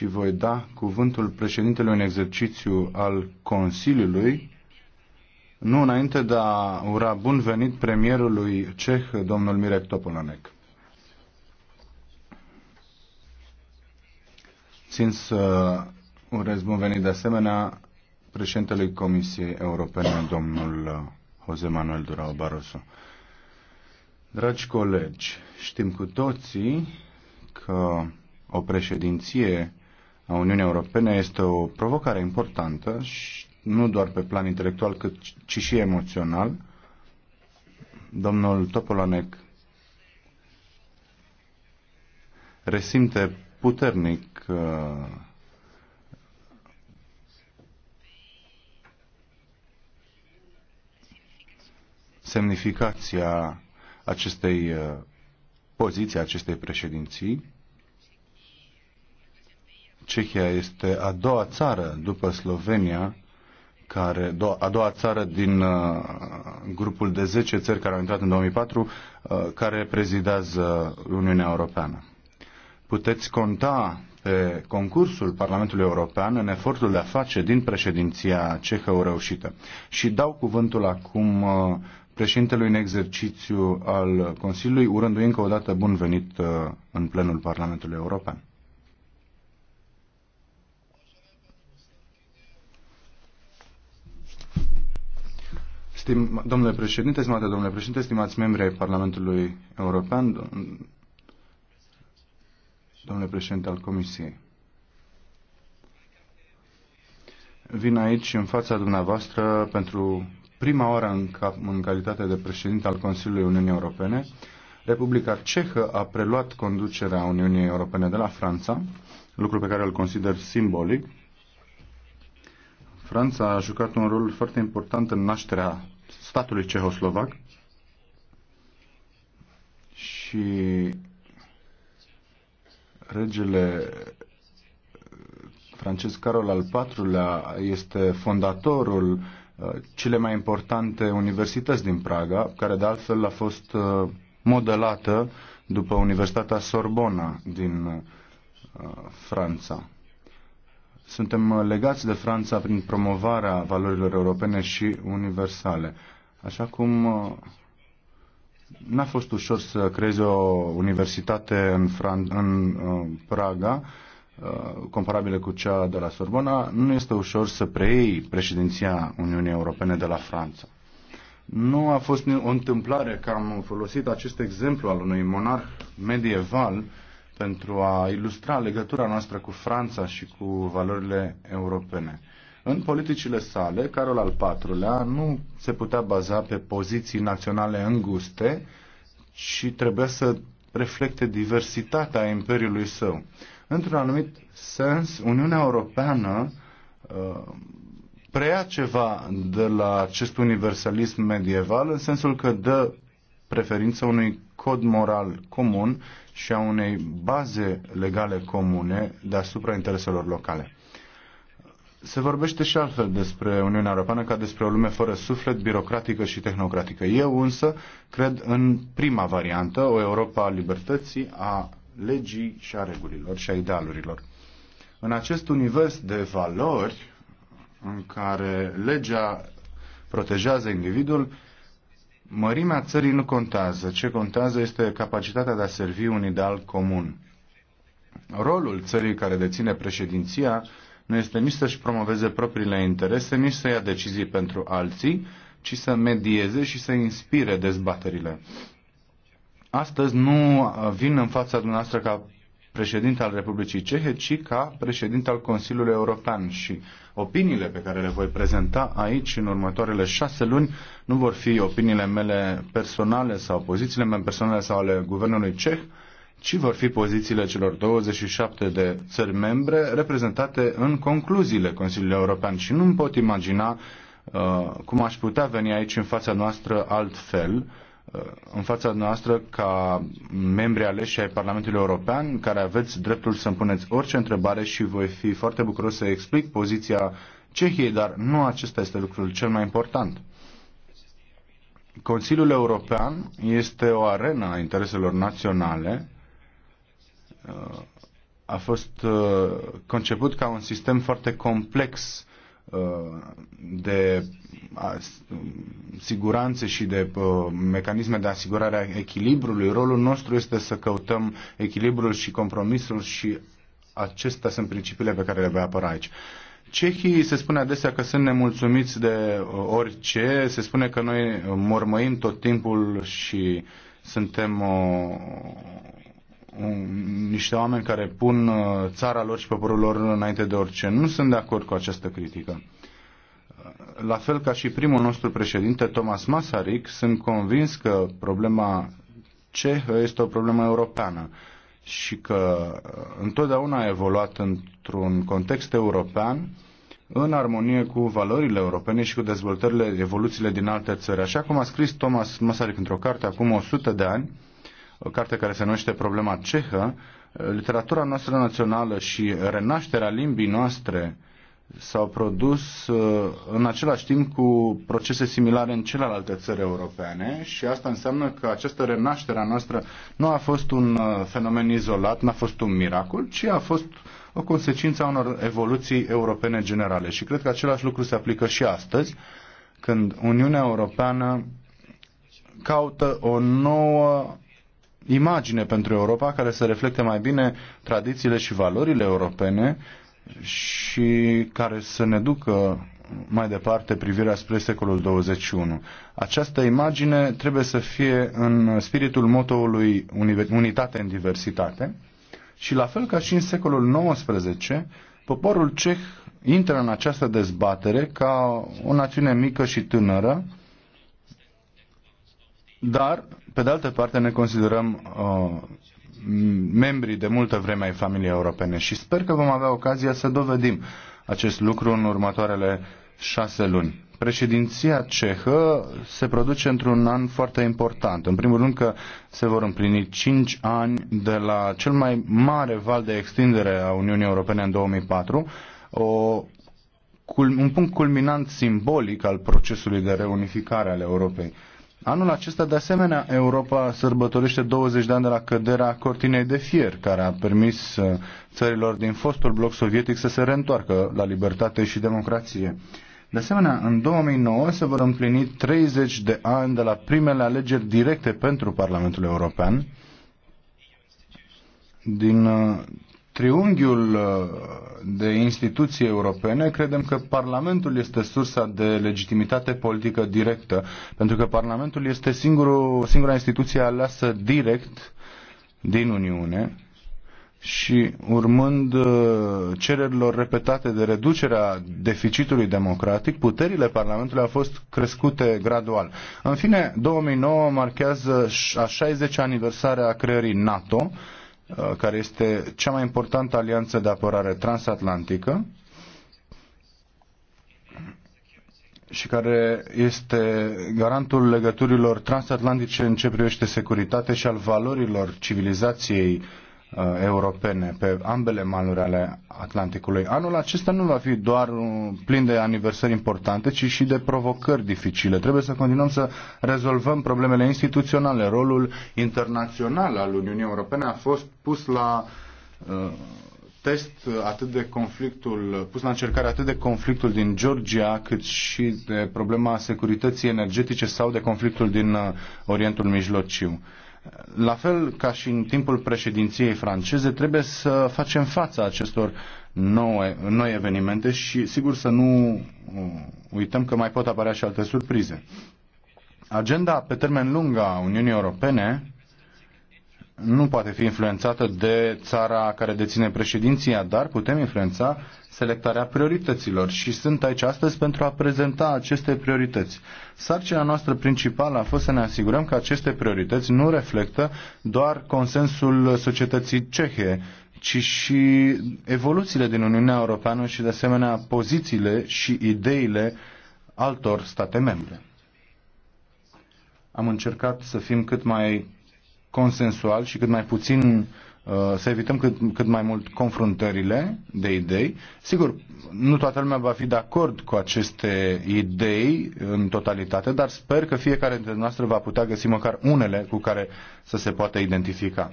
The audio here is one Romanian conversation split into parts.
și voi da cuvântul președintelui în exercițiu al Consiliului, nu înainte de a ura bun venit premierului ceh, domnul Mirek Topolanec. Țin să urez bun venit de asemenea președintelui Comisiei Europene, domnul Jose Manuel Durao Barroso. Dragi colegi, știm cu toții că o președinție a Uniunii Europene este o provocare importantă și nu doar pe plan intelectual, cât, ci și emoțional. Domnul Topolanec resimte puternic uh, semnificația acestei uh, poziții, acestei președinții. Cehia este a doua țară după Slovenia, care, a doua țară din uh, grupul de 10 țări care au intrat în 2004, uh, care prezidează Uniunea Europeană. Puteți conta pe concursul Parlamentului European în efortul de a face din președinția cehă o reușită. Și dau cuvântul acum uh, președintelui în exercițiu al Consiliului, urându-i încă o dată bun venit în plenul Parlamentului European. Stim, domnule președinte, stimate domnule președinte, stimați membri ai Parlamentului European, domnule președinte al Comisiei. Vin aici în fața dumneavoastră pentru prima oară în, cap, în calitate de președinte al Consiliului Uniunii Europene. Republica Cehă a preluat conducerea Uniunii Europene de la Franța, lucru pe care îl consider simbolic. Franța a jucat un rol foarte important în nașterea statului cehoslovac și regele francez Carol al IV-lea este fondatorul uh, cele mai importante universități din Praga, care de altfel a fost uh, modelată după Universitatea Sorbona din uh, Franța. Suntem legați de Franța prin promovarea valorilor europene și universale. Așa cum uh, n-a fost ușor să creeze o universitate în, Fran- în uh, Praga, uh, comparabilă cu cea de la Sorbona, nu este ușor să preiei președinția Uniunii Europene de la Franța. Nu a fost o întâmplare că am folosit acest exemplu al unui monarh medieval pentru a ilustra legătura noastră cu Franța și cu valorile europene. În politicile sale, Carol al IV-lea nu se putea baza pe poziții naționale înguste, ci trebuia să reflecte diversitatea imperiului său. Într-un anumit sens, Uniunea Europeană uh, preia ceva de la acest universalism medieval, în sensul că dă preferință unui cod moral comun și a unei baze legale comune deasupra intereselor locale se vorbește și altfel despre Uniunea Europeană ca despre o lume fără suflet, birocratică și tehnocratică. Eu însă cred în prima variantă, o Europa a libertății, a legii și a regulilor și a idealurilor. În acest univers de valori în care legea protejează individul, mărimea țării nu contează. Ce contează este capacitatea de a servi un ideal comun. Rolul țării care deține președinția nu este nici să-și promoveze propriile interese, nici să ia decizii pentru alții, ci să medieze și să inspire dezbaterile. Astăzi nu vin în fața dumneavoastră ca președinte al Republicii Cehe, ci ca președinte al Consiliului European și opiniile pe care le voi prezenta aici în următoarele șase luni nu vor fi opiniile mele personale sau pozițiile mele personale sau ale guvernului ceh, ci vor fi pozițiile celor 27 de țări membre reprezentate în concluziile Consiliului European și nu-mi pot imagina uh, cum aș putea veni aici în fața noastră altfel, uh, în fața noastră ca membri aleși ai Parlamentului European, care aveți dreptul să-mi puneți orice întrebare și voi fi foarte bucuros să explic poziția Cehiei, dar nu acesta este lucrul cel mai important. Consiliul European este o arenă a intereselor naționale a fost uh, conceput ca un sistem foarte complex uh, de siguranțe și de uh, mecanisme de asigurare a echilibrului. Rolul nostru este să căutăm echilibrul și compromisul și acestea sunt principiile pe care le voi apăra aici. Cehii se spune adesea că sunt nemulțumiți de orice, se spune că noi mormăim tot timpul și suntem o, Mm, niște oameni care pun uh, țara lor și poporul lor înainte de orice. Nu sunt de acord cu această critică. Uh, la fel ca și primul nostru președinte, Thomas Masaryk, sunt convins că problema cehă este o problemă europeană și că uh, întotdeauna a evoluat într-un context european în armonie cu valorile europene și cu dezvoltările, evoluțiile din alte țări. Așa cum a scris Thomas Masaryk într-o carte acum 100 de ani, o carte care se numește Problema cehă, literatura noastră națională și renașterea limbii noastre s-au produs uh, în același timp cu procese similare în celelalte țări europene și asta înseamnă că această renaștere a noastră nu a fost un uh, fenomen izolat, n-a fost un miracol, ci a fost o consecință a unor evoluții europene generale. Și cred că același lucru se aplică și astăzi, când Uniunea Europeană caută o nouă imagine pentru Europa care să reflecte mai bine tradițiile și valorile europene și care să ne ducă mai departe privirea spre secolul 21. Această imagine trebuie să fie în spiritul motoului unitate în diversitate și la fel ca și în secolul 19, poporul ceh intră în această dezbatere ca o națiune mică și tânără dar, pe de altă parte, ne considerăm uh, membrii de multă vreme ai familiei europene și sper că vom avea ocazia să dovedim acest lucru în următoarele șase luni. Președinția cehă se produce într-un an foarte important. În primul rând că se vor împlini cinci ani de la cel mai mare val de extindere a Uniunii Europene în 2004, o, un punct culminant simbolic al procesului de reunificare ale Europei. Anul acesta, de asemenea, Europa sărbătorește 20 de ani de la căderea cortinei de fier, care a permis uh, țărilor din fostul bloc sovietic să se reîntoarcă la libertate și democrație. De asemenea, în 2009 se vor împlini 30 de ani de la primele alegeri directe pentru Parlamentul European. Din uh, triunghiul uh, de instituții europene, credem că Parlamentul este sursa de legitimitate politică directă, pentru că Parlamentul este singurul, singura instituție aleasă direct din Uniune și urmând uh, cererilor repetate de reducerea deficitului democratic, puterile Parlamentului au fost crescute gradual. În fine, 2009 marchează a 60-a aniversare a creării NATO, Uh, care este cea mai importantă alianță de apărare transatlantică și care este garantul legăturilor transatlantice în ce privește securitate și al valorilor civilizației uh, Uh, europene pe ambele maluri ale Atlanticului. Anul acesta nu va fi doar plin de aniversări importante, ci și de provocări dificile. Trebuie să continuăm să rezolvăm problemele instituționale. Rolul internațional al Uniunii Europene a fost pus la uh, test atât de conflictul, pus la încercare atât de conflictul din Georgia, cât și de problema securității energetice sau de conflictul din uh, Orientul Mijlociu la fel ca și în timpul președinției franceze, trebuie să facem fața acestor noi, noi evenimente și sigur să nu uh, uităm că mai pot apărea și alte surprize. Agenda pe termen lung a Uniunii Europene nu poate fi influențată de țara care deține președinția, dar putem influența selectarea priorităților și sunt aici astăzi pentru a prezenta aceste priorități. Sarcina noastră principală a fost să ne asigurăm că aceste priorități nu reflectă doar consensul societății cehe, ci și evoluțiile din Uniunea Europeană și de asemenea pozițiile și ideile altor state membre. Am încercat să fim cât mai consensual și cât mai puțin uh, să evităm cât, cât mai mult confruntările de idei. Sigur, nu toată lumea va fi de acord cu aceste idei în totalitate, dar sper că fiecare dintre noastre va putea găsi măcar unele cu care să se poată identifica.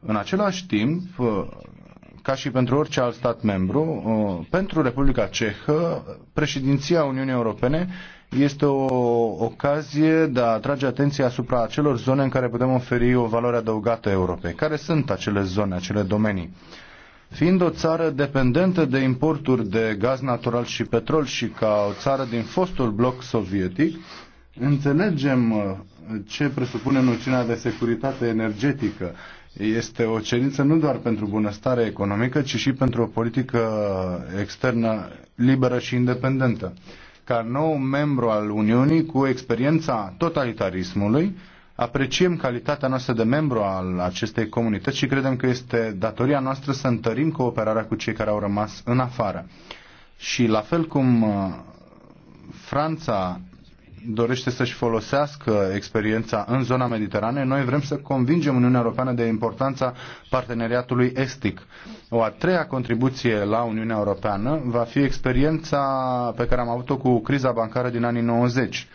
În același timp, uh, ca și pentru orice alt stat membru, uh, pentru Republica Cehă, președinția Uniunii Europene este o ocazie de a atrage atenția asupra acelor zone în care putem oferi o valoare adăugată Europei. Care sunt acele zone, acele domenii? Fiind o țară dependentă de importuri de gaz natural și petrol și ca o țară din fostul bloc sovietic, înțelegem uh, ce presupune noțiunea de securitate energetică. Este o cerință nu doar pentru bunăstare economică, ci și pentru o politică externă liberă și independentă. Ca nou membru al Uniunii cu experiența totalitarismului, apreciem calitatea noastră de membru al acestei comunități și credem că este datoria noastră să întărim cooperarea cu cei care au rămas în afară. Și la fel cum uh, Franța dorește să-și folosească experiența în zona Mediteranei, noi vrem să convingem Uniunea Europeană de importanța parteneriatului estic. O a treia contribuție la Uniunea Europeană va fi experiența pe care am avut-o cu criza bancară din anii 90.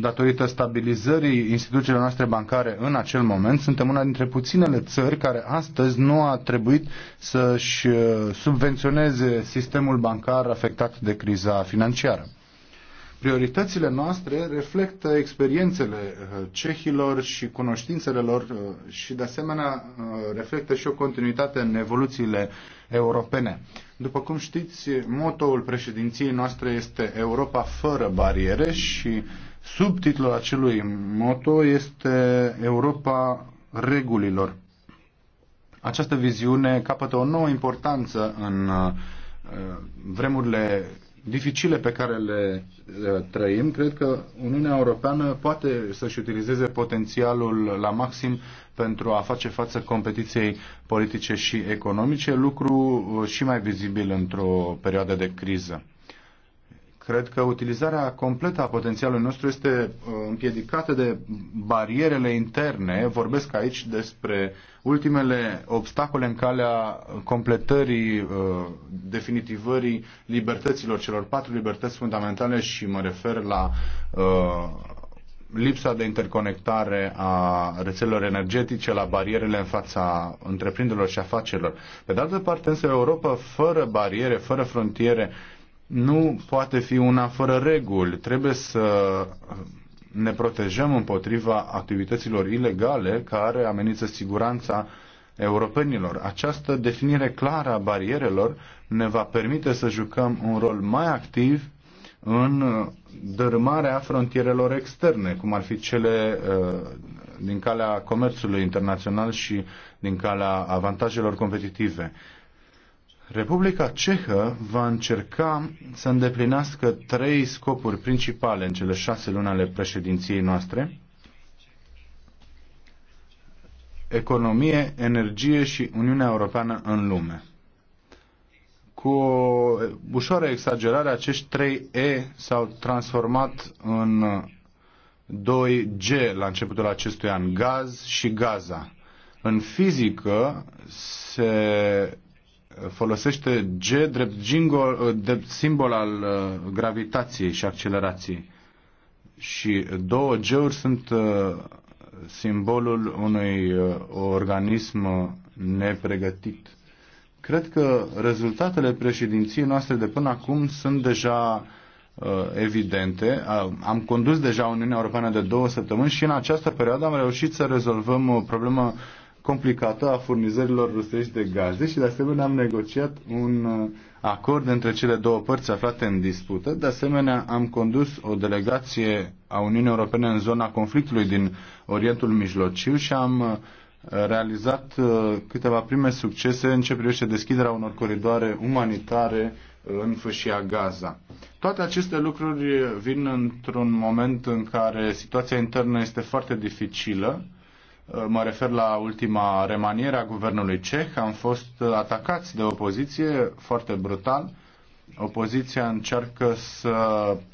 Datorită stabilizării instituțiilor noastre bancare în acel moment, suntem una dintre puținele țări care astăzi nu a trebuit să-și uh, subvenționeze sistemul bancar afectat de criza financiară. Prioritățile noastre reflectă experiențele uh, cehilor și cunoștințele lor uh, și de asemenea uh, reflectă și o continuitate în evoluțiile europene. După cum știți, motoul președinției noastre este Europa fără bariere și subtitlul acelui moto este Europa regulilor. Această viziune capătă o nouă importanță în vremurile dificile pe care le trăim, cred că Uniunea Europeană poate să-și utilizeze potențialul la maxim pentru a face față competiției politice și economice, lucru uh, și mai vizibil într-o perioadă de criză. Cred că utilizarea completă a potențialului nostru este uh, împiedicată de barierele interne. Vorbesc aici despre ultimele obstacole în calea completării, uh, definitivării libertăților, celor patru libertăți fundamentale și mă refer la uh, lipsa de interconectare a rețelelor energetice, la barierele în fața întreprinderilor și afacerilor. Pe de altă parte, însă, Europa fără bariere, fără frontiere, nu poate fi una fără reguli. Trebuie să ne protejăm împotriva activităților ilegale care amenință siguranța europenilor. Această definire clară a barierelor ne va permite să jucăm un rol mai activ în dărâmarea frontierelor externe, cum ar fi cele uh, din calea comerțului internațional și din calea avantajelor competitive. Republica Cehă va încerca să îndeplinească trei scopuri principale în cele șase luni ale președinției noastre. Economie, energie și Uniunea Europeană în lume. Cu o ușoară exagerare, acești trei E s-au transformat în 2G la începutul acestui an, gaz și gaza. În fizică se folosește G drept, jingle, uh, drept simbol al uh, gravitației și accelerației. Și două G-uri sunt uh, simbolul unui organism nepregătit. Cred că rezultatele președinției noastre de până acum sunt deja evidente. Am condus deja Uniunea Europeană de două săptămâni și în această perioadă am reușit să rezolvăm o problemă complicată a furnizărilor rusești de gaze și de asemenea am negociat un uh, acord între cele două părți aflate în dispută. De asemenea, am condus o delegație a Uniunii Europene în zona conflictului din Orientul Mijlociu și am uh, realizat uh, câteva prime succese în ce privește deschiderea unor coridoare umanitare în fâșia Gaza. Toate aceste lucruri vin într-un moment în care situația internă este foarte dificilă Uh, mă refer la ultima remaniere a guvernului ceh. Am fost uh, atacați de opoziție foarte brutal. Opoziția încearcă să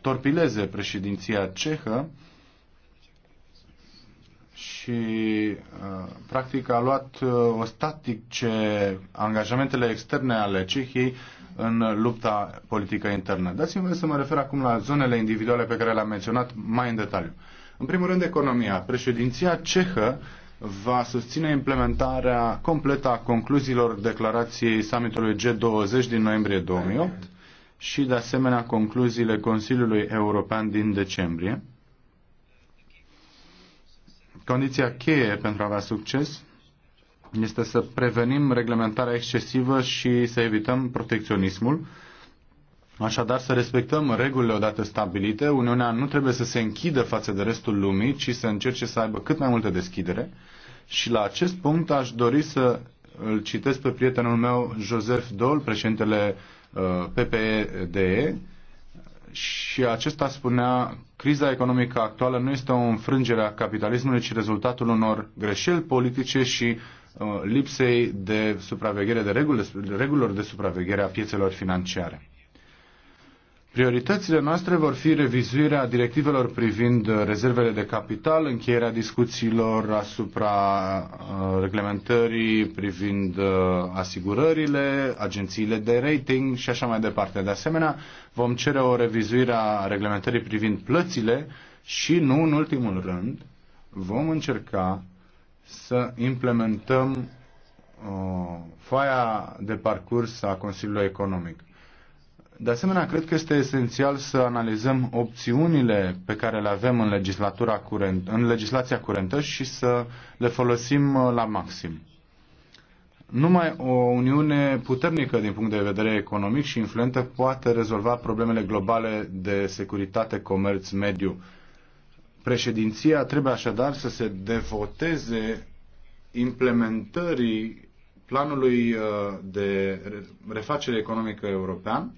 torpileze președinția cehă și uh, practic a luat o statice angajamentele externe ale Cehiei în lupta politică internă. Dați-mi voie să mă refer acum la zonele individuale pe care le-am menționat mai în detaliu. În primul rând, economia. Președinția cehă va susține implementarea completă a concluziilor declarației summitului G20 din noiembrie 2008 și, de asemenea, concluziile Consiliului European din decembrie. Condiția cheie pentru a avea succes este să prevenim reglementarea excesivă și să evităm protecționismul, Așadar, să respectăm regulile odată stabilite. Uniunea nu trebuie să se închidă față de restul lumii, ci să încerce să aibă cât mai multă deschidere. Și la acest punct aș dori să îl citesc pe prietenul meu, Joseph Dol, președintele uh, PPE-DE, și acesta spunea, criza economică actuală nu este o înfrângere a capitalismului, ci rezultatul unor greșeli politice și uh, lipsei de supraveghere, de regulilor de supraveghere a piețelor financiare. Prioritățile noastre vor fi revizuirea directivelor privind rezervele de capital, încheierea discuțiilor asupra uh, reglementării privind uh, asigurările, agențiile de rating și așa mai departe. De asemenea, vom cere o revizuire a reglementării privind plățile și, nu în ultimul rând, vom încerca să implementăm uh, foaia de parcurs a Consiliului Economic de asemenea, cred că este esențial să analizăm opțiunile pe care le avem în, legislatura curent, în legislația curentă și să le folosim uh, la maxim. Numai o Uniune puternică din punct de vedere economic și influentă poate rezolva problemele globale de securitate, comerț, mediu. Președinția trebuie așadar să se devoteze implementării planului uh, de refacere economică european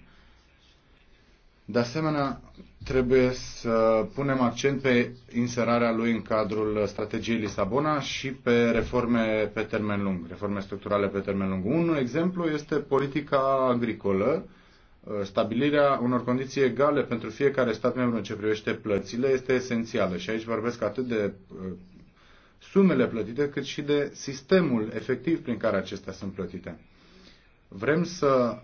de asemenea, trebuie să punem accent pe inserarea lui în cadrul strategiei Lisabona și pe reforme pe termen lung, reforme structurale pe termen lung. Un exemplu este politica agricolă. Stabilirea unor condiții egale pentru fiecare stat membru în ce privește plățile este esențială și aici vorbesc atât de uh, sumele plătite, cât și de sistemul efectiv prin care acestea sunt plătite. Vrem să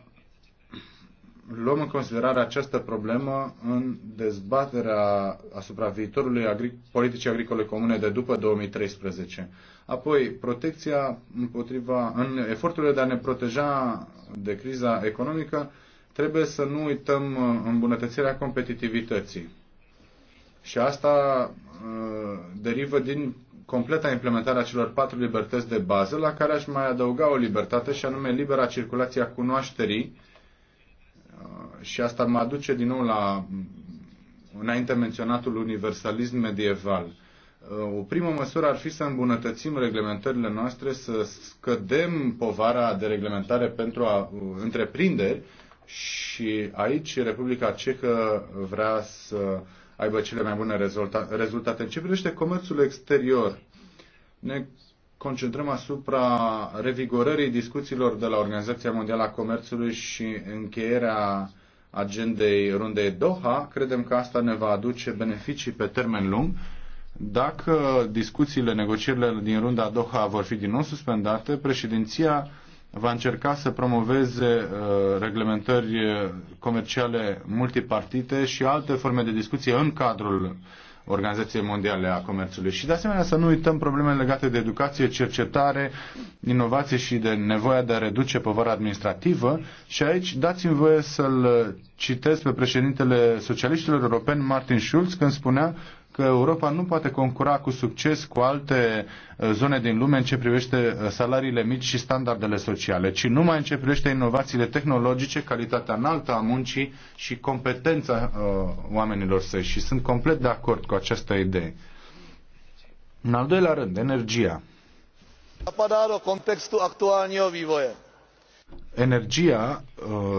luăm în considerare această problemă în dezbaterea asupra viitorului agric- politicii agricole comune de după 2013. Apoi, protecția împotriva, în eforturile de a ne proteja de criza economică, trebuie să nu uităm uh, îmbunătățirea competitivității. Și asta uh, derivă din completa implementarea celor patru libertăți de bază, la care aș mai adăuga o libertate, și anume libera circulație a cunoașterii, și asta mă aduce din nou la înainte menționatul universalism medieval. Uh, o primă măsură ar fi să îmbunătățim reglementările noastre, să scădem povara de reglementare pentru a uh, întreprinderi și aici Republica Cehă vrea să aibă cele mai bune rezultate. În ce privește comerțul exterior, ne concentrăm asupra revigorării discuțiilor de la Organizația Mondială a Comerțului și încheierea agendei rundei Doha, credem că asta ne va aduce beneficii pe termen lung. Dacă discuțiile, negocierile din runda Doha vor fi din nou suspendate, președinția va încerca să promoveze uh, reglementări comerciale multipartite și alte forme de discuție în cadrul Organizației Mondiale a Comerțului. Și de asemenea să nu uităm problemele legate de educație, cercetare, inovație și de nevoia de a reduce povara administrativă. Și aici dați-mi voie să-l citesc pe președintele socialiștilor europeni, Martin Schulz, când spunea că Europa nu poate concura cu succes cu alte uh, zone din lume în ce privește uh, salariile mici și standardele sociale, ci numai în ce privește inovațiile tehnologice, calitatea înaltă a muncii și competența uh, oamenilor săi. Și sunt complet de acord cu această idee. În al doilea rând, energia. contextul actuálního energia,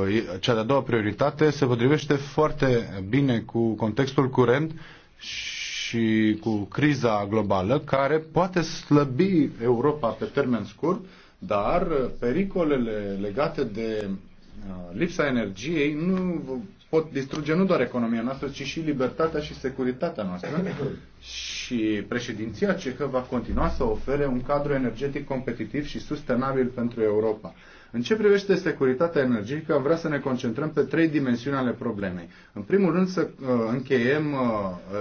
uh, cea de-a doua prioritate, se potrivește foarte bine cu contextul curent și și cu criza globală, care poate slăbi Europa pe termen scurt, dar pericolele legate de uh, lipsa energiei nu pot distruge nu doar economia noastră, ci și libertatea și securitatea noastră. și președinția cehă va continua să ofere un cadru energetic competitiv și sustenabil pentru Europa. În ce privește securitatea energetică, vrea să ne concentrăm pe trei dimensiuni ale problemei. În primul rând să uh, încheiem uh,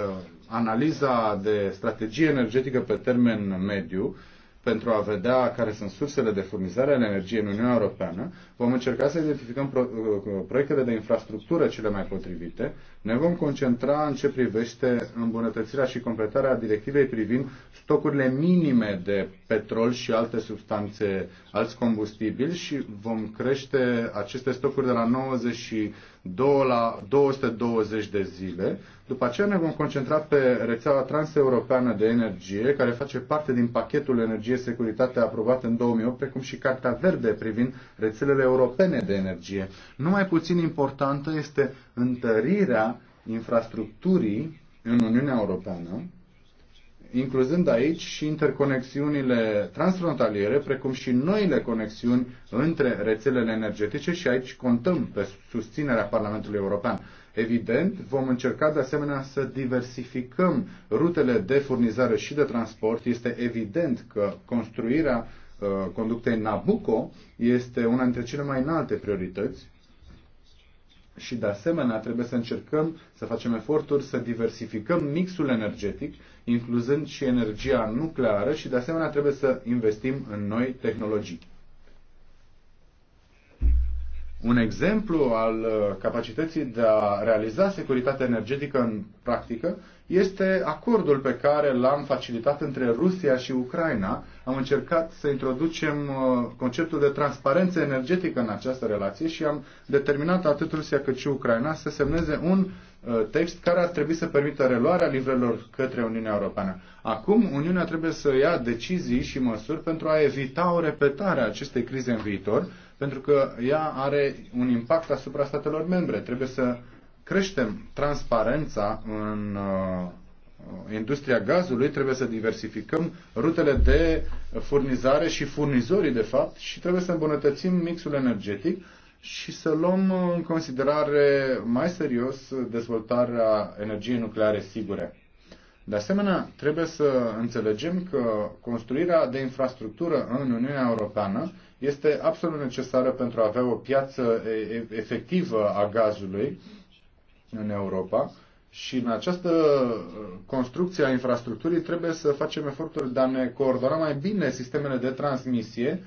uh, analiza de strategie energetică pe termen mediu pentru a vedea care sunt sursele de furnizare ale energiei în Uniunea Europeană, vom încerca să identificăm pro, uh, proiectele de infrastructură cele mai potrivite, ne vom concentra în ce privește îmbunătățirea și completarea directivei privind stocurile minime de petrol și alte substanțe, alți combustibili și vom crește aceste stocuri de la 92 la 220 de zile, după aceea ne vom concentra pe rețeaua transeuropeană de energie, care face parte din pachetul energie-securitate aprobat în 2008, precum și Carta Verde privind rețelele europene de energie. Nu mai puțin importantă este întărirea infrastructurii în Uniunea Europeană, incluzând aici și interconexiunile transfrontaliere, precum și noile conexiuni între rețelele energetice și aici contăm pe susținerea Parlamentului European. Evident, vom încerca de asemenea să diversificăm rutele de furnizare și de transport. Este evident că construirea uh, conductei Nabucco este una dintre cele mai înalte priorități și de asemenea trebuie să încercăm să facem eforturi să diversificăm mixul energetic, incluzând și energia nucleară și de asemenea trebuie să investim în noi tehnologii un exemplu al uh, capacității de a realiza securitatea energetică în practică este acordul pe care l-am facilitat între Rusia și Ucraina. Am încercat să introducem uh, conceptul de transparență energetică în această relație și am determinat atât Rusia cât și Ucraina să semneze un uh, text care ar trebui să permită reluarea livrelor către Uniunea Europeană. Acum, Uniunea trebuie să ia decizii și măsuri pentru a evita o repetare a acestei crize în viitor pentru că ea are un impact asupra statelor membre. Trebuie să creștem transparența în uh, industria gazului, trebuie să diversificăm rutele de furnizare și furnizorii, de fapt, și trebuie să îmbunătățim mixul energetic și să luăm în considerare mai serios dezvoltarea energiei nucleare sigure. De asemenea, trebuie să înțelegem că construirea de infrastructură în Uniunea Europeană este absolut necesară pentru a avea o piață efectivă a gazului în Europa și în această uh, construcție a infrastructurii trebuie să facem eforturi de a ne coordona mai bine sistemele de transmisie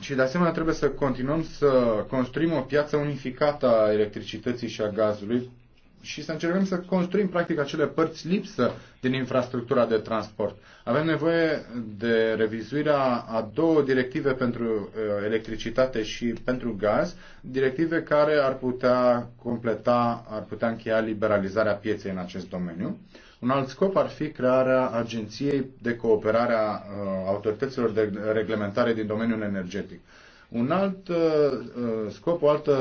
și de asemenea trebuie să continuăm să construim o piață unificată a electricității și a gazului și să încercăm să construim practic acele părți lipsă din infrastructura de transport. Avem nevoie de revizuirea a două directive pentru uh, electricitate și pentru gaz, directive care ar putea completa, ar putea încheia liberalizarea pieței în acest domeniu. Un alt scop ar fi crearea agenției de cooperare a uh, autorităților de reglementare din domeniul energetic. Un alt uh, uh, scop, o altă,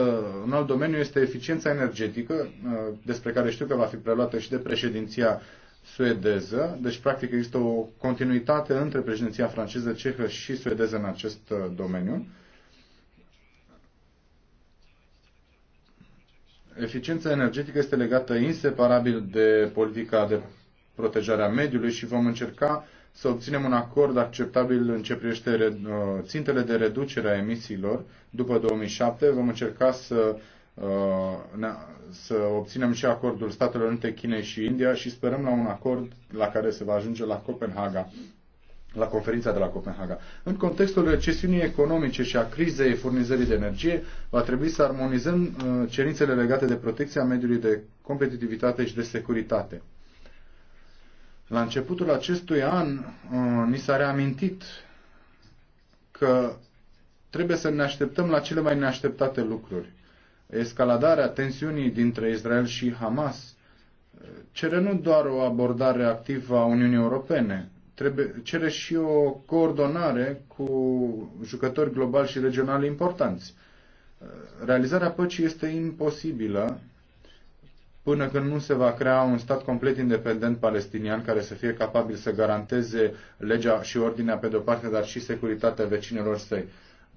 un alt domeniu este eficiența energetică, uh, despre care știu că va fi preluată și de președinția suedeză, deci practic există o continuitate între președinția franceză, cehă și suedeză în acest domeniu. Eficiența energetică este legată inseparabil de politica de protejare a mediului și vom încerca să obținem un acord acceptabil în ce privește uh, țintele de reducere a emisiilor după 2007. Vom încerca să, uh, să obținem și acordul Statelor Unite, Chinei și India și sperăm la un acord la care se va ajunge la Copenhaga la conferința de la Copenhaga. În contextul recesiunii economice și a crizei furnizării de energie, va trebui să armonizăm uh, cerințele legate de protecția mediului de competitivitate și de securitate. La începutul acestui an uh, ni s-a reamintit că trebuie să ne așteptăm la cele mai neașteptate lucruri. Escaladarea tensiunii dintre Israel și Hamas uh, cere nu doar o abordare activă a Uniunii Europene, trebuie, cere și o coordonare cu jucători globali și regionali importanți. Uh, realizarea păcii este imposibilă până când nu se va crea un stat complet independent palestinian care să fie capabil să garanteze legea și ordinea pe de-o parte, dar și securitatea vecinilor săi.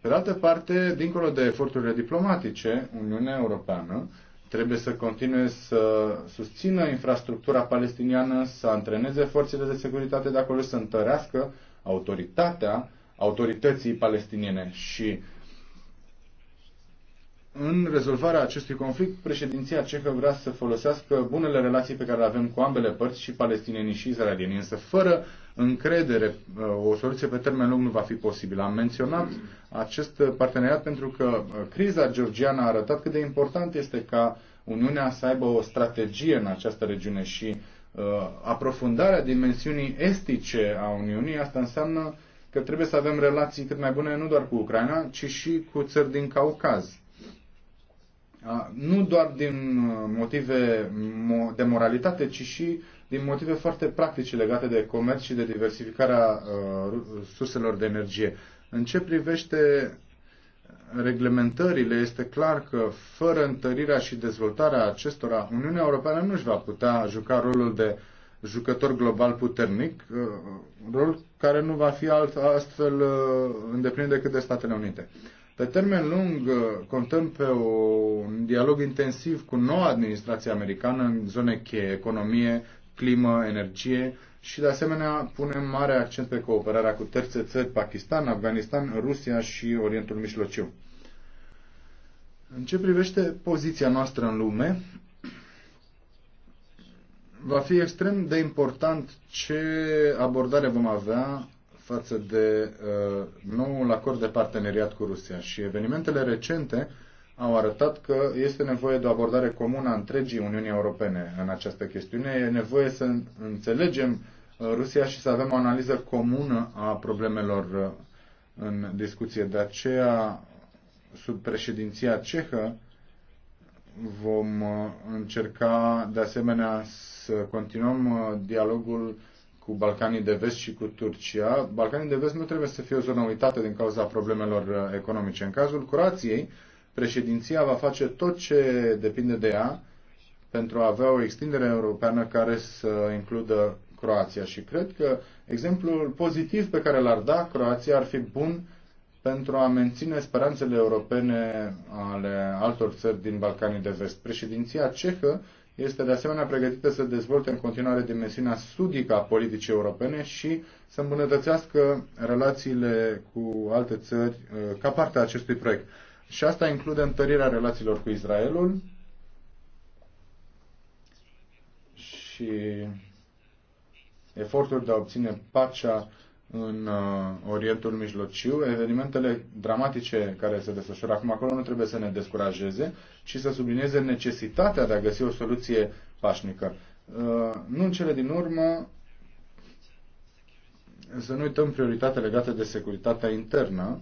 Pe de altă parte, dincolo de eforturile diplomatice, Uniunea Europeană trebuie să continue să susțină infrastructura palestiniană, să antreneze forțele de securitate de acolo, să întărească autoritatea autorității palestiniene și în rezolvarea acestui conflict, președinția cehă vrea să folosească bunele relații pe care le avem cu ambele părți, și palestinienii și izraelienii, însă fără încredere o soluție pe termen lung nu va fi posibilă. Am menționat acest parteneriat pentru că criza georgiană a arătat cât de important este ca Uniunea să aibă o strategie în această regiune și uh, aprofundarea dimensiunii estice a Uniunii, asta înseamnă că trebuie să avem relații cât mai bune nu doar cu Ucraina, ci și cu țări din Caucaz nu doar din uh, motive de moralitate, ci și din motive foarte practice legate de comerț și de diversificarea uh, surselor de energie. În ce privește reglementările, este clar că fără întărirea și dezvoltarea acestora, Uniunea Europeană nu își va putea juca rolul de jucător global puternic, uh, rol care nu va fi alt, astfel îndeplinit decât de Statele Unite. Pe termen lung, uh, contăm pe un dialog intensiv cu noua administrație americană în zone cheie, economie, climă, energie și, de asemenea, punem mare accent pe cooperarea cu terțe țări, Pakistan, Afganistan, Rusia și Orientul Mijlociu. În ce privește poziția noastră în lume, va fi extrem de important ce abordare vom avea față de uh, noul acord de parteneriat cu Rusia și evenimentele recente au arătat că este nevoie de o abordare comună a întregii Uniunii Europene în această chestiune. E nevoie să înțelegem uh, Rusia și să avem o analiză comună a problemelor uh, în discuție. De aceea, sub președinția cehă, vom uh, încerca de asemenea să continuăm dialogul cu Balcanii de Vest și cu Turcia. Balcanii de Vest nu trebuie să fie o zonă uitată din cauza problemelor uh, economice. În cazul Croației, președinția va face tot ce depinde de ea pentru a avea o extindere europeană care să includă Croația. Și cred că exemplul pozitiv pe care l-ar da Croația ar fi bun pentru a menține speranțele europene ale altor țări din Balcanii de Vest. Președinția cehă este de asemenea pregătită să dezvolte în continuare dimensiunea sudică a politicii europene și să îmbunătățească relațiile cu alte țări uh, ca parte a acestui proiect. Și asta include întărirea relațiilor cu Israelul și eforturi de a obține pacea în uh, Orientul Mijlociu. Evenimentele dramatice care se desfășoară acum acolo nu trebuie să ne descurajeze, ci să sublinieze necesitatea de a găsi o soluție pașnică. Uh, nu în cele din urmă, să nu uităm prioritatea legată de securitatea internă.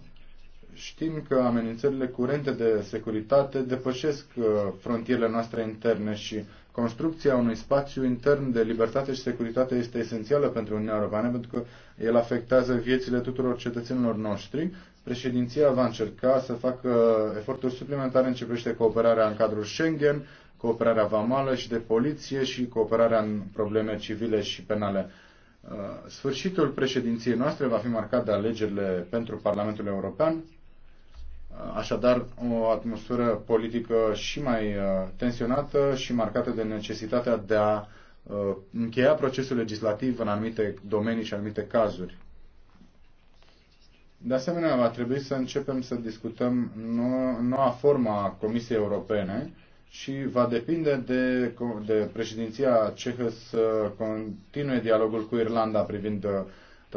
Știm că amenințările curente de securitate depășesc uh, frontierele noastre interne și construcția unui spațiu intern de libertate și securitate este esențială pentru Uniunea Europeană, pentru că el afectează viețile tuturor cetățenilor noștri. Președinția va încerca să facă eforturi suplimentare în ce privește cooperarea în cadrul Schengen, cooperarea vamală și de poliție și cooperarea în probleme civile și penale. Uh, sfârșitul președinției noastre va fi marcat de alegerile pentru Parlamentul European, Așadar, o atmosferă politică și mai uh, tensionată și marcată de necesitatea de a uh, încheia procesul legislativ în anumite domenii și anumite cazuri. De asemenea, va trebui să începem să discutăm noua forma Comisiei Europene și va depinde de, de președinția cehă să continue dialogul cu Irlanda privind uh,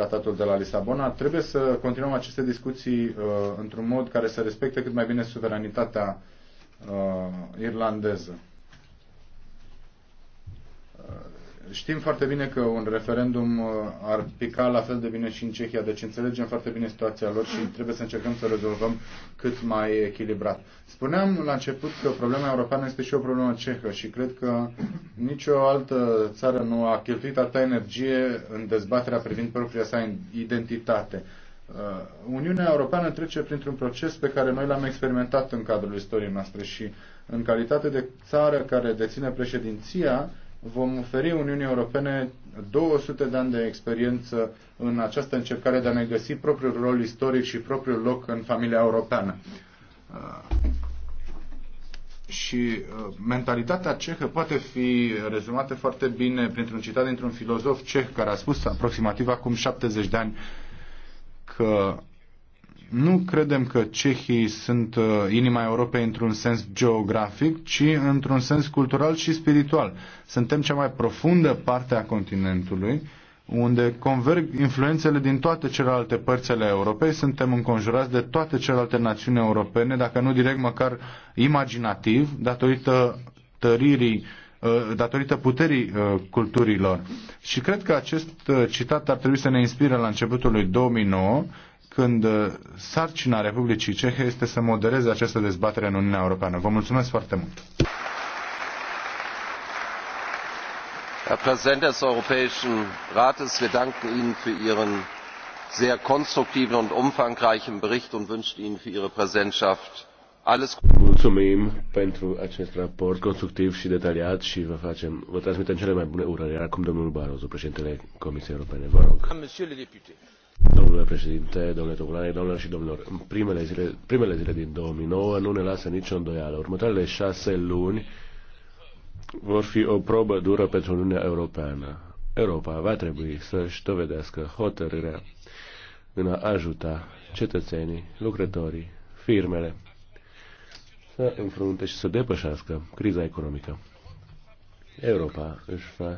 tratatul de la Lisabona, trebuie să continuăm aceste discuții uh, într-un mod care să respecte cât mai bine suveranitatea uh, irlandeză. Știm foarte bine că un referendum uh, ar pica la fel de bine și în Cehia, deci înțelegem foarte bine situația lor și trebuie să încercăm să rezolvăm cât mai echilibrat. Spuneam la început că problema europeană este și o problemă cehă și cred că nicio altă țară nu a cheltuit atâta energie în dezbaterea privind propria sa identitate. Uh, Uniunea Europeană trece printr-un proces pe care noi l-am experimentat în cadrul istoriei noastre și în calitate de țară care deține președinția, vom oferi Uniunii Europene 200 de ani de experiență în această încercare de a ne găsi propriul rol istoric și propriul loc în familia europeană. Uh, și uh, mentalitatea cehă poate fi rezumată foarte bine printr-un citat dintr-un filozof ceh care a spus aproximativ acum 70 de ani că nu credem că cehii sunt uh, inima Europei într-un sens geografic, ci într-un sens cultural și spiritual. Suntem cea mai profundă parte a continentului, unde converg influențele din toate celelalte părți ale Europei. Suntem înconjurați de toate celelalte națiuni europene, dacă nu direct măcar imaginativ, datorită tăririi uh, datorită puterii uh, culturilor. Și cred că acest citat ar trebui să ne inspire la începutul lui 2009 când uh, sarcina Republicii Cehe este să modereze această dezbatere în Uniunea Europeană. Vă mulțumesc foarte mult! Herr Präsident des Europäischen Rates, wir danken Ihnen für Ihren sehr konstruktiven und umfangreichen Bericht und wünschen Ihnen für Ihre Präsidentschaft alles Gute. Mulțumim pentru acest raport constructiv și detaliat și vă facem, vă transmitem cele mai bune urări. Acum domnul Barozu, președintele Comisiei Europene, vă rog. Domnule președinte, domnule Toculare, domnilor și domnilor, în primele zile, primele zile din 2009 nu ne lasă nicio îndoială. Următoarele șase luni vor fi o probă dură pentru Uniunea Europeană. Europa va trebui să-și dovedească hotărârea în a ajuta cetățenii, lucrătorii, firmele să înfrunte și să depășească criza economică. Europa își va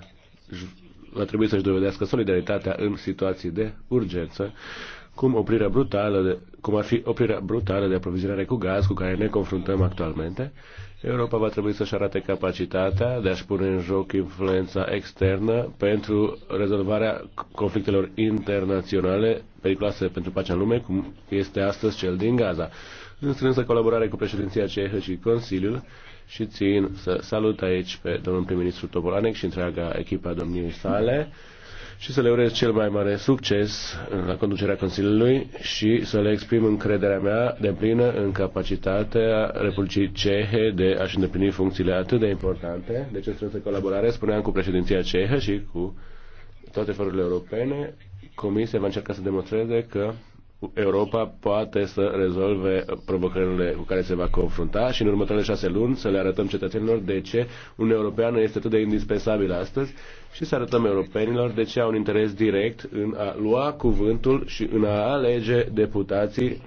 va trebui să-și dovedească solidaritatea în situații de urgență, cum, oprirea brutală de, cum ar fi oprirea brutală de aprovizionare cu gaz cu care ne confruntăm actualmente. Europa va trebui să-și arate capacitatea de a-și pune în joc influența externă pentru rezolvarea conflictelor internaționale periculoase pentru pacea în lume, cum este astăzi cel din Gaza. În strânsă colaborare cu președinția CEH și Consiliul, și țin să salut aici pe domnul prim-ministru Topolanec și întreaga a domniei sale și să le urez cel mai mare succes la conducerea Consiliului și să le exprim încrederea mea de plină în capacitatea Republicii Cehe de a-și îndeplini funcțiile atât de importante. Deci, în strânsă colaborare, spuneam cu președinția cehă și cu toate forurile europene, Comisia va încerca să demonstreze că Europa poate să rezolve provocările cu care se va confrunta și în următoarele șase luni să le arătăm cetățenilor de ce un european este atât de indispensabil astăzi și să arătăm europenilor de ce au un interes direct în a lua cuvântul și în a alege deputații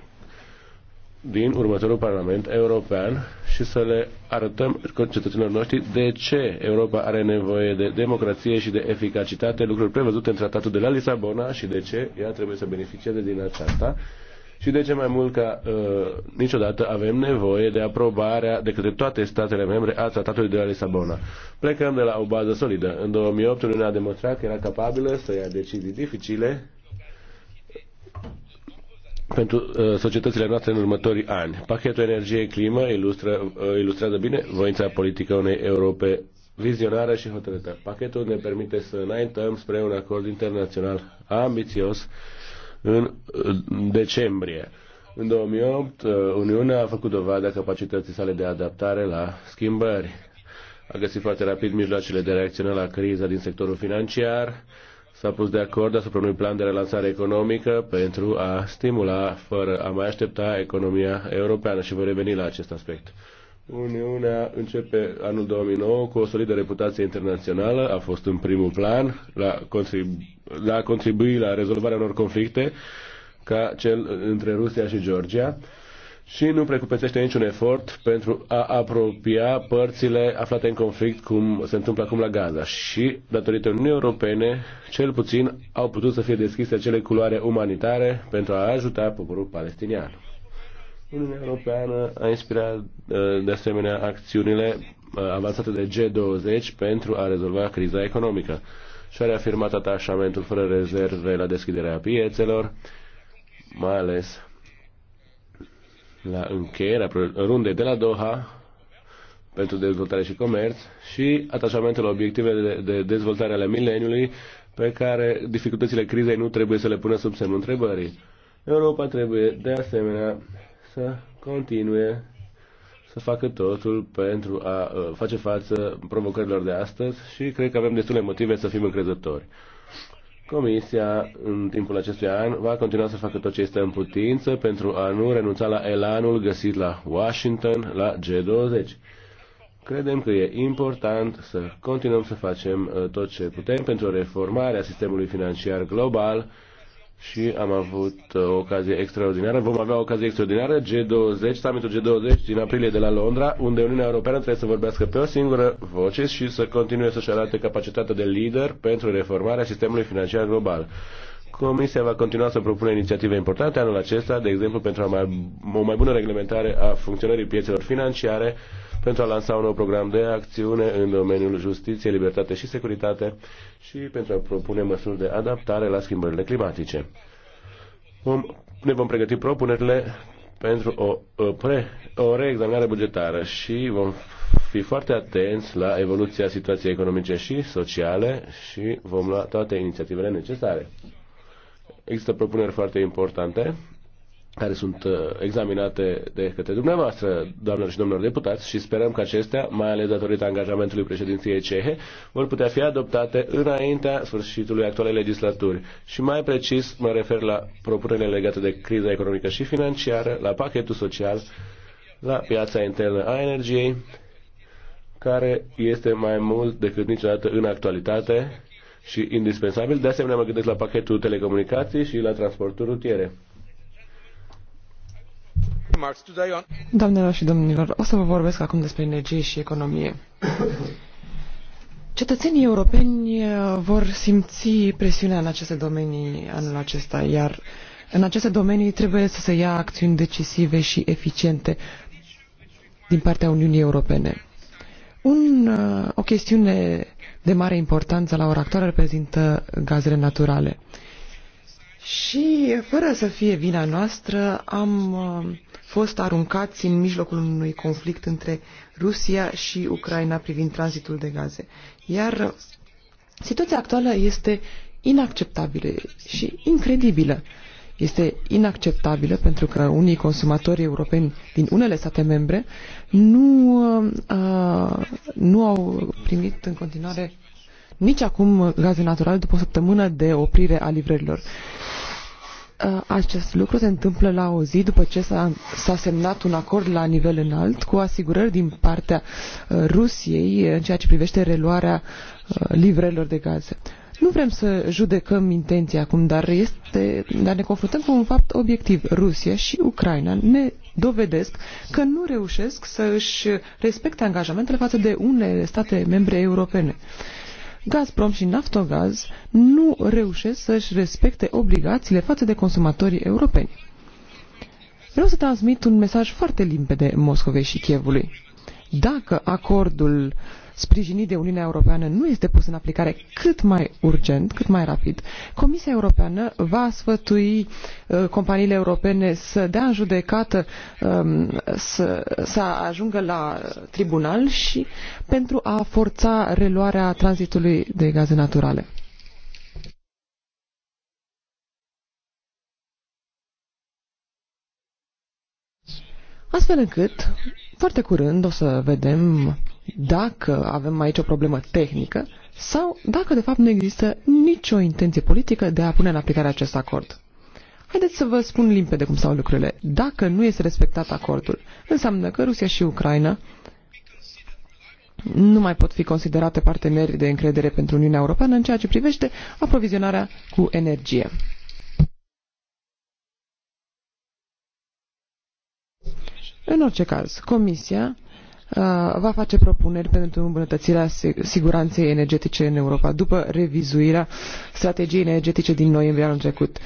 din următorul Parlament European și să le arătăm cetățenilor noștri de ce Europa are nevoie de democrație și de eficacitate, lucruri prevăzute în tratatul de la Lisabona și de ce ea trebuie să beneficieze din aceasta și de ce mai mult ca uh, niciodată avem nevoie de aprobarea de către toate statele membre a tratatului de la Lisabona. Plecăm de la o bază solidă. În 2008 Uniunea a demonstrat că era capabilă să ia decizii dificile pentru uh, societățile noastre în următorii ani. Pachetul energie-climă uh, ilustrează bine voința politică unei Europe vizionare și hotărâtă. Pachetul ne permite să înaintăm spre un acord internațional ambițios în uh, decembrie. În 2008, Uniunea a făcut dovada capacității sale de adaptare la schimbări. A găsit foarte rapid mijloacele de reacționare la criza din sectorul financiar, s-a pus de acord asupra unui plan de relansare economică pentru a stimula, fără a mai aștepta, economia europeană și voi reveni la acest aspect. Uniunea începe anul 2009 cu o solidă reputație internațională, a fost în primul plan la, contribu- la contribui la rezolvarea unor conflicte ca cel între Rusia și Georgia și nu precupețește niciun efort pentru a apropia părțile aflate în conflict, cum se întâmplă acum la Gaza. Și, datorită Uniunii Europene, cel puțin au putut să fie deschise acele culoare umanitare pentru a ajuta poporul palestinian. Uniunea Europeană a inspirat ă, de asemenea acțiunile ă, avansate de G20 pentru a rezolva criza economică și a reafirmat atașamentul fără rezerve la deschiderea piețelor, mai ales la încheierea rundei de la Doha pentru dezvoltare și comerț și atașamentul obiectivele de dezvoltare ale mileniului pe care dificultățile crizei nu trebuie să le pună sub semnul întrebării. Europa trebuie de asemenea să continue să facă totul pentru a uh, face față provocărilor de astăzi și cred că avem destule motive să fim încrezători. Comisia, în timpul acestui an, va continua să facă tot ce este în putință pentru a nu renunța la elanul găsit la Washington, la G20. Credem că e important să continuăm să facem uh, tot ce putem pentru reformarea sistemului financiar global, și am avut uh, o ocazie extraordinară. Vom avea o ocazie extraordinară, G20, summitul G20 din aprilie de la Londra, unde Uniunea Europeană trebuie să vorbească pe o singură voce și să continue să-și arate capacitatea de lider pentru reformarea sistemului financiar global. Comisia va continua să propune inițiative importante anul acesta, de exemplu pentru a mai, o mai bună reglementare a funcționării piețelor financiare, pentru a lansa un nou program de acțiune în domeniul justiției, libertate și securitate și pentru a propune măsuri de adaptare la schimbările climatice. Vom, ne vom pregăti propunerile pentru o, o, pre, o reexaminare bugetară și vom fi foarte atenți la evoluția situației economice și sociale și vom lua toate inițiativele necesare. Există propuneri foarte importante care sunt uh, examinate de către dumneavoastră, doamnelor și domnilor deputați, și sperăm că acestea, mai ales datorită angajamentului președinției cehe, vor putea fi adoptate înaintea sfârșitului actualei legislaturi. Și mai precis mă refer la propunerile legate de criza economică și financiară, la pachetul social, la piața internă a energiei, care este mai mult decât niciodată în actualitate și indispensabil. De asemenea, mă gândesc la pachetul telecomunicații și la transportul rutiere. Doamnelor și domnilor, o să vă vorbesc acum despre energie și economie. Cetățenii europeni eh, vor simți presiunea în aceste domenii anul acesta, iar în aceste domenii trebuie să se ia acțiuni decisive și eficiente din partea Uniunii Europene. Un, eh, o chestiune de mare importanță la ora actuală reprezintă gazele naturale. Uh, și, fără să fie vina noastră, am uh, fost aruncați în mijlocul unui conflict între Rusia și Ucraina privind tranzitul de gaze. Iar situația actuală este inacceptabilă și incredibilă. Este inacceptabilă pentru că unii consumatori europeni din unele state membre nu, uh, nu au primit în continuare nici acum gaze naturale după o săptămână de oprire a livrărilor. Acest lucru se întâmplă la o zi după ce s-a, semnat un acord la nivel înalt cu asigurări din partea Rusiei în ceea ce privește reluarea livrărilor de gaze. Nu vrem să judecăm intenția acum, dar, este, dar ne confruntăm cu un fapt obiectiv. Rusia și Ucraina ne dovedesc că nu reușesc să își respecte angajamentele față de unele state membre europene. Uh, Gazprom și Naftogaz nu reușesc să-și respecte obligațiile față de consumatorii europeni. Vreau să transmit un mesaj foarte limpede Moscovei și Chievului. Dacă acordul uh, sprijinit de Uniunea Europeană nu este pus în aplicare cât mai urgent, cât mai rapid, Comisia Europeană va sfătui uh, companiile europene să dea în judecată, um, să, să ajungă la tribunal și pentru a forța reluarea tranzitului de gaze naturale. Astfel încât, foarte curând o să vedem dacă avem aici o problemă tehnică sau dacă de fapt nu există nicio intenție politică de a pune în aplicare acest acord. Haideți să vă spun limpede cum stau lucrurile. Dacă nu este respectat acordul, înseamnă că Rusia și Ucraina nu mai pot fi considerate parteneri de încredere pentru Uniunea Europeană în ceea ce privește aprovizionarea cu energie. În orice caz, Comisia Uh, va face propuneri pentru îmbunătățirea siguranței energetice în Europa după revizuirea strategiei energetice din noiembrie anul trecut.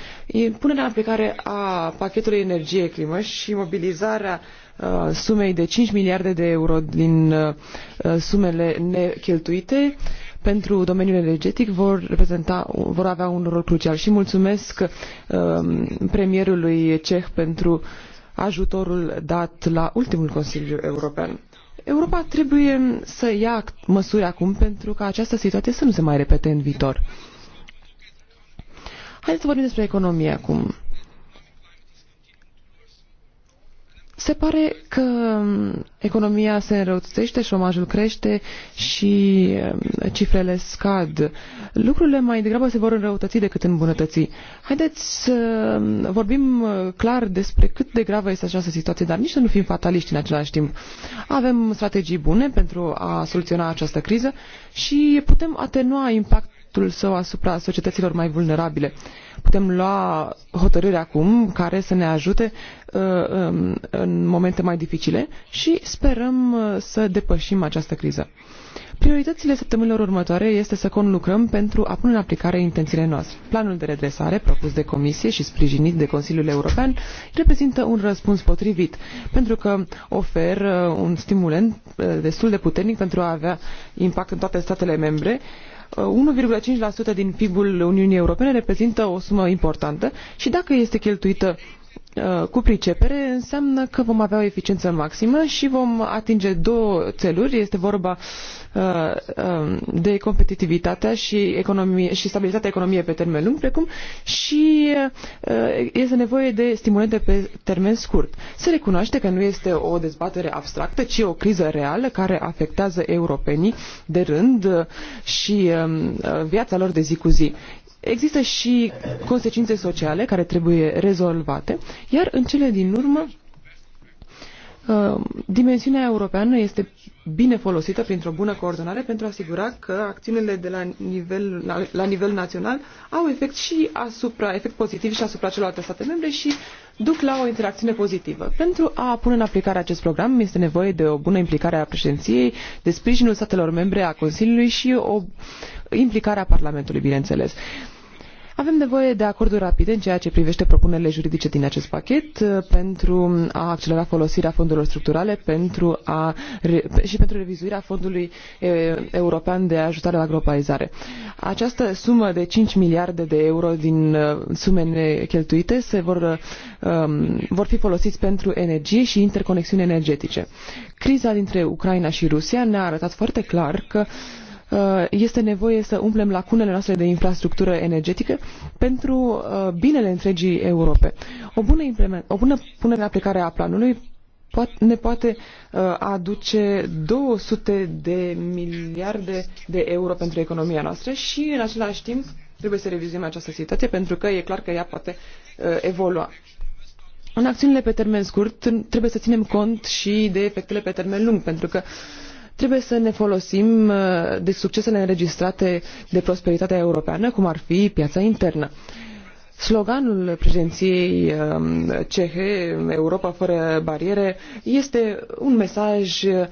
Punerea în aplicare a pachetului energie-climă și mobilizarea uh, sumei de 5 miliarde de euro din uh, sumele necheltuite pentru domeniul energetic vor, reprezenta, vor avea un rol crucial și mulțumesc um, premierului ceh pentru ajutorul dat la ultimul Consiliu European. Europa trebuie să ia măsuri acum pentru ca această situație să nu se mai repete în viitor. Haideți să vorbim despre economie acum. Se pare că um, economia se înrăutățește, șomajul crește și um, cifrele scad. Lucrurile mai degrabă se vor înrăutăți decât îmbunătăți. Haideți să um, vorbim uh, clar despre cât de gravă este această situație, dar nici să nu fim fataliști în același timp. Avem strategii bune pentru a soluționa această criză și putem atenua impact, efectul său asupra societăților mai vulnerabile. Putem lua hotărâri acum care să ne ajute uh, um, în momente mai dificile și sperăm uh, să depășim această criză. Prioritățile săptămânilor următoare este să conlucrăm pentru a pune în aplicare intențiile noastre. Planul de redresare propus de Comisie și sprijinit de Consiliul European reprezintă un răspuns potrivit, pentru că oferă uh, un stimulent destul de puternic pentru a avea impact în toate statele membre, 1,5% din PIB-ul Uniunii Europene reprezintă o sumă importantă și dacă este cheltuită Uh, cu pricepere înseamnă că vom avea o eficiență maximă și vom atinge două țeluri. Este vorba uh, um, de competitivitatea și, economie, și stabilitatea economiei pe termen lung, precum și uh, este nevoie de stimulente pe termen scurt. Se recunoaște că nu este o dezbatere abstractă, ci o criză reală care afectează europenii de rând și um, viața lor de zi cu zi. Există și consecințe sociale care trebuie rezolvate, iar în cele din urmă, uh, dimensiunea europeană este bine folosită printr-o bună coordonare pentru a asigura că acțiunile de la nivel, la, nivel național au efect și asupra, efect pozitiv și asupra celorlalte state membre și duc la o interacțiune pozitivă. Pentru a pune în aplicare acest program este nevoie de o bună implicare a președinției, de sprijinul statelor membre a Consiliului și o implicarea Parlamentului, bineînțeles. Avem nevoie de acorduri rapide în ceea ce privește propunerile juridice din acest pachet uh, pentru a accelera folosirea fondurilor structurale pentru a, și pentru revizuirea Fondului uh, European de Ajutare la Globalizare. Această sumă de 5 miliarde de euro din uh, sume cheltuite se vor, um, vor fi folosiți pentru energie și interconexiuni energetice. Criza dintre Ucraina și Rusia ne-a arătat foarte clar că Uh, este nevoie să umplem lacunele noastre de infrastructură energetică pentru uh, binele întregii Europe. O bună, o bună punere în aplicare a planului ne poate uh, aduce 200 de miliarde de euro pentru economia noastră și în același timp trebuie să revizuim această situație pentru că e clar că ea poate evolua. În acțiunile pe termen scurt trebuie să ținem cont și de efectele pe termen lung, pentru că uh, Trebuie să ne folosim uh, de succesele înregistrate de prosperitatea europeană, cum ar fi piața internă. Sloganul președinției um, cehe, Europa fără bariere, este un mesaj uh,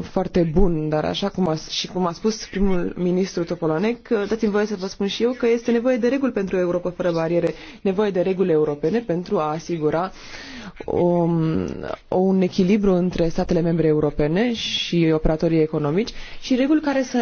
foarte bun, dar așa cum a, și cum a spus primul ministru Topolonec, uh, dați-mi voie să vă spun și eu că este nevoie de reguli pentru Europa fără bariere, nevoie de reguli europene pentru a asigura uh, o um, un echilibru între statele membre europene și operatorii economici și reguli care să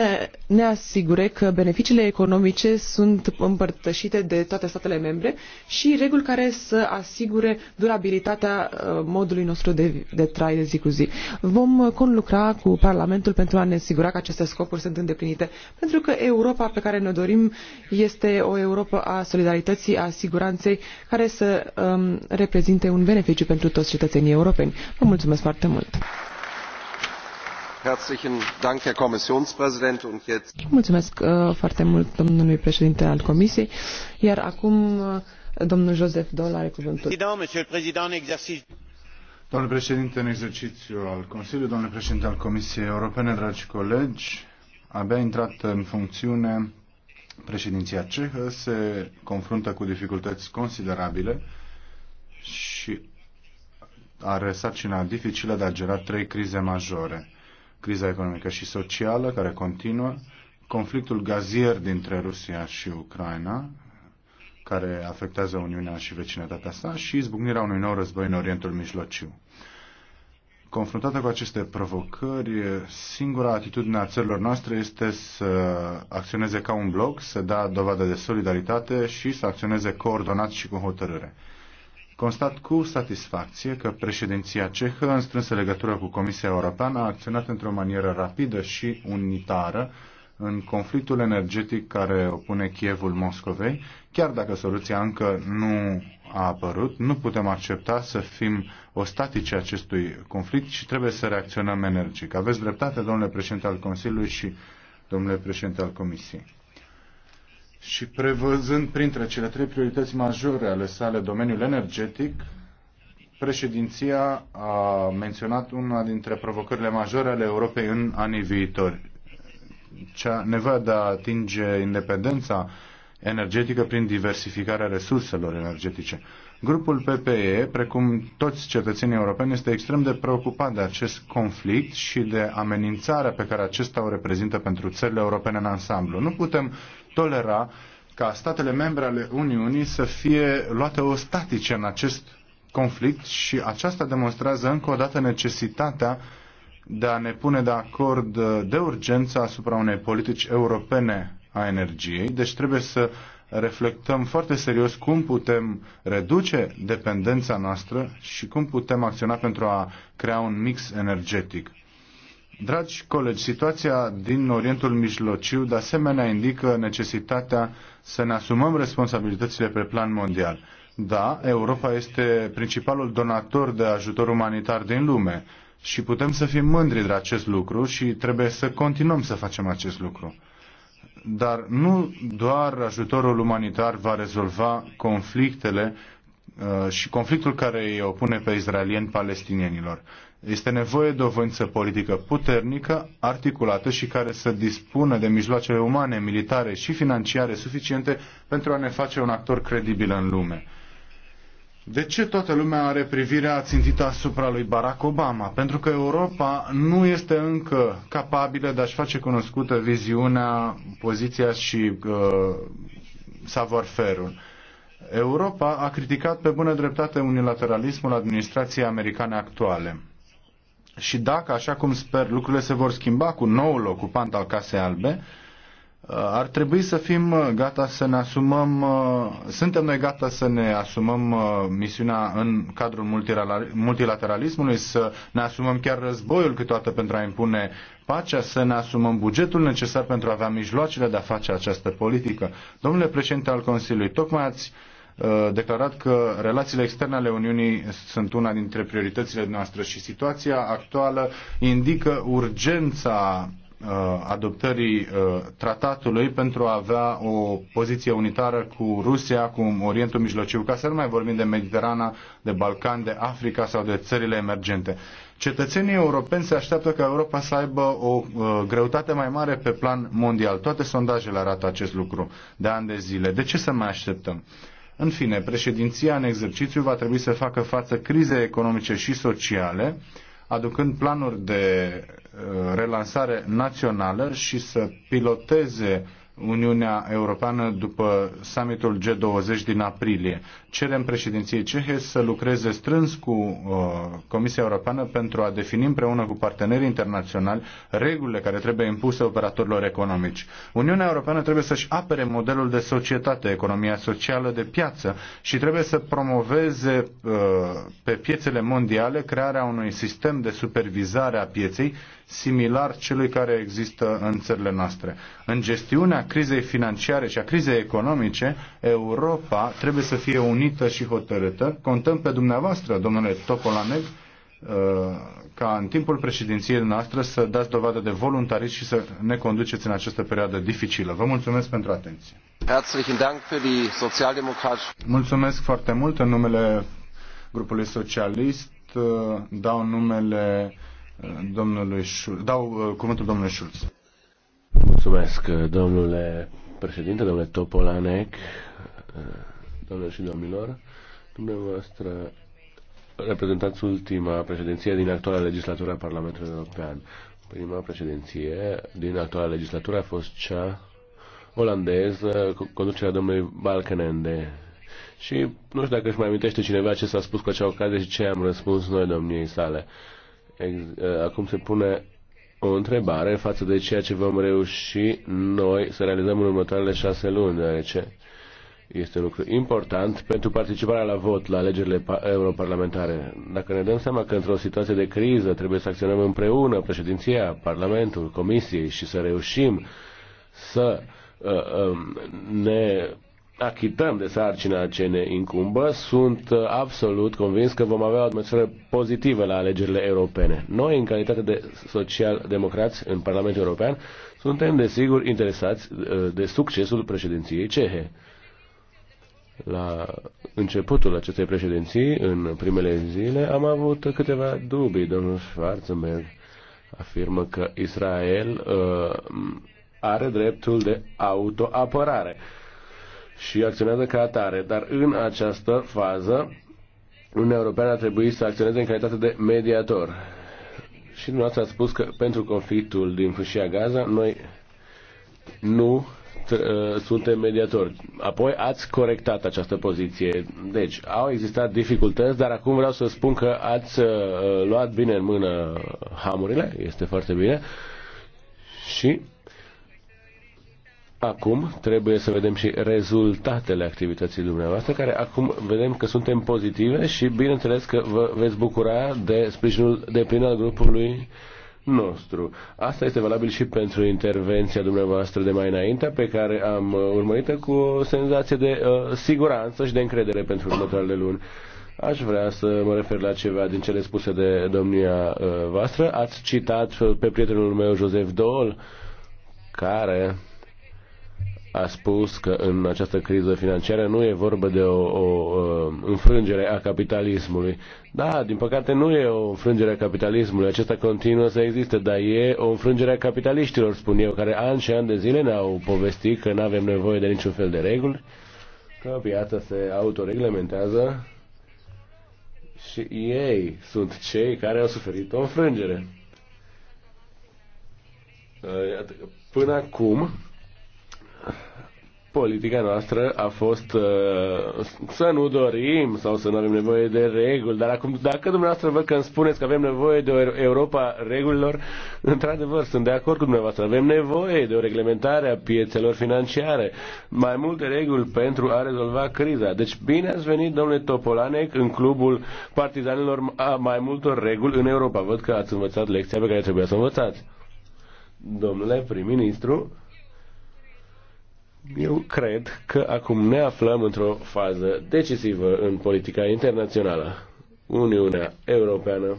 ne asigure că beneficiile economice sunt împărtășite de toate statele membre și reguli care să asigure durabilitatea uh, modului nostru de, de trai de zi cu zi. Vom uh, conlucra cu Parlamentul pentru a ne asigura că aceste scopuri sunt îndeplinite, pentru că Europa pe care ne dorim este o Europa a solidarității, a siguranței, care să um, reprezinte un beneficiu pentru toți cetățenii europeni. Vă mulțumesc foarte mult! Mulțumesc uh, foarte mult domnului președinte al Comisiei. Iar acum uh, domnul Joseph Dol are cuvântul. Domnule președinte în exercițiu al Consiliului, domnule președinte al Comisiei Europene, dragi colegi, abia intrat în funcțiune președinția cehă se confruntă cu dificultăți considerabile și are sarcina dificilă de a gera trei crize majore. Criza economică și socială, care continuă, conflictul gazier dintre Rusia și Ucraina, care afectează Uniunea și vecinătatea sa, și izbucnirea unui nou război în Orientul Mijlociu. Confruntată cu aceste provocări, singura atitudine a țărilor noastre este să acționeze ca un bloc, să dea dovadă de solidaritate și să acționeze coordonat și cu hotărâre. Constat cu satisfacție că președinția cehă, în strânsă legătură cu Comisia Europeană, a acționat într-o manieră rapidă și unitară în conflictul energetic care opune Chievul Moscovei, chiar dacă soluția încă nu a apărut, nu putem accepta să fim ostatice acestui conflict și trebuie să reacționăm energic. Aveți dreptate, domnule președinte al Consiliului și domnule președinte al Comisiei și prevăzând printre cele trei priorități majore ale sale domeniul energetic, președinția a menționat una dintre provocările majore ale Europei în anii viitori, cea nevoia de a atinge independența energetică prin diversificarea resurselor energetice. Grupul PPE, precum toți cetățenii europeni, este extrem de preocupat de acest conflict și de amenințarea pe care acesta o reprezintă pentru țările europene în ansamblu. Nu putem tolera ca statele membre ale Uniunii să fie luate ostatice în acest conflict și aceasta demonstrează încă o dată necesitatea de a ne pune de acord uh, de urgență asupra unei politici europene a energiei. Deci trebuie să reflectăm foarte serios cum putem reduce dependența noastră și cum putem acționa pentru a crea un mix energetic. Dragi colegi, situația din Orientul Mijlociu de asemenea indică necesitatea să ne asumăm responsabilitățile pe plan mondial. Da, Europa este principalul donator de ajutor umanitar din lume și putem să fim mândri de acest lucru și trebuie să continuăm să facem acest lucru. Dar nu doar ajutorul umanitar va rezolva conflictele uh, și conflictul care îi opune pe israelieni palestinienilor. Este nevoie de o voință politică puternică, articulată și care să dispună de mijloacele umane, militare și financiare suficiente pentru a ne face un actor credibil în lume. De ce toată lumea are privirea țintită asupra lui Barack Obama? Pentru că Europa nu este încă capabilă de a-și face cunoscută viziunea, poziția și uh, savoir-faire-ul. Europa a criticat pe bună dreptate unilateralismul administrației americane actuale. Și dacă, așa cum sper, lucrurile se vor schimba cu noul ocupant al Casei Albe, uh, ar trebui să fim uh, gata să ne asumăm, uh, suntem noi gata să ne asumăm misiunea în cadrul multilateralismului, să ne asumăm chiar războiul câteodată pentru a impune pacea, să ne asumăm bugetul necesar pentru a avea mijloacele de a face această politică. Domnule președinte al Consiliului, tocmai ați Uh, declarat că relațiile externe ale Uniunii sunt una dintre prioritățile noastre și situația actuală indică urgența uh, adoptării uh, tratatului pentru a avea o poziție unitară cu Rusia, cu Orientul Mijlociu, ca să nu mai vorbim de Mediterana, de Balcan, de Africa sau de țările emergente. Cetățenii europeni se așteaptă ca Europa să aibă o greutate mai mare pe plan mondial. Toate sondajele arată acest lucru de ani de zile. De ce să mai așteptăm? În fine, președinția în exercițiu va trebui să facă față crizei economice și sociale, aducând planuri de uh, relansare națională și să piloteze Uniunea Europeană după summitul G20 din aprilie. Cerem președinției cehe să lucreze strâns cu uh, Comisia Europeană pentru a defini împreună cu partenerii internaționali regulile care trebuie impuse operatorilor economici. Uniunea Europeană trebuie să-și apere modelul de societate, economia socială de piață și trebuie să promoveze uh, pe piețele mondiale crearea unui sistem de supervizare a pieței similar celui care există în țările noastre. În gestiunea crizei financiare și a crizei economice, Europa trebuie să fie unită și hotărâtă. Contăm pe dumneavoastră, domnule Topolanec, uh, ca în timpul președinției noastre să dați dovadă de voluntarism și să ne conduceți în această perioadă dificilă. Vă mulțumesc pentru atenție. Mulțumesc foarte mult în numele grupului socialist, dau numele domnului Schulz. Dau uh, cuvântul domnului Schulz. Mulțumesc, uh, domnule președinte, domnule Topolanec, uh, domnilor și domnilor. Dumneavoastră reprezentați ultima președinție din actuala legislatură a Parlamentului European. Prima președinție din actuala legislatură a fost cea olandeză, conducerea domnului Balkenende. Și nu știu dacă își mai amintește cineva ce s-a spus cu acea ocazie și ce am răspuns noi domniei sale. Uh, Eh, acum se pune o întrebare față de ceea ce vom reuși noi să realizăm în următoarele șase luni, deoarece este un lucru important pentru participarea la vot la alegerile europarlamentare. Dacă ne dăm seama că într-o situație de criză trebuie să acționăm împreună, președinția, Parlamentul, Comisiei și să reușim să eh, eh, ne achităm de sarcina ce ne incumbă, sunt uh, absolut convins că vom avea o atmosferă pozitivă la alegerile europene. Noi, în calitate de social-democrați în Parlamentul European, suntem, desigur, interesați uh, de succesul președinției cehe. La începutul acestei președinții, în primele zile, am avut câteva dubii. Domnul Schwarzenberg afirmă că Israel uh, are dreptul de autoapărare și acționează ca atare. Dar în această fază, Uniunea Europeană a trebuit să acționeze în calitate de mediator. Și dumneavoastră ați spus că pentru conflictul din Fâșia Gaza, noi nu ă, suntem mediatori. Apoi ați corectat această poziție. Deci, au existat dificultăți, dar acum vreau să spun că ați ă, luat bine în mână hamurile, este foarte bine, și Acum trebuie să vedem și rezultatele activității dumneavoastră, care acum vedem că suntem pozitive și bineînțeles că vă veți bucura de sprijinul de plin al grupului nostru. Asta este valabil și pentru intervenția dumneavoastră de mai înainte, pe care am urmărită cu o senzație de uh, siguranță și de încredere pentru următoarele luni. Aș vrea să mă refer la ceva din cele spuse de domnia uh, voastră. Ați citat uh, pe prietenul meu, Joseph Dole, care a spus că în această criză financiară nu e vorba de o, o înfrângere a capitalismului. Da, din păcate nu e o înfrângere a capitalismului, acesta continuă să existe, dar e o înfrângere a capitaliștilor, spun eu, care an și an de zile ne-au povestit că nu avem nevoie de niciun fel de reguli, că piața se autoreglementează și ei sunt cei care au suferit o înfrângere. Până acum, politica noastră a fost uh, să nu dorim sau să nu avem nevoie de reguli, dar acum, dacă dumneavoastră vă când spuneți că avem nevoie de o Europa regulilor, într-adevăr, sunt de acord cu dumneavoastră, avem nevoie de o reglementare a piețelor financiare, mai multe reguli pentru a rezolva criza. Deci bine ați venit, domnule Topolanec, în clubul partizanilor a mai multor reguli în Europa. Văd că ați învățat lecția pe care trebuia să o învățați. Domnule prim-ministru, eu cred că acum ne aflăm într-o fază decisivă în politica internațională. Uniunea Europeană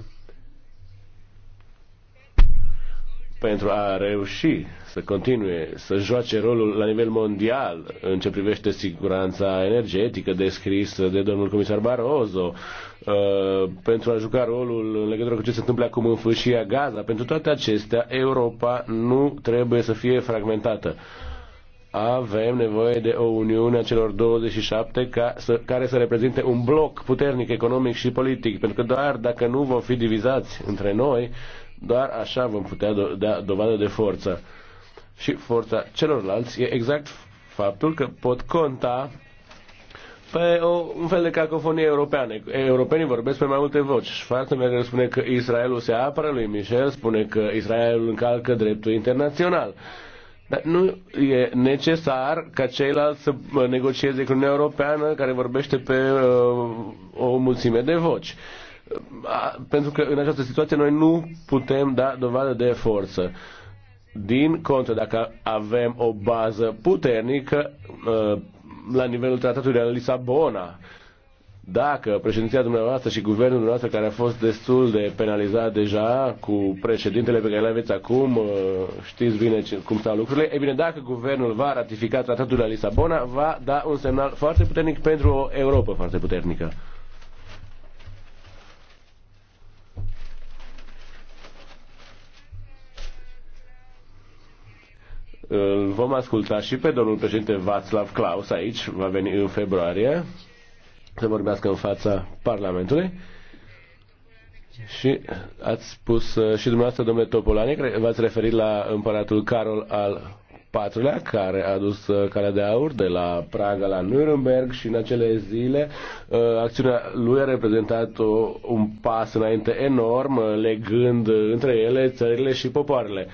pentru a reuși să continue să joace rolul la nivel mondial în ce privește siguranța energetică descrisă de domnul comisar Barroso, uh, pentru a juca rolul în legătură cu ce se întâmplă acum în fâșia Gaza. Pentru toate acestea, Europa nu trebuie să fie fragmentată avem nevoie de o uniune a celor 27 ca să, care să reprezinte un bloc puternic economic și politic, pentru că doar dacă nu vom fi divizați între noi, doar așa vom putea do- da dovadă de forță. Și forța celorlalți e exact faptul că pot conta pe o, un fel de cacofonie europeană. Europenii vorbesc pe mai multe voci. Schwarzenegger spune că Israelul se apără, lui Michel spune că Israelul încalcă dreptul internațional. Dar nu e necesar ca ceilalți să uh, negocieze cu Uniunea Europeană care vorbește pe uh, o mulțime de voci. Uh, pentru că în această situație noi nu putem da dovadă de forță. Din contră, dacă avem o bază puternică uh, la nivelul tratatului de la Lisabona dacă președinția dumneavoastră și guvernul dumneavoastră, care a fost destul de penalizat deja cu președintele pe care le aveți acum, uh, știți bine cum stau lucrurile, e bine, dacă guvernul va ratifica tratatul de la Lisabona, va da un semnal foarte puternic pentru o Europa foarte puternică. Îl vom asculta și pe domnul președinte Václav Klaus aici, va veni în februarie să vorbească în fața Parlamentului. Și ați spus uh, și dumneavoastră, domnule Topolani, v-ați referit la împăratul Carol al patrulea care a dus uh, calea de aur de la Praga la Nuremberg și în acele zile uh, acțiunea lui a reprezentat un pas înainte enorm legând între ele țările și popoarele.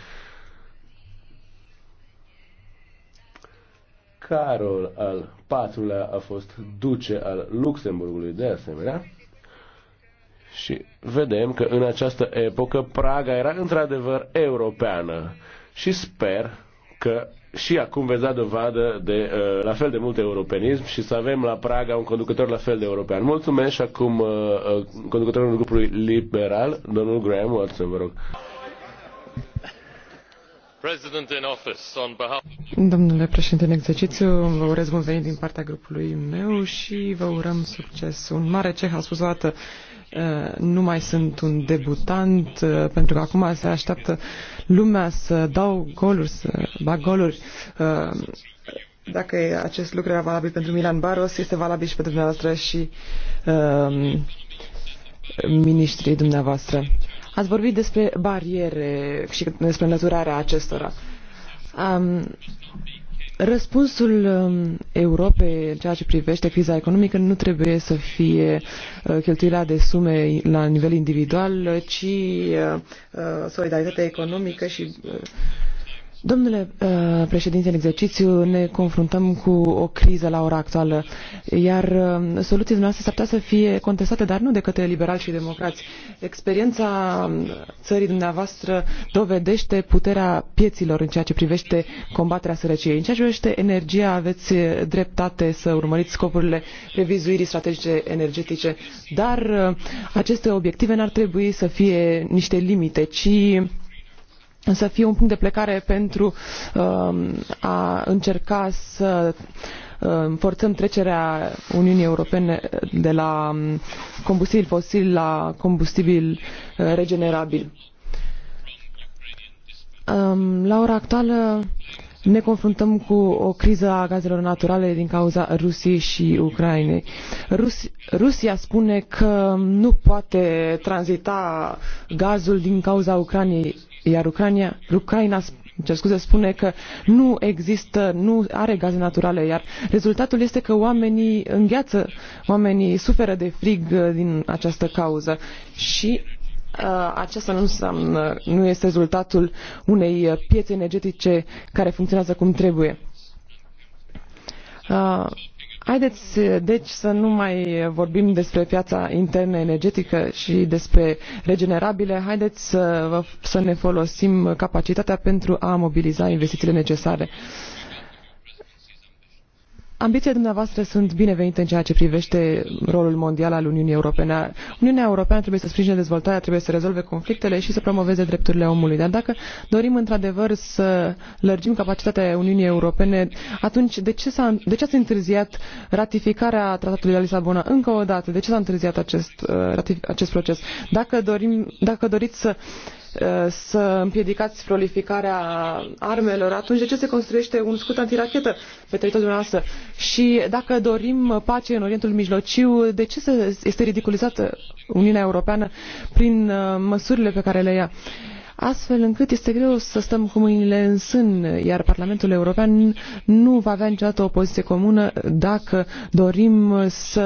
Carol al patrulea a fost duce al Luxemburgului de asemenea. Și vedem că în această epocă Praga era într-adevăr europeană și sper că și acum veți da dovadă de uh, la fel de mult europenism și să avem la Praga un conducător la fel de european. Mulțumesc și acum uh, uh conducătorul grupului liberal, domnul Graham Watson, vă rog. Domnule președinte în exercițiu, vă urez bun venit din partea grupului meu și vă urăm succes. Un mare ceh a spus o dată, uh, nu mai sunt un debutant, uh, pentru că acum se așteaptă lumea să dau goluri, să bag goluri. Uh, dacă acest lucru era valabil pentru Milan Baros, este valabil și pentru dumneavoastră și uh, ministrii dumneavoastră. Ați vorbit despre bariere și despre înlăturarea acestora. Um, Răspunsul Europei în ceea ce privește criza economică nu trebuie să fie uh, cheltuirea de sume la nivel individual, ci uh, uh, solidaritate economică și Domnule uh, președinte, în exercițiu ne confruntăm cu o criză la ora actuală, iar uh, soluțiile noastre s-ar putea să fie contestate, dar nu de către liberali și democrați. Experiența um, țării dumneavoastră dovedește puterea pieților în ceea ce privește combaterea sărăciei. În ceea ce privește energia, aveți dreptate să urmăriți scopurile revizuirii strategice energetice, dar uh, aceste obiective n-ar trebui să fie niște limite, ci să fie un punct de plecare pentru um, a încerca să um, forțăm trecerea Uniunii Europene de la um, combustibil fosil la combustibil uh, regenerabil. La ora actuală ne confruntăm cu o criză a gazelor naturale din cauza Rusiei și Ucrainei. Rus- Rusia spune că nu poate tranzita gazul din cauza Ucrainei iar Ucrania, Ucraina ce scuze, spune că nu există, nu are gaze naturale, iar rezultatul este că oamenii îngheață, oamenii suferă de frig uh, din această cauză și uh, acesta nu, înseamnă, nu este rezultatul unei uh, piețe energetice care funcționează cum trebuie. Uh, Haideți, deci, să nu mai vorbim despre piața internă energetică și despre regenerabile. Haideți să, să ne folosim capacitatea pentru a mobiliza investițiile necesare. Uh, Ambiția dumneavoastră sunt binevenite în ceea ce privește rolul mondial al Uniunii Europene. Uniunea Europeană trebuie să sprijine dezvoltarea, trebuie să rezolve conflictele și să promoveze drepturile omului. Dar dacă dorim într-adevăr să lărgim capacitatea Uniunii Europene, atunci de ce, s-a, de ce ați întârziat ratificarea Tratatului de la Lisabona încă o dată? De ce s-a întârziat acest, uh, acest proces? Dacă, dorim, dacă doriți să uh, Uh, să împiedicați prolificarea armelor, atunci de ce se construiește un scut antirachetă pe teritoriul noastră? Și dacă dorim pace în Orientul Mijlociu, de ce este ridiculizată Uniunea Europeană prin uh, măsurile pe care le ia? Uh, astfel încât este greu să stăm cu mâinile în sân, iar Parlamentul European nu va avea niciodată o poziție comună dacă dorim să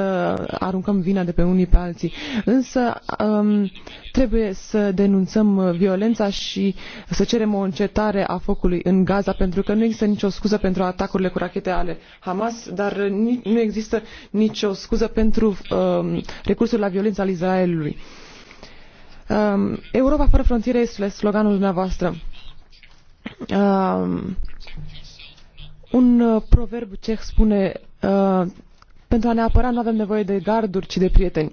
aruncăm vina de pe unii pe alții. Însă um, trebuie să denunțăm violența și să cerem o încetare a focului în Gaza, pentru că nu există nicio scuză pentru atacurile cu rachete ale Hamas, dar nu există nicio scuză pentru um, recursul la violența al Israelului. Um, Europa fără frontiere este sloganul dumneavoastră. Um, un uh, proverb ceh spune uh, pentru a ne apăra nu avem nevoie de garduri, ci de prieteni.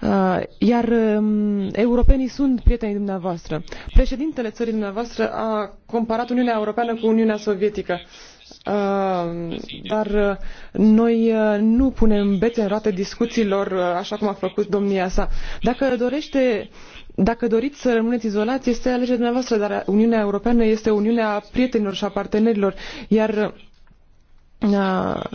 Uh, iar um, europenii sunt prietenii dumneavoastră. Președintele țării dumneavoastră a comparat Uniunea Europeană cu Uniunea Sovietică. Uh, dar uh, noi uh, nu punem bețe în roate discuțiilor așa cum a făcut domnia sa. Dacă dorește dacă doriți să rămâneți izolați, este alegerea dumneavoastră, dar Uniunea Europeană este Uniunea prietenilor și a partenerilor, iar a,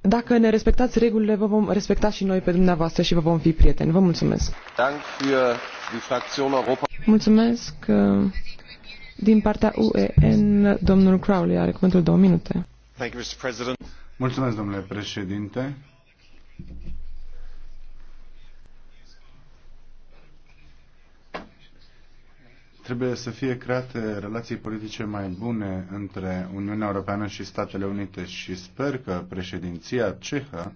dacă ne respectați regulile, vă vom respecta și noi pe dumneavoastră și vă vom fi prieteni. Vă mulțumesc! Mulțumesc! Din partea UEN, domnul Crowley are cuvântul două minute. Mulțumesc, domnule președinte. Trebuie să fie create relații politice mai bune între Uniunea Europeană și Statele Unite și sper că președinția cehă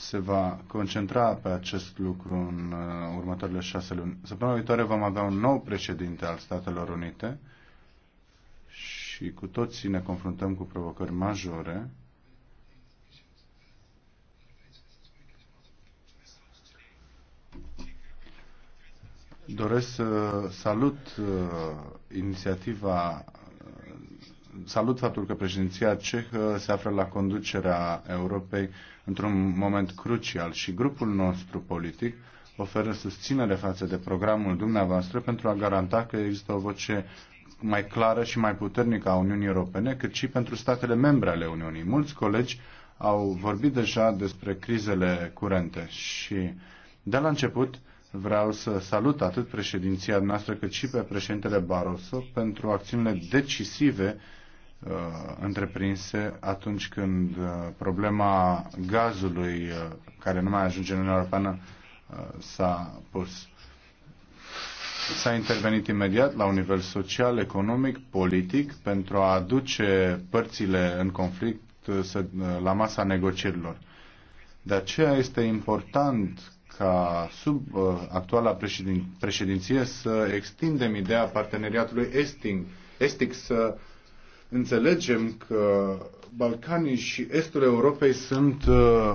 se va concentra pe acest lucru în uh, următoarele șase luni. Săptămâna viitoare vom avea un nou președinte al Statelor Unite și cu toții ne confruntăm cu provocări majore. Doresc să salut uh, inițiativa salut faptul că președinția cehă se află la conducerea Europei într-un moment crucial și grupul nostru politic oferă susținere față de programul dumneavoastră pentru a garanta că există o voce mai clară și mai puternică a Uniunii Europene, cât și pentru statele membre ale Uniunii. Mulți colegi au vorbit deja despre crizele curente și de la început vreau să salut atât președinția noastră cât și pe președintele Barroso pentru acțiunile decisive Uh, întreprinse atunci când uh, problema gazului uh, care nu mai ajunge în Uniunea Europeană s-a pus. S-a intervenit imediat la un nivel social, economic, politic pentru a aduce părțile în conflict să, la masa negocierilor. De aceea este important ca sub uh, actuala președin, președinție să extindem ideea parteneriatului esting, estic să uh, înțelegem că Balcanii și estul Europei sunt uh,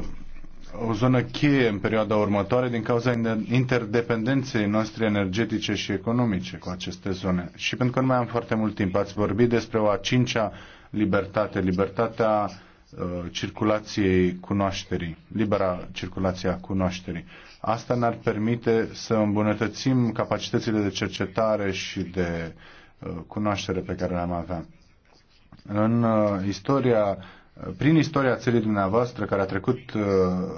o zonă cheie în perioada următoare din cauza interdependenței noastre energetice și economice cu aceste zone. Și pentru că nu mai am foarte mult timp, ați vorbit despre o a cincea libertate, libertatea uh, circulației cunoașterii, libera circulația cunoașterii. Asta ne-ar permite să îmbunătățim capacitățile de cercetare și de uh, cunoaștere pe care le-am avea în uh, istoria prin istoria țării dumneavoastră, care a trecut uh,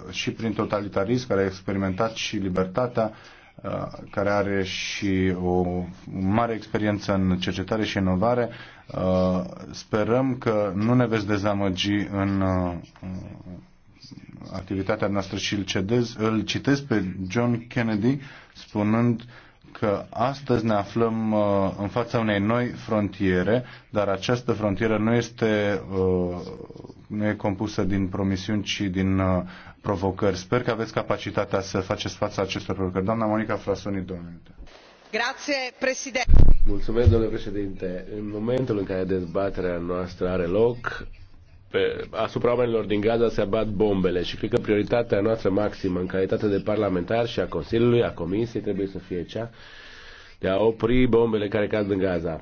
și prin totalitarism, care a experimentat și libertatea, uh, care are și o mare experiență în cercetare și inovare. Sperăm că nu ne veți dezamăgi în activitatea noastră și îl, cedez, îl citesc pe John Kennedy spunând că astăzi ne aflăm uh, în fața unei noi frontiere, dar această frontieră nu este uh, nu e compusă din promisiuni, ci din uh, provocări. Sper că aveți capacitatea să faceți fața acestor provocări. Doamna Monica Frasoni, două minute. președinte. Mulțumesc, domnule președinte. În momentul în care dezbaterea noastră are loc, pe, asupra oamenilor din Gaza se abat bombele și cred că prioritatea noastră maximă în calitate de parlamentar și a Consiliului, a Comisiei, trebuie să fie cea de a opri bombele care cad în Gaza.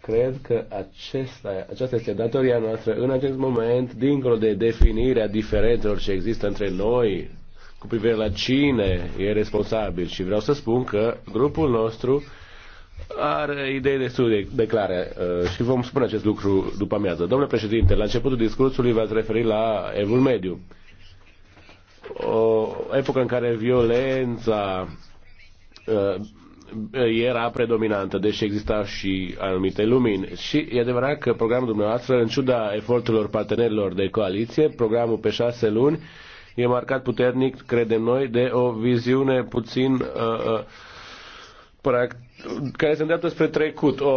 Cred că acesta, aceasta este datoria noastră în acest moment, dincolo de definirea diferențelor ce există între noi cu privire la cine e responsabil. Și vreau să spun că grupul nostru are idei destul de, de clare uh, și vom spune acest lucru după amiază. Domnule președinte, la începutul discursului v-ați referit la Evul Mediu. O epocă în care violența uh, era predominantă, deși exista și anumite lumini. Și e adevărat că programul dumneavoastră, în ciuda eforturilor partenerilor de coaliție, programul pe șase luni e marcat puternic, credem noi, de o viziune puțin uh, uh, practic care se îndreaptă spre trecut, o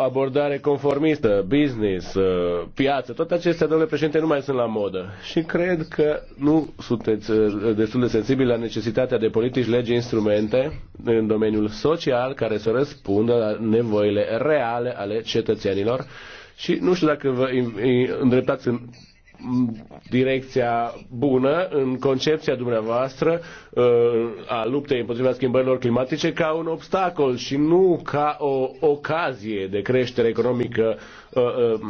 abordare conformistă, business, uh, piață, toate acestea, domnule președinte, nu mai sunt la modă. Și cred că nu sunteți uh, destul de sensibili la necesitatea de politici, legi, instrumente în domeniul social care să răspundă la nevoile reale ale cetățenilor. Și nu știu dacă vă îndreptați în direcția bună în concepția dumneavoastră uh, a luptei împotriva schimbărilor climatice ca un obstacol și nu ca o ocazie de creștere economică uh, uh,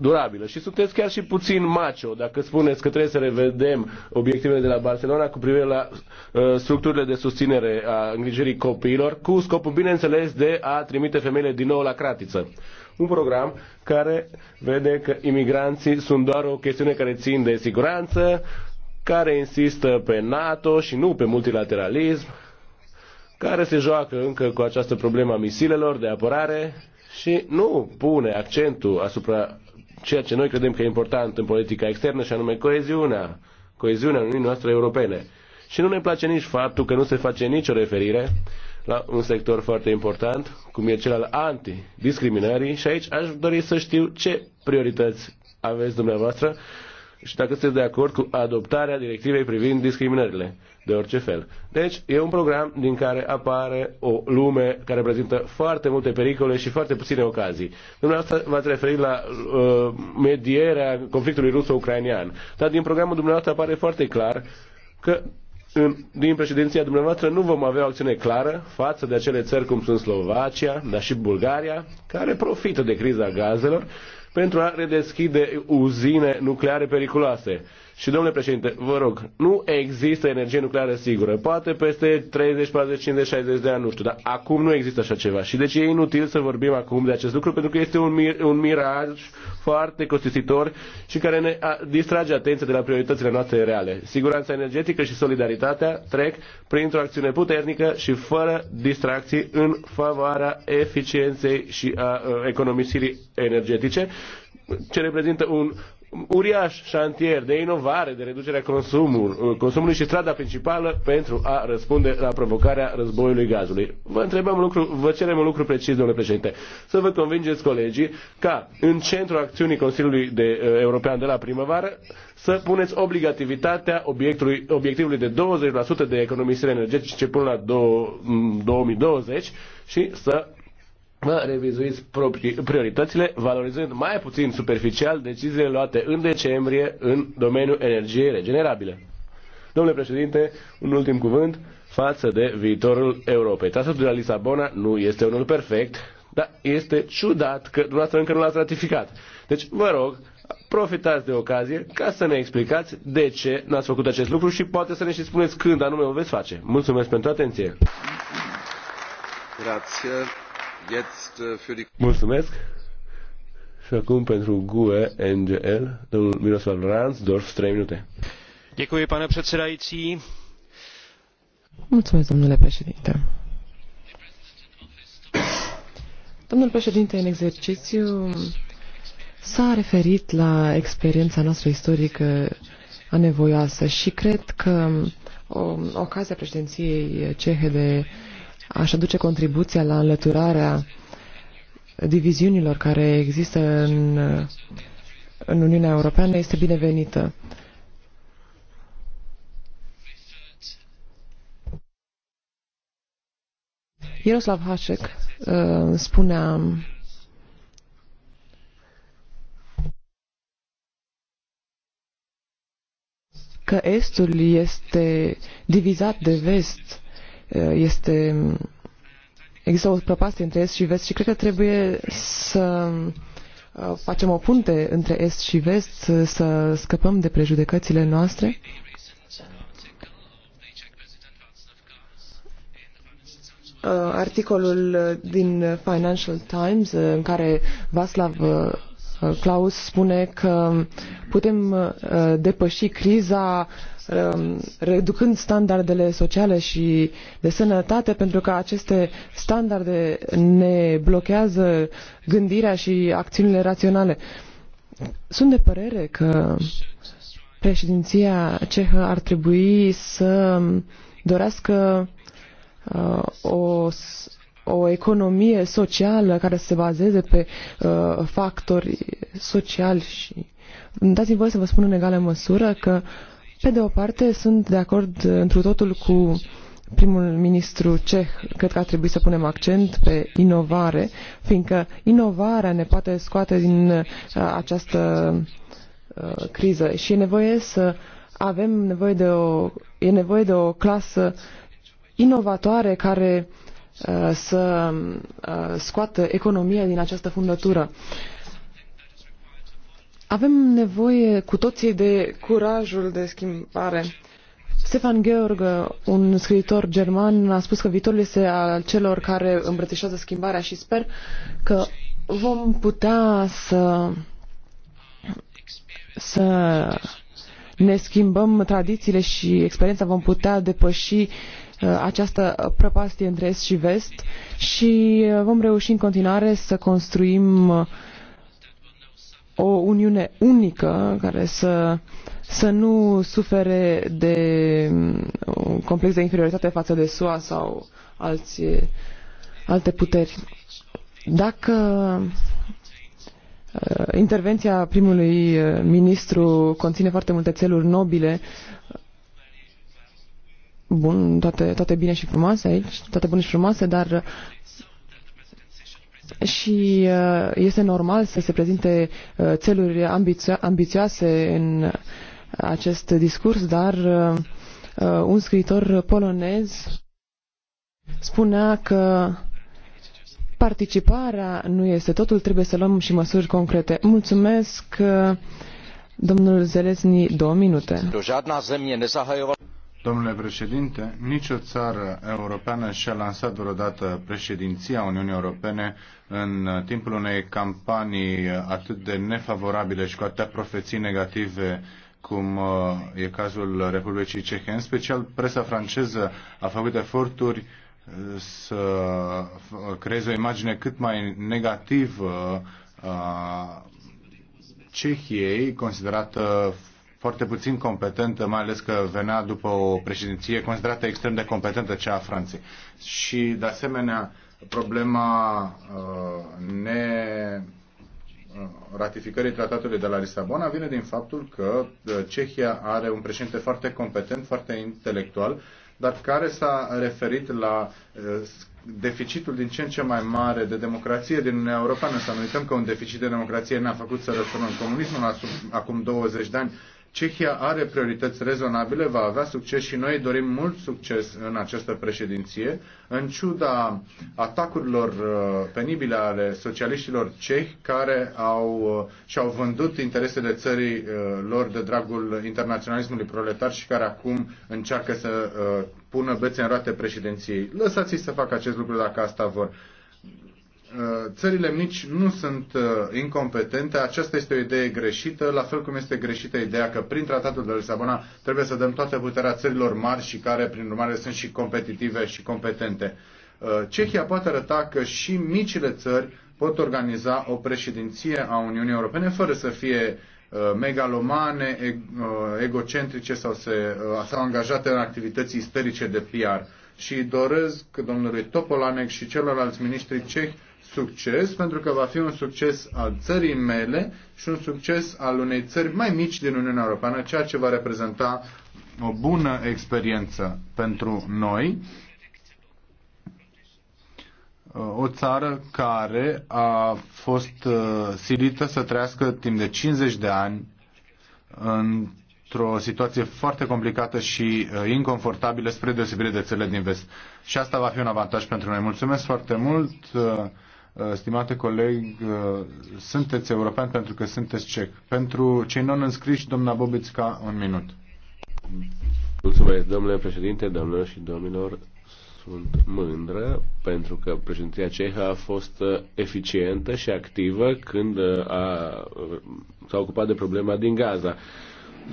durabilă. Și sunteți chiar și puțin macho dacă spuneți că trebuie să revedem obiectivele de la Barcelona cu privire la structurile de susținere a îngrijirii copiilor cu scopul, bineînțeles, de a trimite femeile din nou la cratiță un program care vede că imigranții sunt doar o chestiune care țin de siguranță, care insistă pe NATO și nu pe multilateralism, care se joacă încă cu această problemă a misilelor de apărare și nu pune accentul asupra ceea ce noi credem că e important în politica externă și anume coeziunea, coeziunea Uniunii noastre europene. Și nu ne place nici faptul că nu se face nicio referire la un sector foarte important, cum e cel al antidiscriminării și aici aș dori să știu ce priorități aveți dumneavoastră și dacă sunteți de acord cu adoptarea directivei privind discriminările de orice fel. Deci, e un program din care apare o lume care prezintă foarte multe pericole și foarte puține ocazii. Dumneavoastră v-ați referit la uh, medierea conflictului ruso-ucrainian, dar din programul dumneavoastră apare foarte clar că din președinția dumneavoastră nu vom avea o acțiune clară față de acele țări cum sunt Slovacia, dar și Bulgaria, care profită de criza gazelor pentru a redeschide uzine nucleare periculoase. Și, domnule președinte, vă rog, nu există energie nucleară sigură. Poate peste 30, 40, 50, 60 de ani, nu știu, dar acum nu există așa ceva. Și deci e inutil să vorbim acum de acest lucru, pentru că este un, mir- un miraj foarte costisitor și care ne distrage atenția de la prioritățile noastre reale. Siguranța energetică și solidaritatea trec printr-o acțiune puternică și fără distracții în favoarea eficienței și a uh, economisirii energetice ce reprezintă un uriaș șantier de inovare, de reducerea consumului, uh, consumului și strada principală pentru a răspunde la provocarea războiului gazului. Vă întrebăm un lucru, vă cerem un lucru precis, domnule președinte, să vă convingeți colegii ca în centrul acțiunii Consiliului de, uh, European de la primăvară să puneți obligativitatea obiectului, obiectivului de 20% de economisire energetice până la 2020 mm, și să Vă revizuiți prioritățile, valorizând mai puțin superficial deciziile luate în decembrie în domeniul energiei regenerabile. Domnule președinte, un ultim cuvânt față de viitorul Europei. Tratatul de la Lisabona nu este unul perfect, dar este ciudat că dumneavoastră încă nu l-ați ratificat. Deci, vă rog, profitați de ocazie ca să ne explicați de ce n-ați făcut acest lucru și poate să ne și spuneți când anume o veți face. Mulțumesc pentru atenție! Grazie. Äh, Mulțumesc. Și acum pentru GUE NGL, domnul Miroslav Ransdorf, 3 minute. Děkuji, pane předsedající. Mulțumesc, domnule președinte. Domnul președinte, în exercițiu s-a referit la experiența noastră istorică anevoioasă și cred că o, um, ocazia președinției cehe de aș aduce contribuția la înlăturarea diviziunilor care există în, în Uniunea Europeană este binevenită. Iaroslav Hasek uh, spunea um, că Estul este divizat de vest Eh, este există o prăpastie între est și vest și cred că trebuie să eh, facem o punte între est și vest, să scăpăm de prejudecățile noastre. Eh, articolul din Financial Times în care Vaslav Klaus spune că putem depăși criza Um, reducând standardele sociale și de sănătate, pentru că aceste standarde ne blochează gândirea și acțiunile raționale. Sunt de părere că președinția cehă ar trebui să dorească uh, o, o economie socială care să se bazeze pe uh, factori sociali și dați-mi voie să vă spun în egală măsură că uh, pe de o parte, sunt de acord întru totul cu primul ministru ceh, cred că ar trebui să punem accent pe inovare, fiindcă inovarea ne poate scoate din uh, această uh, criză și e nevoie să avem nevoie de o, e nevoie de o clasă inovatoare care uh, să scoată economia din această fundătură. Avem nevoie cu toții de curajul de schimbare. Stefan Georg, un scriitor german, a spus că viitorul este al celor care îmbrățișează schimbarea și sper că vom putea să, să ne schimbăm tradițiile și experiența, vom putea depăși uh, această prăpastie între est și vest și uh, vom reuși în continuare să construim uh, o uniune unică care să, să nu sufere de un um, complex de inferioritate față de SUA sau alți, alte puteri. Dacă uh, intervenția primului uh, ministru conține foarte multe țeluri nobile, bun, toate, toate bine și frumoase aici, toate bune și frumoase, dar și uh, este normal să se prezinte uh, țeluri ambițioase în acest discurs, dar uh, un scriitor polonez spunea că participarea nu este totul, trebuie să luăm și măsuri concrete. Mulțumesc, domnul Zelesni, două minute. Domnule președinte, nicio țară europeană și-a lansat vreodată președinția Uniunii Europene în timpul unei campanii atât de nefavorabile și cu atâtea profeții negative cum uh, e cazul Republicii Cehe. În special, presa franceză a făcut eforturi uh, să creeze o imagine cât mai negativă a uh, Cehiei, considerată foarte puțin competentă, mai ales că venea după o președinție considerată extrem de competentă, cea a Franței. Și, de asemenea, problema uh, ne uh, ratificării tratatului de la Lisabona vine din faptul că uh, Cehia are un președinte foarte competent, foarte intelectual, dar care s-a referit la uh, deficitul din ce în ce mai mare de democrație din Uniunea Europeană. Să nu uităm că un deficit de democrație ne-a făcut să răsunăm comunismul acum 20 de ani Cehia are priorități rezonabile, va avea succes și noi dorim mult succes în această președinție, în ciuda atacurilor uh, penibile ale socialiștilor cehi care au, uh, și-au vândut interesele țării uh, lor de dragul internaționalismului proletar și care acum încearcă să pună bețe în roate președinției. Lăsați-i să facă acest lucru dacă asta vor. Uh, țările mici nu sunt uh, incompetente, aceasta este o idee greșită, la fel cum este greșită ideea că prin tratatul de Lisabona trebuie să dăm toată puterea țărilor mari și care, prin urmare, sunt și competitive și competente. Uh, Cehia poate arăta că și micile țări pot organiza o președinție a Uniunii Europene fără să fie megalomane, egocentrice sau, se, sau angajate în activități isterice de PR. Și doresc domnului Topolanec și celorlalți miniștri cehi succes, pentru că va fi un succes al țării mele și un succes al unei țări mai mici din Uniunea Europeană, ceea ce va reprezenta o bună experiență pentru noi. O țară care a fost uh, silită să trăiască timp de 50 de ani în într-o situație foarte complicată și uh, inconfortabilă spre deosebire de țările din vest. Și asta va fi un avantaj pentru noi. Mulțumesc foarte mult. Uh, Uh, stimate coleg, uh, sunteți european pentru că sunteți cec. Pentru cei non-înscriși, doamna Bobițca, un minut. Mulțumesc, domnule președinte, doamnelor și domnilor. Sunt mândră pentru că președinția cehă a fost uh, eficientă și activă când a, s-a ocupat de problema din Gaza.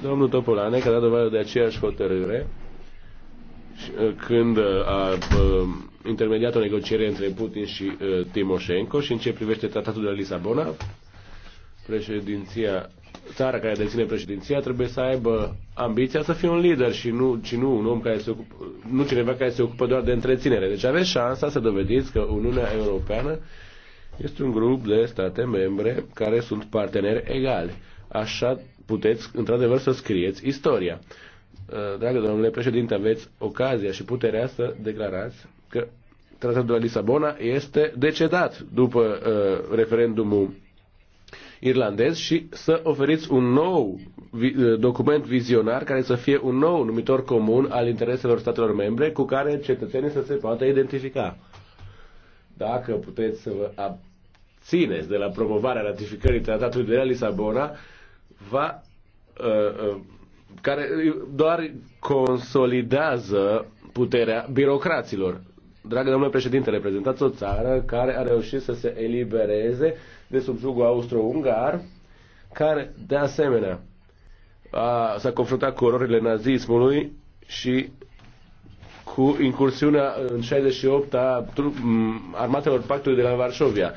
Domnul Topolane, care a dat dovadă de aceeași hotărâre, Uh, când uh, a uh, intermediat o negociere între Putin și Timoshenko și în ce privește tratatul de la Lisabona, președinția, țara care deține președinția trebuie să aibă ambiția să fie un lider și nu, ci nu un om care se ocupă, nu cineva care se ocupă doar de întreținere. Deci aveți șansa să dovediți că Uniunea Europeană este un grup de state membre care sunt parteneri egali. Așa puteți, într-adevăr, să scrieți istoria. Eh, dragă domnule președinte, aveți ocazia și puterea să declarați că tratatul de la Lisabona este decedat după uh, referendumul irlandez și să oferiți un nou eh, document vizionar care să fie un nou numitor comun al intereselor statelor membre cu care cetățenii să se poată identifica. Dacă puteți să vă abțineți de la promovarea ratificării tratatului de la Lisabona, va uh, uh, care doar consolidează puterea birocraților. Dragă domnule președinte, reprezentați o țară care a reușit să se elibereze de subjugul austro-ungar, care, de asemenea, a, s-a confruntat cu ororile nazismului și cu incursiunea în 68 a armatelor pactului de la Varșovia.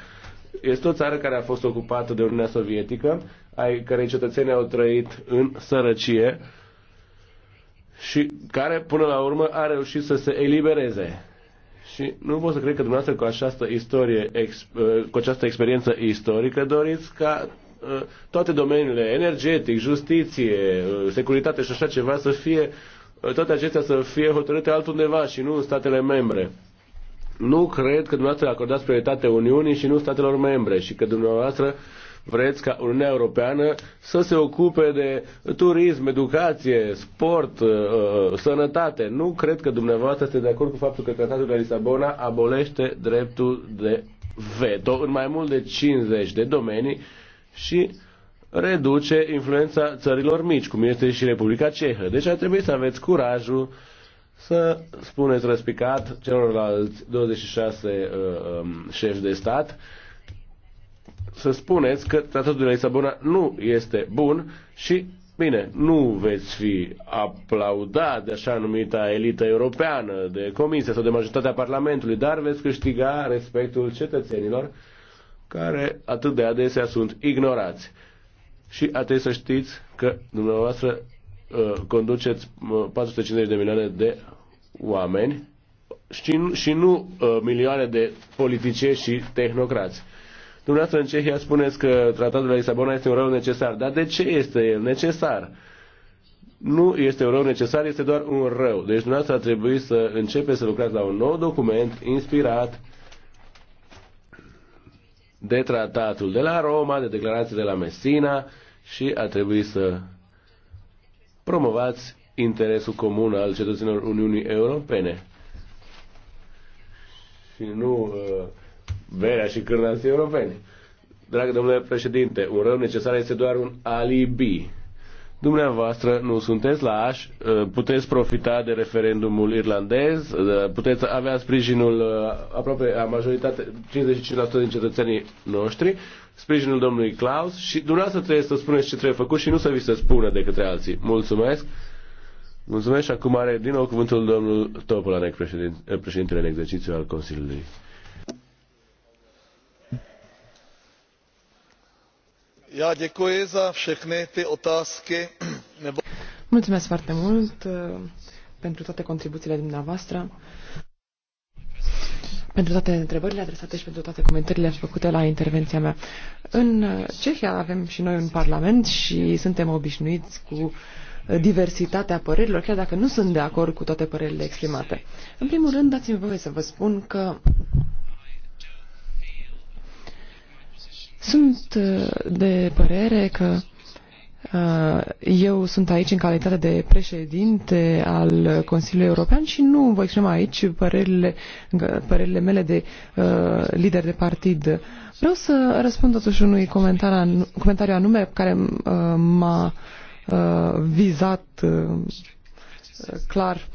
Este o țară care a fost ocupată de Uniunea Sovietică ai cărei cetățenii au trăit în sărăcie și care, până la urmă, a reușit să se elibereze. Și nu pot să cred că dumneavoastră cu această istorie, ex, uh, cu această experiență istorică, doriți ca uh, toate domeniile, energetic, justiție, uh, securitate și așa ceva, să fie, toate acestea să fie hotărâte altundeva și nu în statele membre. Nu cred că dumneavoastră acordați prioritate Uniunii și nu statelor membre și că dumneavoastră uh, vreți ca Uniunea Europeană să se ocupe de turism, educație, sport, uh, uh, sănătate. Nu cred că dumneavoastră este de acord cu faptul că Tratatul de Lisabona abolește dreptul de veto în mai mult de 50 de domenii și reduce influența țărilor mici, cum este și Republica Cehă. Deci ar trebui să aveți curajul să spuneți răspicat celorlalți 26 uh, um, șefi de stat să spuneți că tratatul de la Lisabona nu este bun și, bine, nu veți fi aplaudat de așa numita elită europeană, de comisie sau de majoritatea Parlamentului, dar veți câștiga respectul cetățenilor care atât de adesea sunt ignorați. Și trebuie să știți că dumneavoastră uh, conduceți 450 uh, de milioane de oameni și, și nu uh, milioane de politicieni și tehnocrați. Dumneavoastră în Cehia spuneți că tratatul de la Lisabona este un rău necesar. Dar de ce este el necesar? Nu este un rău necesar, este doar un rău. Deci dumneavoastră ar trebui să începeți să lucrați la un nou document inspirat de tratatul de la Roma, de declarații de la Messina și a trebuit să promovați interesul comun al cetățenilor Uniunii Europene. Și nu uh, berea și cârnații europeni. Dragă domnule președinte, un rău necesar este doar un alibi. Dumneavoastră nu sunteți la aș, uh, puteți profita de referendumul irlandez, uh, puteți avea sprijinul uh, aproape a majoritate, 55% din cetățenii noștri, sprijinul domnului Klaus și dumneavoastră trebuie să spuneți ce trebuie făcut și nu să vi se spună de către alții. Mulțumesc! Mulțumesc și acum are din nou cuvântul domnul Topolanec, președintele în exercițiu al Consiliului. Já děkuji za všechny ty otázky. Nebo... Mulțumesc foarte mult uh, pentru toate contribuțiile dumneavoastră, pentru toate întrebările adresate și pentru toate comentariile făcute la intervenția mea. În Cehia avem și noi un parlament și suntem obișnuiți cu diversitatea părerilor, chiar dacă nu sunt de acord cu toate părerile exprimate. În primul rând, dați-mi voie să vă spun că Sunt uh, de părere că uh, eu sunt aici în calitate de președinte al Consiliului European și nu vă exprima aici părerile, părerile mele de uh, lider de partid. Vreau să răspund totuși unui comentariu, comentariu anume care uh, m-a uh, vizat uh, clar.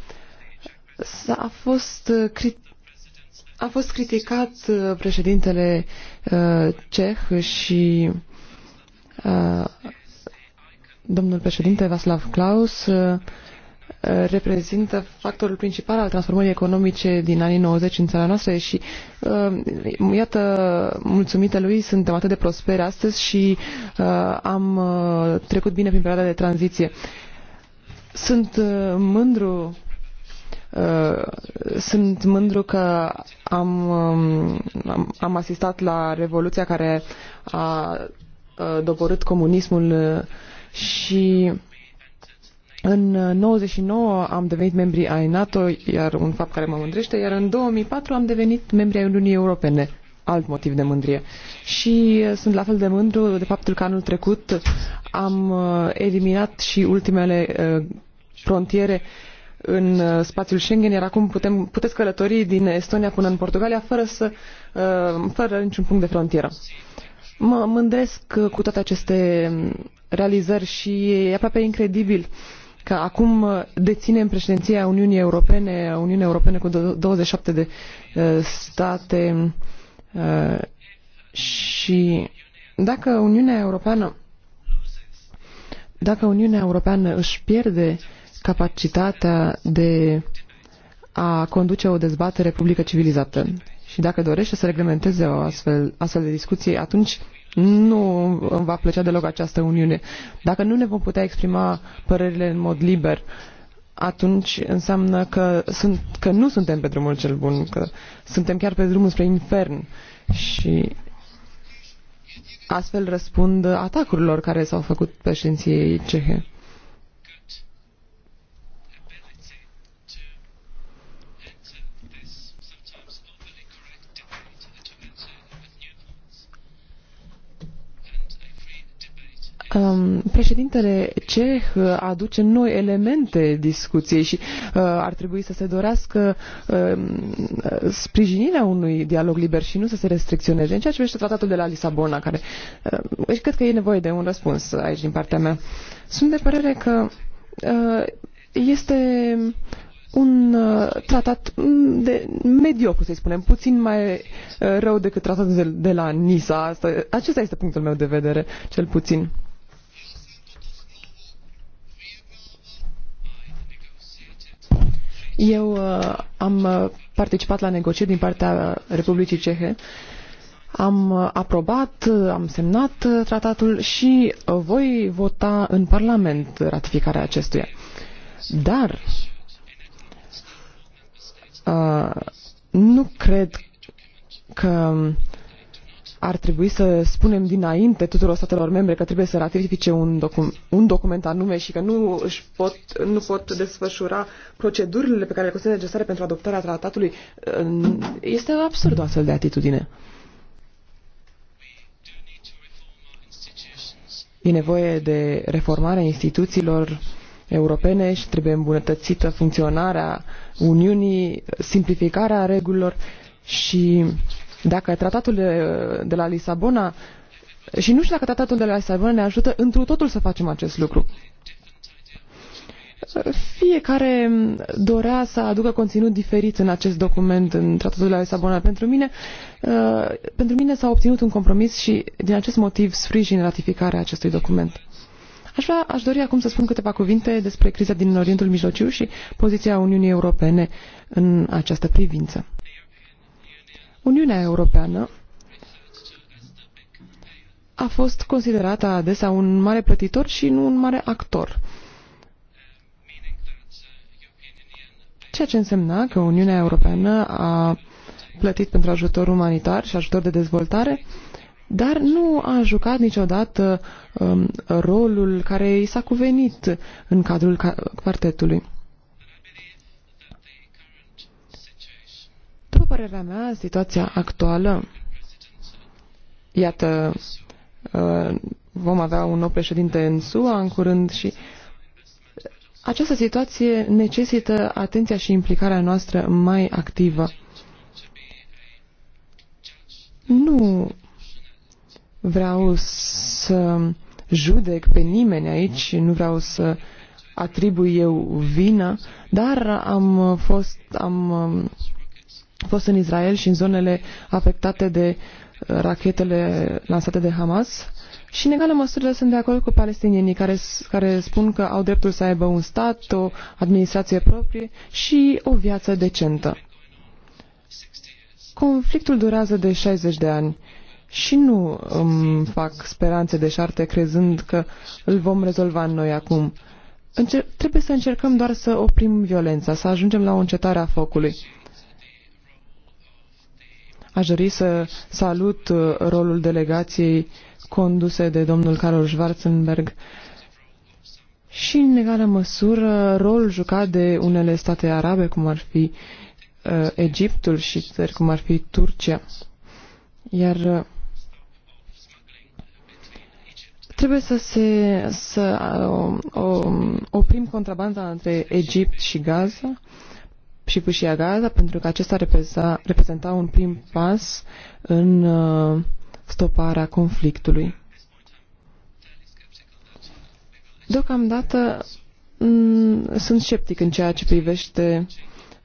S-a fost crit- a fost criticat uh, președintele uh, ceh și uh, domnul președinte Vaslav Klaus uh, reprezintă factorul principal al transformării economice din anii 90 în țara noastră și uh, iată, mulțumită lui, suntem atât de prosperi astăzi și uh, am uh, trecut bine prin perioada de tranziție. Sunt uh, mândru Uh, sunt mândru că am, um, am, am asistat la revoluția care a uh, doborât comunismul uh, și în 99 am devenit membri ai NATO, iar un fapt care mă mândrește, iar în 2004 am devenit membri ai Uniunii Europene, alt motiv de mândrie. Și sunt la fel de mândru de faptul că anul trecut am eliminat și ultimele frontiere uh, în uh, spațiul Schengen, iar acum putem, puteți călători din Estonia până în Portugalia fără, să, uh, fără niciun punct de frontieră. Mă mândresc uh, cu toate aceste um, realizări și e aproape incredibil că acum deținem președinția Uniunii Europene, Uniunea Europene cu 27 de state și dacă Uniunea Europeană dacă Uniunea Europeană își pierde uh, capacitatea de a conduce o dezbatere publică civilizată. Și dacă dorește să reglementeze o astfel, astfel de discuție, atunci nu îmi va plăcea deloc această uniune. Dacă nu ne vom putea exprima părerile în mod liber, atunci înseamnă că, sunt, că nu suntem pe drumul cel bun, că suntem chiar pe drumul spre infern. Și astfel răspund atacurilor care s-au făcut președinției cehe. Um, președintele ceh aduce noi elemente discuției și uh, ar trebui să se dorească uh, sprijinirea unui dialog liber și nu să se restricționeze. În ceea ce privește tratatul de la Lisabona, care uh, cred că e nevoie de un răspuns aici din partea mea. Sunt de părere că uh, este un uh, tratat mm, de mediocru, să spunem, puțin mai uh, rău decât tratatul de, de la Nisa. Asta, acesta este punctul meu de vedere, cel puțin. Eu uh, am uh, participat la negocieri din partea Republicii Cehe am uh, aprobat, am semnat tratatul și voi vota în Parlament ratificarea acestuia. Dar uh, nu cred că ar trebui să spunem dinainte tuturor statelor membre că trebuie să ratifice un, docu- un document anume și că nu, își pot, nu pot desfășura procedurile pe care le consideră necesare pentru adoptarea tratatului. Este absurd o astfel de atitudine. E nevoie de reformarea instituțiilor europene și trebuie îmbunătățită funcționarea Uniunii, simplificarea regulilor și dacă tratatul eh, de la Lisabona și nu știu dacă tratatul de la Lisabona ne ajută întru totul să facem acest lucru. Fiecare mm, dorea să aducă conținut diferit în acest document, în tratatul de la Lisabona. Pentru mine, eh, pentru mine s-a obținut un compromis și din acest motiv sprijin ratificarea acestui document. Aș, vrea, aș dori acum să spun câteva cuvinte despre criza din Orientul Mijlociu și poziția Uniunii Europene în această privință. Uniunea Europeană a fost considerată adesea un mare plătitor și nu un mare actor. Ceea ce însemna că Uniunea Europeană a plătit pentru ajutor umanitar și ajutor de dezvoltare, dar nu a jucat niciodată um, rolul care i s-a cuvenit în cadrul ca- quartetului. După părerea mea, situația actuală, iată, uh, vom avea un nou președinte în SUA în curând și această situație necesită atenția și implicarea noastră mai activă. Nu vreau să judec pe nimeni aici, nu vreau să atribui eu vină, dar am fost, am fost în Israel și în zonele afectate de uh, rachetele lansate de Hamas. Și, în egală măsură, sunt de acord cu palestinienii care, care spun că au dreptul să aibă un stat, o administrație proprie și o viață decentă. Conflictul durează de 60 de ani și nu îmi fac speranțe de șarte crezând că îl vom rezolva noi acum. Încer- trebuie să încercăm doar să oprim violența, să ajungem la o încetare a focului. Aș dori să salut uh, rolul delegației conduse de domnul Carol Schwarzenberg și, în egală măsură, rolul jucat de unele state arabe, cum ar fi uh, Egiptul și țări cum ar fi Turcia. Iar uh, trebuie să se să, uh, um, oprim contrabanda între Egipt și Gaza. Uh, și Pâșia Gaza, pentru că acesta reprezenta, reprezenta un prim pas în uh, stoparea conflictului. Deocamdată mm, sunt sceptic în ceea ce privește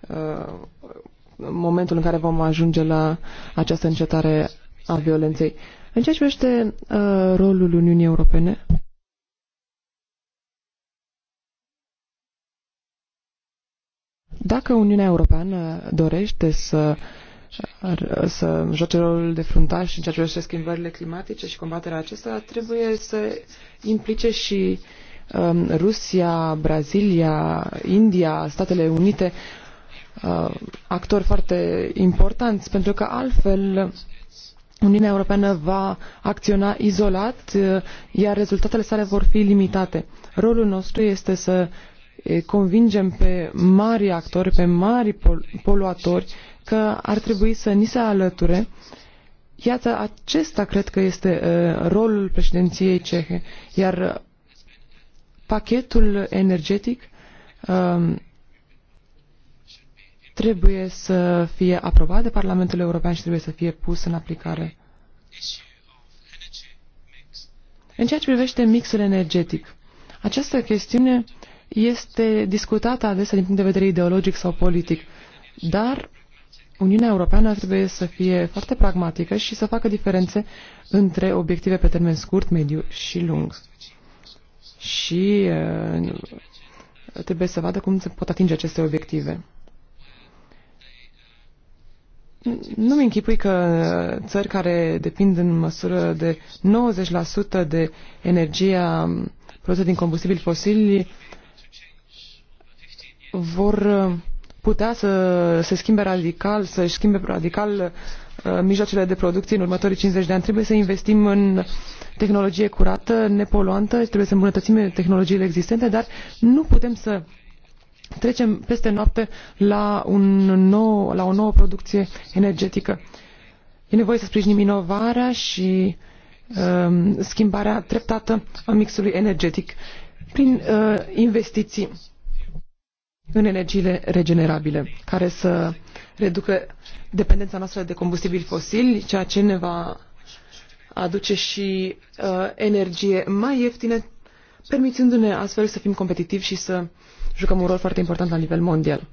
uh, momentul în care vom ajunge la această încetare a violenței. În ceea ce privește uh, rolul Uniunii Europene, Dacă Uniunea Europeană dorește să să joace rolul de fruntaș în ceea ce privește schimbările climatice și combaterea acestora, trebuie să implice și um, Rusia, Brazilia, India, Statele Unite, uh, actori foarte importanți, pentru că altfel Uniunea Europeană va acționa izolat, uh, iar rezultatele sale vor fi limitate. Rolul nostru este să convingem pe mari actori, pe mari poluatori că ar trebui să ni se alăture. Iată, acesta cred că este rolul președinției cehe, iar pachetul energetic trebuie să fie aprobat de Parlamentul European și trebuie să fie pus în aplicare. În ceea ce privește mixul energetic, această chestiune este discutată adesea din punct de vedere ideologic sau politic, dar Uniunea Europeană trebuie să fie foarte pragmatică și să facă diferențe între obiective pe termen scurt, mediu și lung. Și uh, trebuie să vadă cum se pot atinge aceste obiective. Nu mi închipui că țări care depind în măsură de 90% de energia produsă din combustibili fosili vor uh, putea să se schimbe radical, să își schimbe radical uh, mijloacele de producție în următorii 50 de ani. Trebuie să investim în tehnologie curată, nepoluantă, trebuie să îmbunătățim tehnologiile existente, dar nu putem să trecem peste noapte la, un nou, la o nouă producție energetică. E nevoie să sprijinim inovarea și um, schimbarea treptată a mixului energetic prin uh, investiții în energiile regenerabile, care să reducă dependența noastră de combustibili fosili, ceea ce ne va aduce și uh, energie mai ieftină, permițându-ne astfel să fim competitivi și să jucăm un rol foarte important la nivel mondial.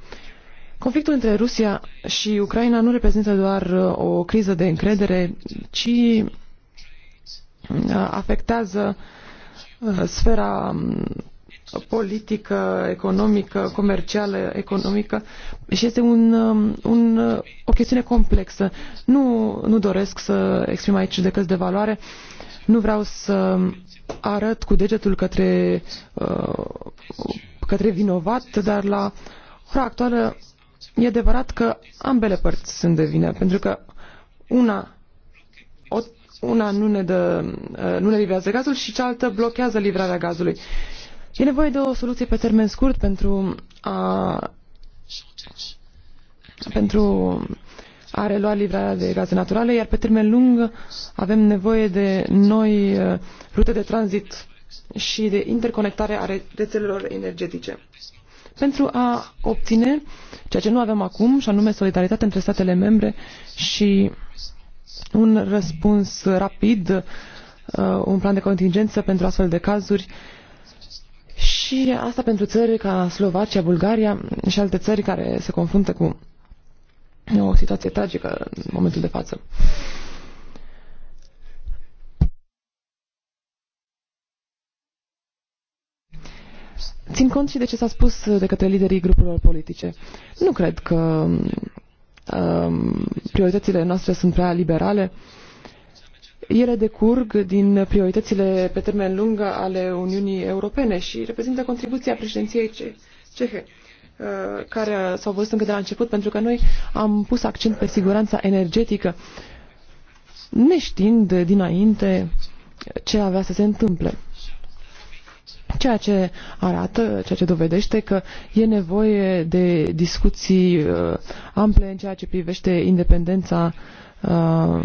Conflictul între Rusia și Ucraina nu reprezintă doar uh, o criză de încredere, ci uh, afectează uh, sfera um, politică, economică, comercială, economică și este un, um, un, uh, o chestiune complexă. Nu, nu doresc să exprim aici judecăți de valoare, nu vreau să arăt cu degetul către, uh, către vinovat, dar la ora actuală e adevărat că ambele părți sunt de vină, pentru că una una nu ne, dă, uh, nu ne livrează gazul și cealaltă blochează livrarea gazului. E nevoie de o soluție pe termen scurt pentru a, pentru a relua livrarea de gaze naturale, iar pe termen lung avem nevoie de noi uh, rute de tranzit și de interconectare a rețelelor energetice pentru a obține ceea ce nu avem acum, și anume solidaritate între statele membre și un răspuns rapid, uh, un plan de contingență pentru astfel de cazuri și asta pentru țări ca Slovacia, Bulgaria și alte țări care se confruntă cu o situație tragică în momentul de față. Țin cont și de ce s-a spus de către liderii grupurilor politice. Nu cred că um, prioritățile noastre sunt prea liberale. Uh, ele decurg din prioritățile pe termen lung ale Uniunii Europene și reprezintă contribuția președinției ce cehe uh, care s-au văzut încă de la început, pentru că noi am pus accent pe siguranța energetică, neștiind dinainte ce avea să se întâmple. Ceea ce arată, ceea ce dovedește că e nevoie de discuții uh, ample în ceea ce privește independența uh,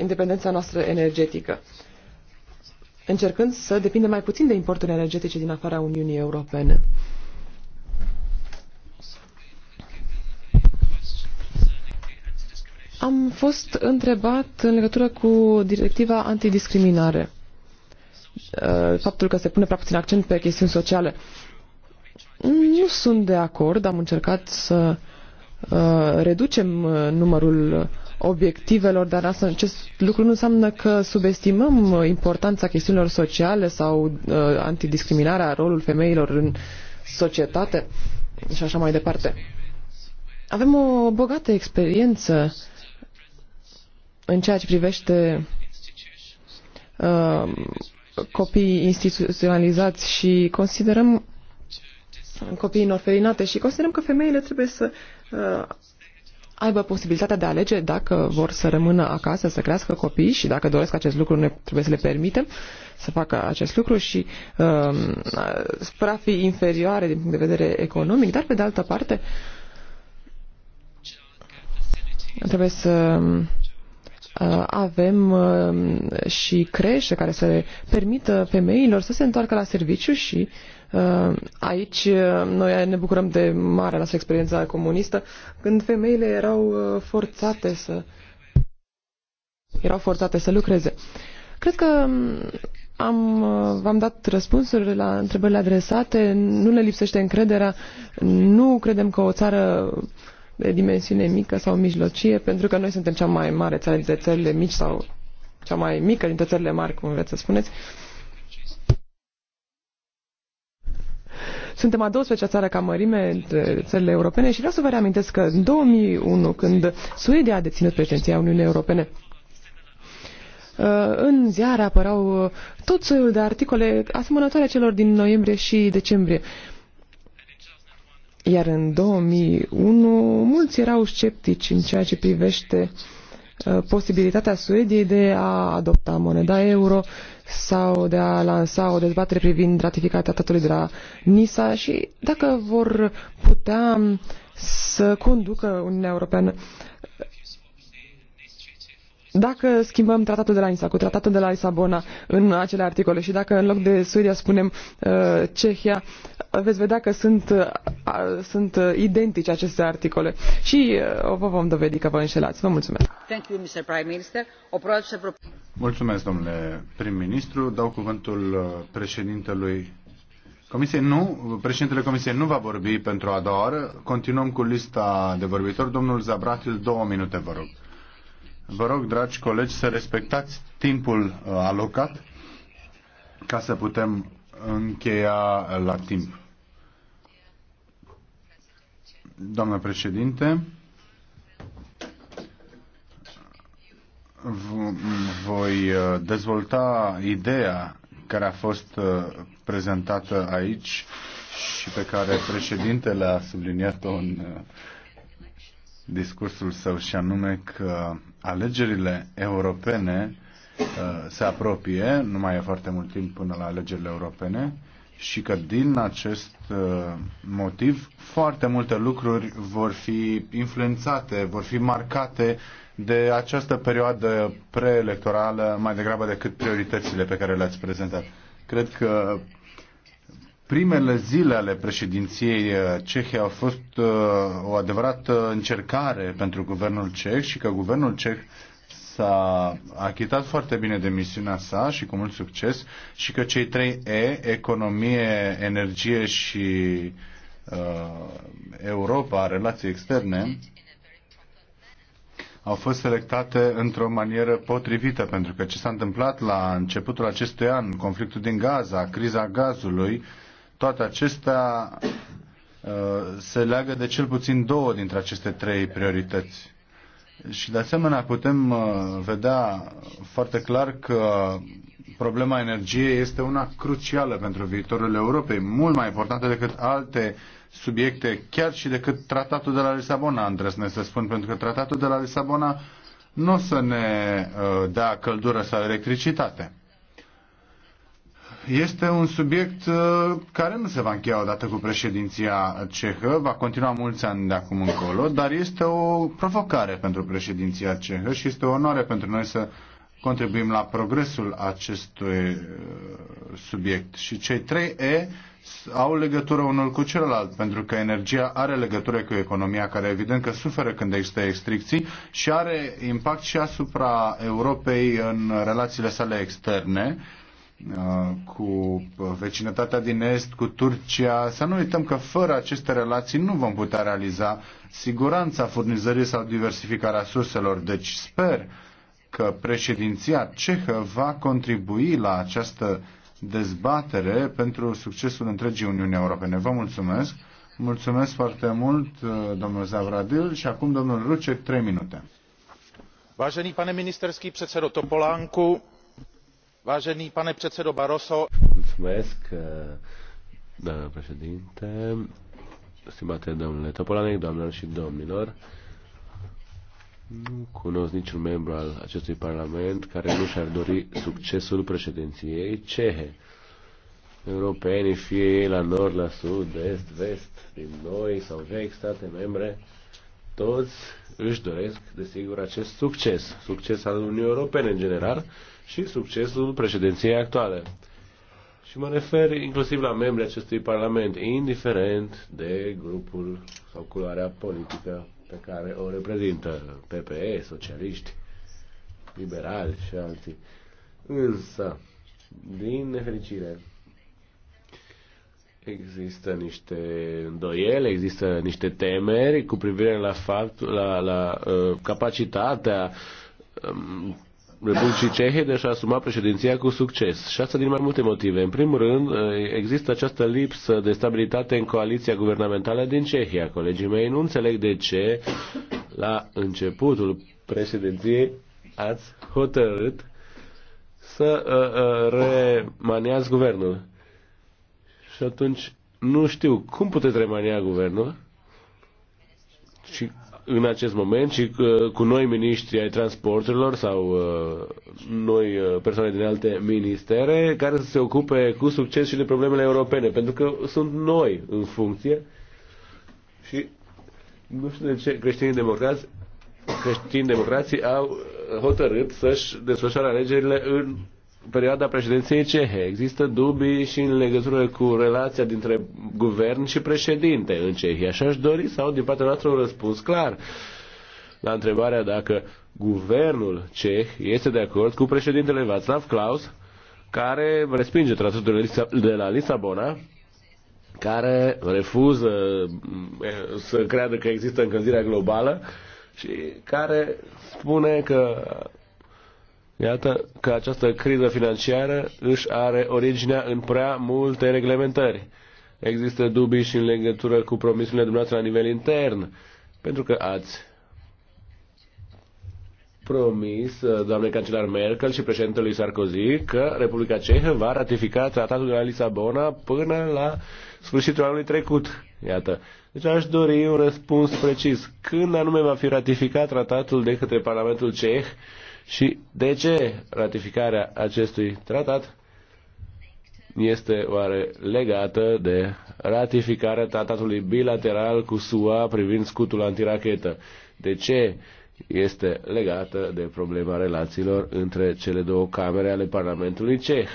independența noastră energetică, încercând să depindem mai puțin de importuri energetice din afara Uniunii Europene. Am fost întrebat în legătură cu directiva antidiscriminare. Uh, faptul că se pune prea puțin accent pe chestiuni sociale. Nu sunt de acord, am încercat să uh, reducem uh, numărul obiectivelor, dar asta, acest lucru nu înseamnă că subestimăm importanța chestiunilor sociale sau uh, antidiscriminarea, rolul femeilor în societate și așa mai departe. Avem o bogată experiență în ceea ce privește uh, copiii instituționalizați și considerăm copiii în orfelinate și considerăm că femeile trebuie să uh, aibă posibilitatea de a alege dacă vor să rămână acasă, să crească copii și dacă doresc acest lucru, ne trebuie să le permitem să facă acest lucru și uh, spre a fi inferioare din punct de vedere economic, dar pe de altă parte trebuie să uh, avem um, și crește care să le permită femeilor să se întoarcă la serviciu și Uh, aici uh, noi ne bucurăm de marea noastră experiență comunistă, când femeile erau uh, forțate să erau forțate să lucreze. Cred că um, am, v-am dat răspunsuri la întrebările adresate, nu ne lipsește încrederea, nu credem că o țară de dimensiune mică sau mijlocie, pentru că noi suntem cea mai mare țară dintre țările mici sau cea mai mică dintre țările mari, cum vreți să spuneți, uh, Suntem a 12-a țară ca mărime între țările europene și vreau să vă reamintesc că în 2001, când Suedia a deținut președinția Uniunii Europene, uh, în ziare apărau uh, tot soiul de articole asemănătoare celor din noiembrie și decembrie. Iar în 2001 mulți erau sceptici în ceea ce privește uh, Uh, posibilitatea Suediei de a adopta moneda euro sau de a lansa o dezbatere privind ratificarea tratatului de la Nisa și dacă vor putea să conducă Uniunea Europeană dacă schimbăm tratatul de la Insa cu tratatul de la Lisabona în acele articole și dacă în loc de Suedia spunem uh, Cehia, uh, veți vedea că sunt, uh, sunt uh, identice aceste articole și uh, vă vom dovedi că vă înșelați. Vă mulțumesc. Thank you, Mr. Prime Minister. O mulțumesc, domnule prim-ministru. Dau cuvântul uh, președintelui Comisiei nu, președintele Comisiei nu va vorbi pentru a doua oră. Continuăm cu lista de vorbitori. Domnul Zabratil, două minute, vă rog. Vă rog, dragi colegi, să respectați timpul uh, alocat ca să putem încheia uh, la timp. Doamnă președinte, voi uh, dezvolta ideea care a fost prezentată aici și pe care președintele a subliniat-o în discursul său și anume că alegerile europene uh, se apropie, nu mai e foarte mult timp până la alegerile europene, și că din acest uh, motiv foarte multe lucruri vor fi influențate, vor fi marcate de această perioadă preelectorală mai degrabă decât prioritățile pe care le-ați prezentat. Cred că primele zile ale președinției uh, cehe au fost uh, o adevărată încercare pentru guvernul ceh și că guvernul ceh s-a achitat foarte bine de misiunea sa și cu mult succes și că cei trei E, economie, energie și uh, Europa, relații externe, au fost selectate într-o manieră potrivită, pentru că ce s-a întâmplat la începutul acestui an, conflictul din Gaza, criza gazului, uh, toate acestea uh, se leagă de cel puțin două dintre aceste trei priorități. Și de asemenea putem uh, vedea foarte clar că problema energiei este una crucială pentru viitorul Europei, mult mai importantă decât alte subiecte, chiar și decât tratatul de la Lisabona, îndrăznesc să spun, pentru că tratatul de la Lisabona nu o să ne uh, dea căldură sau electricitate. Este un subiect uh, care nu se va încheia odată cu președinția cehă, va continua mulți ani de acum încolo, dar este o provocare pentru președinția cehă și este o onoare pentru noi să contribuim la progresul acestui uh, subiect. Și cei trei E au legătură unul cu celălalt, pentru că energia are legătură cu economia, care evident că suferă când există restricții și are impact și asupra Europei în relațiile sale externe Uh, cu uh, vecinătatea din Est, cu Turcia. Să nu uităm că fără aceste relații nu vom putea realiza siguranța furnizării sau diversificarea surselor. Deci sper că președinția cehă va contribui la această dezbatere pentru succesul întregii Uniuni Europene. Vă mulțumesc! Mulțumesc foarte mult, uh, domnul Zavradil, și acum domnul Ruce, trei minute. Vážený pane ministerský předsedo Topolánku, Vážený pane předsedo Barroso. Eh, doamnă președinte, stimate domnule Topolanec, doamnelor și domnilor. Nu cunosc niciun membru al acestui Parlament care nu și-ar dori succesul președinției cehe. Europenii, fie ei la nord, la sud, est, vest, din noi sau vechi state membre, toți își doresc, desigur, acest succes, succes al Uniunii Europene în general, și succesul președinției actuale. Și mă refer inclusiv la membrii acestui Parlament, indiferent de grupul sau culoarea politică pe care o reprezintă PPE, socialiști, liberali și alții. Însă, din nefericire, există niște îndoiele, există niște temeri cu privire la fapt, la, la uh, capacitatea um, Republicii Cehe de a-și asuma președinția cu succes. Și asta din mai multe motive. În primul rând, ă, există această lipsă de stabilitate în coaliția guvernamentală din Cehia. Colegii mei nu înțeleg de ce la începutul președinției ați hotărât să uh, uh, remaniați guvernul. Și atunci nu știu cum puteți remania guvernul și în acest moment și uh, cu noi miniștri ai transporturilor sau uh, noi uh, persoane din alte ministere care să se ocupe cu succes și de problemele europene, pentru că sunt noi în funcție și nu știu de ce creștinii democrați creștinii democrații au hotărât să-și desfășoare alegerile în perioada președinției cehe. Există dubii și în legătură cu relația dintre guvern și președinte în Cehia și aș dori să aud din partea noastră un răspuns clar la întrebarea dacă guvernul ceh este de acord cu președintele Václav Klaus, care respinge tratatul de la Lisabona, care refuză eh, să creadă că există încălzirea globală și care spune că Iată că această criză financiară își are originea în prea multe reglementări. Există dubii și în legătură cu promisiunile dumneavoastră la nivel intern, pentru că ați promis doamnei cancelar Merkel și președintelui Sarkozy că Republica Cehă va ratifica tratatul de la Lisabona până la sfârșitul anului trecut. Iată. Deci aș dori un răspuns precis. Când anume va fi ratificat tratatul de către Parlamentul Ceh și de ce ratificarea acestui tratat este oare legată de ratificarea tratatului bilateral cu SUA privind scutul antirachetă? De ce este legată de problema relațiilor între cele două camere ale Parlamentului ceh?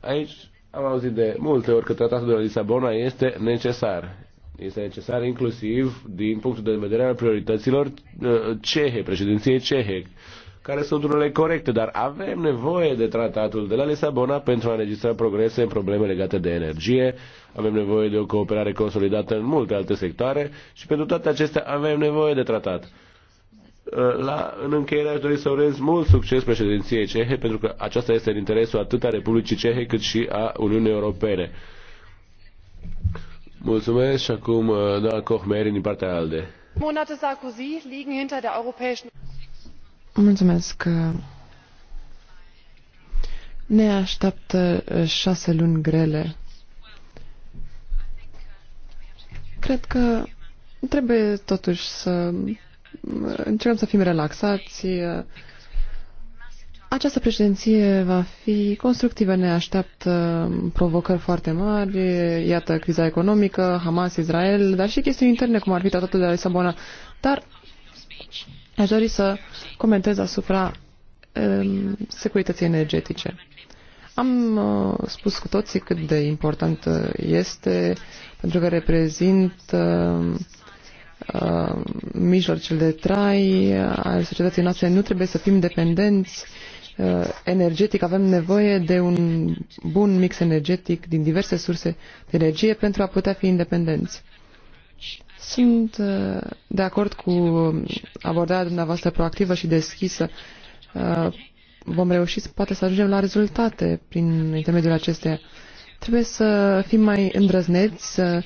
Aici am auzit de multe ori că tratatul de la Lisabona este necesar este necesar, inclusiv din punctul de vedere al priorităților uh, cehe, președinției cehe, care sunt unele corecte, dar avem nevoie de tratatul de la Lisabona pentru a înregistra progrese în probleme legate de energie, avem nevoie de o cooperare consolidată în multe alte sectoare și pentru toate acestea avem nevoie de tratat. Uh, la, în încheiere aș dori să urez mult succes președinției cehe, pentru că aceasta este în interesul atât a Republicii Cehe cât și a Uniunii Europene. Mulțumesc și acum uh, doamna Koch-Meri din partea ALDE. Monate Sarkozy liegen hinter der europäischen... Mulțumesc. Ne așteaptă uh, șase luni grele. Cred că trebuie totuși să uh, încercăm să fim relaxați, această președinție va fi constructivă, ne așteaptă uh, provocări foarte mari, iată criza economică, Hamas, Israel, dar și chestiuni interne, cum ar fi tratatul de la Lisabona. Dar aș dori să comentez asupra um, securității energetice. Am uh, spus cu toții cât de important uh, este, pentru că reprezintă uh, mijlocul de trai uh, al societății noastre. Nu trebuie să fim dependenți Uh, energetic, avem nevoie de un bun mix energetic din diverse surse de energie pentru a putea fi independenți. Sunt uh, de acord cu abordarea dumneavoastră proactivă și deschisă. Uh, vom reuși poate să ajungem la rezultate prin intermediul acesteia. Trebuie să fim mai îndrăzneți, să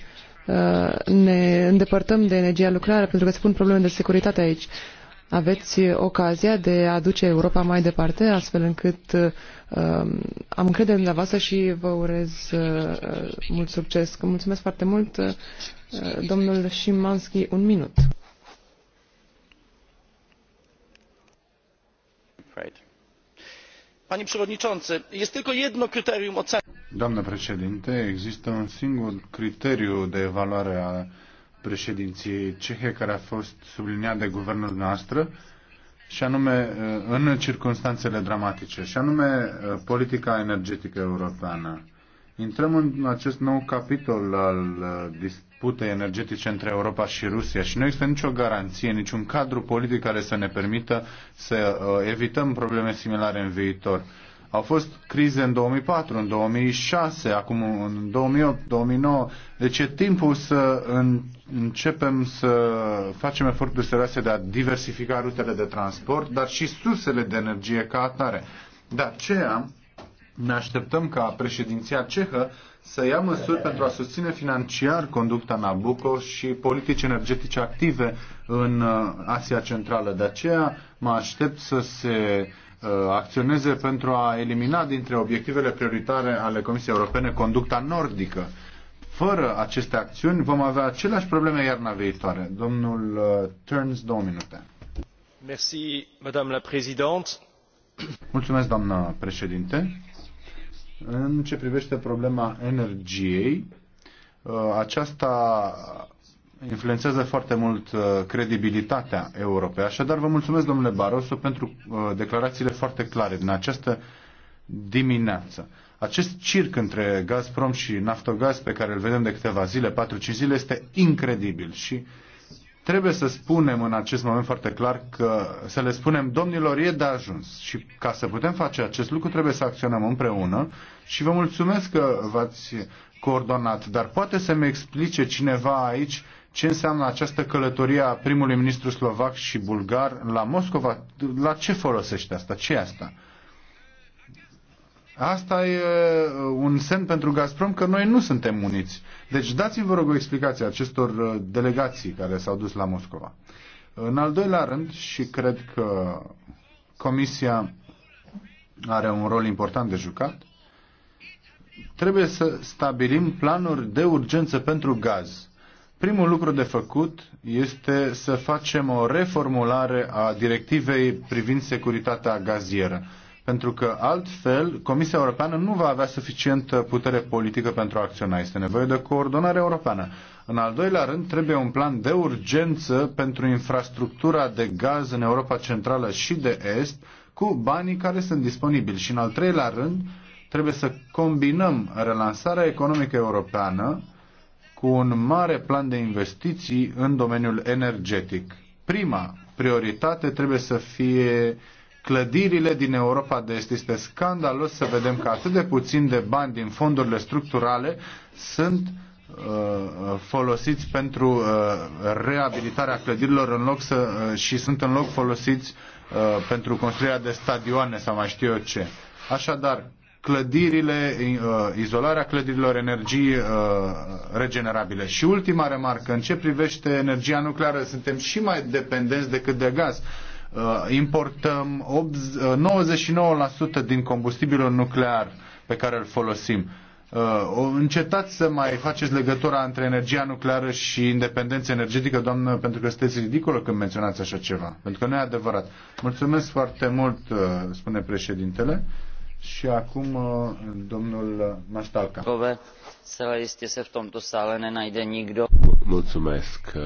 ne îndepărtăm de energia lucrară, pentru că se pun probleme de securitate aici aveți ocazia de a duce Europa mai departe, astfel încât uh, am încredere în dumneavoastră și vă urez uh, mult succes. Mulțumesc foarte mult, uh, domnul Șimanski, un minut. Panie Doamnă președinte, există un singur criteriu de evaluare a președinției cehe care a fost subliniat de guvernul noastră și anume uh, în circunstanțele dramatice, și anume uh, politica energetică europeană. Intrăm în acest nou capitol al uh, disputei energetice între Europa și Rusia și nu există nicio garanție, niciun cadru politic care să ne permită să evităm probleme similare în viitor. Au fost crize în 2004, în 2006, acum în 2008, 2009. Deci e timpul să începem să facem eforturi serioase de a diversifica rutele de transport, dar și sursele de energie ca atare. De aceea ne așteptăm ca președinția cehă să ia măsuri pentru a susține financiar conducta Nabucco și politici energetice active în uh, Asia Centrală. De aceea mă aștept să se Uh, acționeze pentru a elimina dintre obiectivele prioritare ale Comisiei Europene conducta nordică. Fără aceste acțiuni vom avea aceleași probleme iarna viitoare. Domnul uh, Turns, două minute. Merci, Madame la Présidente. Mulțumesc, doamnă președinte. În ce privește problema energiei, uh, aceasta influențează foarte mult uh, credibilitatea Europei. Așadar, vă mulțumesc, domnule Barroso, pentru uh, declarațiile foarte clare din această dimineață. Acest circ între Gazprom și Naftogaz pe care îl vedem de câteva zile, 4-5 zile, este incredibil și trebuie să spunem în acest moment foarte clar că să le spunem domnilor e de ajuns și ca să putem face acest lucru trebuie să acționăm împreună și vă mulțumesc că v-ați coordonat, dar poate să-mi explice cineva aici ce înseamnă această călătorie a primului ministru slovac și bulgar la Moscova? La ce folosește asta? ce e asta? Asta e uh, un semn pentru Gazprom că noi nu suntem uniți. Deci dați-mi, vă rog, o explicație acestor uh, delegații care s-au dus la Moscova. În al doilea rând, și cred că Comisia are un rol important de jucat, trebuie să stabilim planuri de urgență pentru gaz. Primul lucru de făcut este să facem o reformulare a directivei privind securitatea gazieră, pentru că altfel Comisia Europeană nu va avea suficientă putere politică pentru a acționa. Este nevoie de coordonare europeană. În al doilea rând, trebuie un plan de urgență pentru infrastructura de gaz în Europa Centrală și de Est cu banii care sunt disponibili. Și în al treilea rând, trebuie să combinăm relansarea economică europeană cu un mare plan de investiții în domeniul energetic. Prima prioritate trebuie să fie clădirile din Europa de Est. Este scandalos să vedem că atât de puțin de bani din fondurile structurale sunt uh, folosiți pentru uh, reabilitarea clădirilor în loc să, uh, și sunt în loc folosiți pentru construirea de stadioane sau mai știu eu ce. Așadar, clădirile, uh, izolarea clădirilor, energii uh, regenerabile. Și ultima remarcă, în ce privește energia nucleară, suntem și mai dependenți decât de gaz. Uh, importăm 99% din combustibilul nuclear pe care îl folosim. Încetați să mai faceți legătura între energia nucleară și independența energetică, doamnă, pentru că sunteți ridicolă când menționați așa ceva. Pentru că nu e adevărat. Mulțumesc foarte mult, spune președintele. Și acum uh, domnul Mastalca. Zcela este, se v tomto ne nenajde nikdo. Mulțumesc, uh,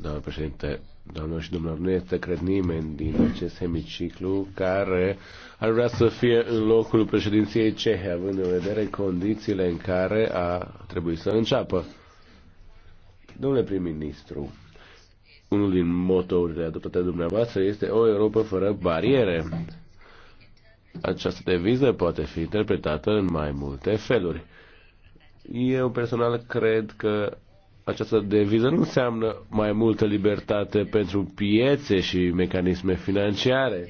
doamnă președinte. Doamnă și domnilor, nu este, cred, nimeni din acest hemiciclu care ar vrea să fie în locul președinției cehe, având în vedere condițiile în care a trebuit să înceapă. Domnule prim-ministru, unul din motourile adoptate dumneavoastră este o Europa fără bariere această deviză poate fi interpretată în mai multe feluri. Eu personal cred că această deviză nu înseamnă mai multă libertate pentru piețe și mecanisme financiare.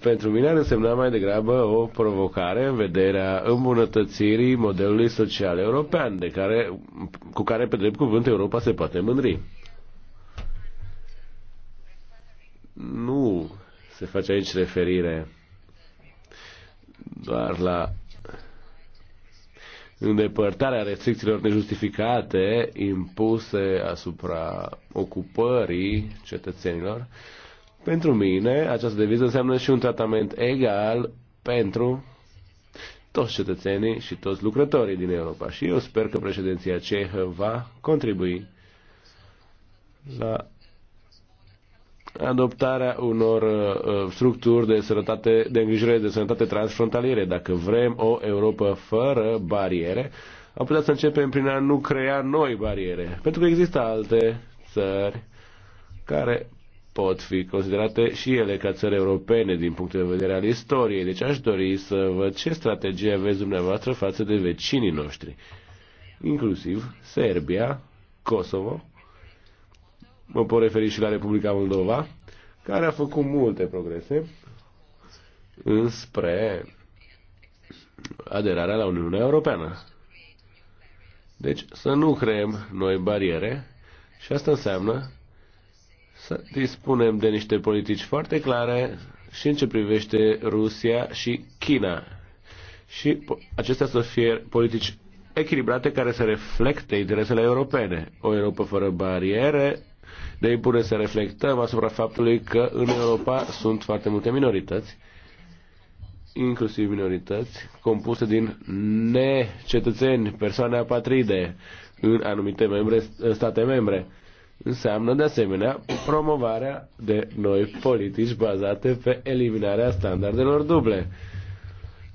Pentru mine ar însemna mai degrabă o provocare în vederea îmbunătățirii modelului social european, de care, cu care, pe drept cuvânt, Europa se poate mândri. Nu se face aici referire doar la îndepărtarea restricțiilor nejustificate impuse asupra ocupării cetățenilor. Pentru mine, această deviză înseamnă și un tratament egal pentru toți cetățenii și toți lucrătorii din Europa. Și eu sper că președinția cehă va contribui la adoptarea unor uh, uh, structuri de, sănătate, de îngrijire de sănătate transfrontaliere. Dacă vrem o Europa fără bariere, am putea să începem prin a nu crea noi bariere. Pentru că există alte țări care pot fi considerate și ele ca țări europene din punct de vedere al istoriei. Deci aș dori să văd ce strategie aveți dumneavoastră față de vecinii noștri, inclusiv Serbia, Kosovo mă pot referi și la Republica Moldova, care a făcut multe progrese înspre aderarea la Uniunea Europeană. Deci să nu creăm noi bariere și asta înseamnă să dispunem de niște politici foarte clare și în ce privește Rusia și China. Și acestea să fie politici echilibrate care să reflecte interesele europene. O Europa fără bariere ne impune să reflectăm asupra faptului că în Europa sunt foarte multe minorități, inclusiv minorități compuse din necetățeni, persoane apatride în anumite membre, state membre. Înseamnă, de asemenea, promovarea de noi politici bazate pe eliminarea standardelor duble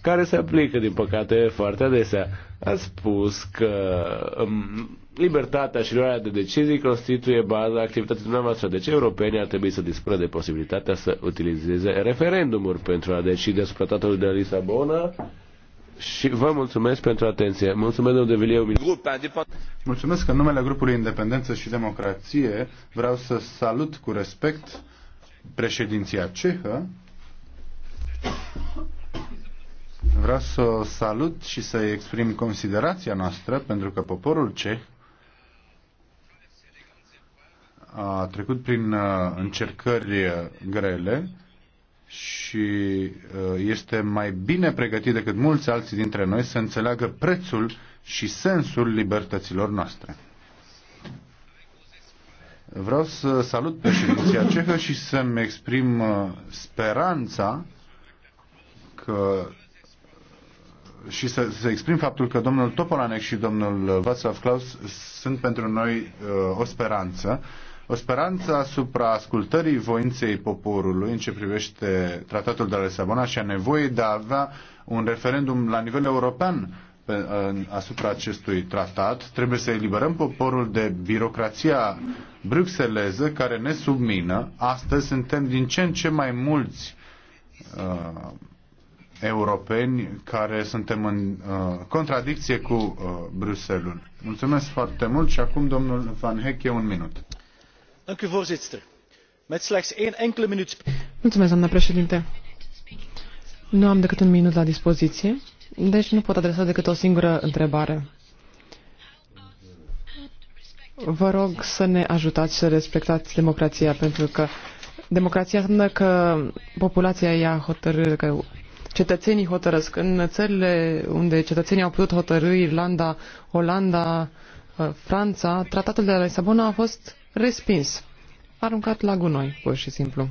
care se aplică, din păcate, foarte adesea. A spus că um, libertatea și luarea de decizii constituie baza activității dumneavoastră. Deci europenii ar trebui să dispună de posibilitatea să utilizeze referendumuri pentru a decide asupra tratatului de la Lisabona. Și vă mulțumesc pentru atenție. Mulțumesc, domnul Devilieu. Mulțumesc că în numele grupului Independență și Democrație vreau să salut cu respect președinția cehă. Vreau să salut și să-i exprim considerația noastră pentru că poporul ceh a trecut prin uh, încercări grele și uh, este mai bine pregătit decât mulți alții dintre noi să înțeleagă prețul și sensul libertăților noastre. Vreau să salut președinția cehă și să-mi exprim uh, speranța că și să, să exprim faptul că domnul Topolanec și domnul Václav Klaus sunt pentru noi uh, o speranță o speranță asupra ascultării voinței poporului în ce privește tratatul de la Lisabona și a nevoie de a avea un referendum la nivel european asupra acestui tratat. Trebuie să eliberăm poporul de birocrația bruxeleză care ne submină. Astăzi suntem din ce în ce mai mulți uh, europeni care suntem în uh, contradicție cu uh, Bruselul. Mulțumesc foarte mult și acum domnul Van Heche un minut voorzitter met slechts één enkele minuut. doamnă președinte nu am decât un minut la dispoziție deci nu pot adresa decât o singură întrebare. Vă rog să ne ajutați să respectați democrația, pentru că democrația înseamnă că populația ia hotărâri, că cetățenii hotărăsc. În țările unde cetățenii au putut hotărâi, Irlanda, Olanda, uh, Franța, tratatul de la Lisabona a fost respins, aruncat la gunoi, pur și simplu.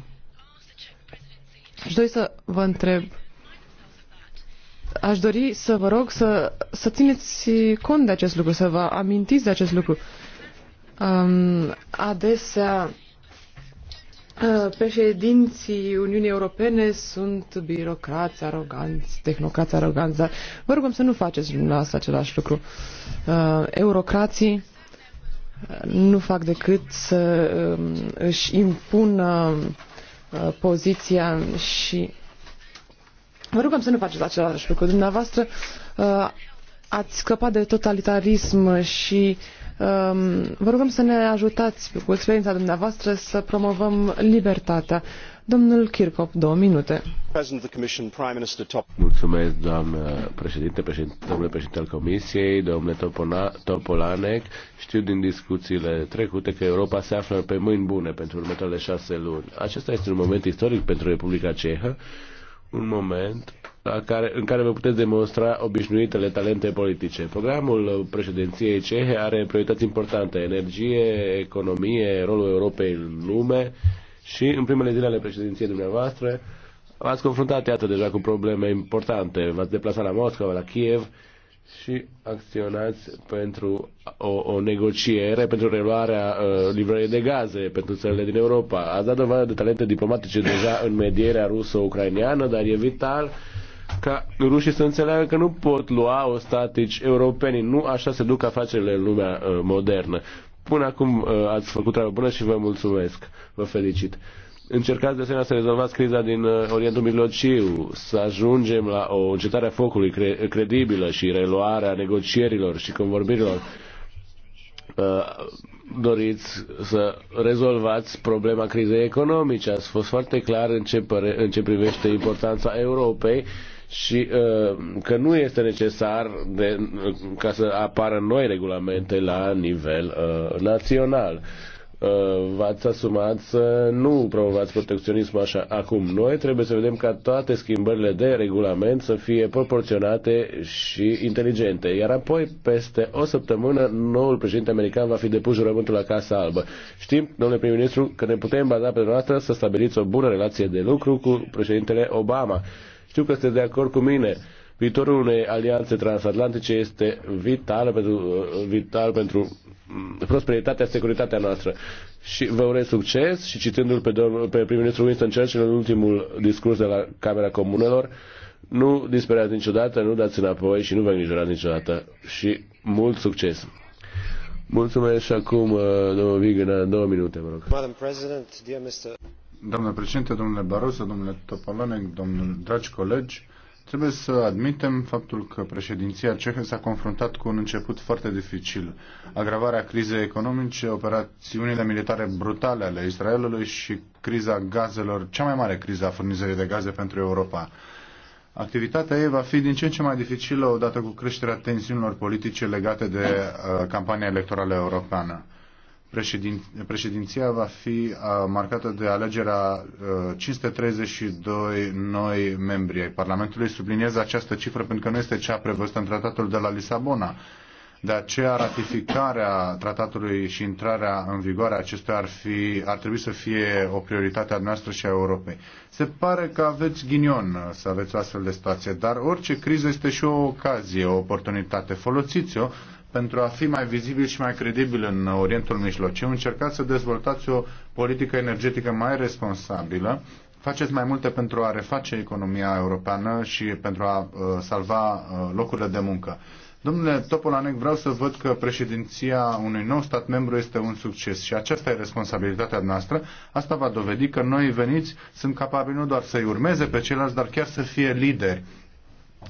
Aș dori să vă întreb, aș dori să vă rog să, să țineți cont de acest lucru, să vă amintiți de acest lucru. Um, adesea, ă, Președinții Uniunii Europene sunt birocrați, aroganți, tehnocrați, aroganți, dar vă rugăm să nu faceți dumneavoastră același lucru. Ă, eurocrații nu fac decât să um, își impună uh, poziția și vă rugăm să nu faceți același lucru. Dumneavoastră uh, ați scăpat de totalitarism și um, vă rugăm să ne ajutați cu experiența dumneavoastră să promovăm libertatea. Domnul Kirchhoff, două minute. Mulțumesc, doamnă președinte, președinte, domnule președinte al Comisiei, domnule Topolanec. Știu din discuțiile trecute că Europa se află pe mâini bune pentru următoarele șase luni. Acesta este un moment istoric pentru Republica Cehă, un moment la care, în care vă puteți demonstra obișnuitele talente politice. Programul președinției cehe are priorități importante, energie, economie, rolul Europei în lume, și în primele zile ale președinției dumneavoastră v-ați confruntat, iată, deja cu probleme importante. V-ați deplasat la Moscova, la Kiev și acționați pentru o, o negociere, pentru reluarea uh, livrării de gaze pentru țările din Europa. Ați dat dovadă de talente diplomatice deja în medierea ruso-ucraineană, dar e vital ca rușii să înțeleagă că nu pot lua ostatici europenii. Nu așa se duc afacerile în lumea uh, modernă. Până acum uh, ați făcut treaba bună și vă mulțumesc. Vă felicit. Încercați de asemenea să rezolvați criza din uh, Orientul Mijlociu, să ajungem la o încetare a focului credibilă și reluarea negocierilor și convorbirilor. Uh, doriți să rezolvați problema crizei economice. Ați fost foarte clar în ce, păre- în ce privește importanța Europei și ă, că nu este necesar de, ca să apară noi regulamente la nivel ă, național ă, v-ați asumat să nu promovați protecționismul așa acum. Noi trebuie să vedem ca toate schimbările de regulament să fie proporționate și inteligente. Iar apoi, peste o săptămână, noul președinte american va fi depus jurământul la Casa Albă. Știm, domnule prim-ministru, că ne putem baza pe dumneavoastră să stabiliți o bună relație de lucru cu președintele Obama știu că sunteți de acord cu mine. Viitorul unei alianțe transatlantice este uh, vital pentru, vital mm, pentru prosperitatea, securitatea noastră. Și vă urez succes și citându-l pe, pe prim-ministru Winston Churchill în ultimul discurs de la Camera Comunelor, nu disperați niciodată, nu dați înapoi și nu vă îngrijorați niciodată. Și mult succes! Mulțumesc și acum, uh, domnul Vigână, două minute, mă rog. Domnule președinte, domnule Barroso, domnule Topolanec, domnule dragi colegi, trebuie să admitem faptul că președinția cehă s-a confruntat cu un început foarte dificil. Agravarea crizei economice, operațiunile militare brutale ale Israelului și criza gazelor, cea mai mare criză a furnizării de gaze pentru Europa. Activitatea ei va fi din ce în ce mai dificilă odată cu creșterea tensiunilor politice legate de uh, campania electorală europeană președinția va fi marcată de alegerea 532 noi membri ai Parlamentului. Subliniez această cifră pentru că nu este cea prevăzută în tratatul de la Lisabona. De aceea ratificarea tratatului și intrarea în vigoare a acestuia ar, fi, ar trebui să fie o prioritate a noastră și a Europei. Se pare că aveți ghinion să aveți o astfel de situație, dar orice criză este și o ocazie, o oportunitate. Folosiți-o pentru a fi mai vizibil și mai credibil în Orientul Mijlociu, încercați să dezvoltați o politică energetică mai responsabilă, faceți mai multe pentru a reface economia europeană și pentru a uh, salva uh, locurile de muncă. Domnule Topolanec, vreau să văd că președinția unui nou stat membru este un succes și aceasta e responsabilitatea noastră. Asta va dovedi că noi veniți sunt capabili nu doar să-i urmeze pe ceilalți, dar chiar să fie lideri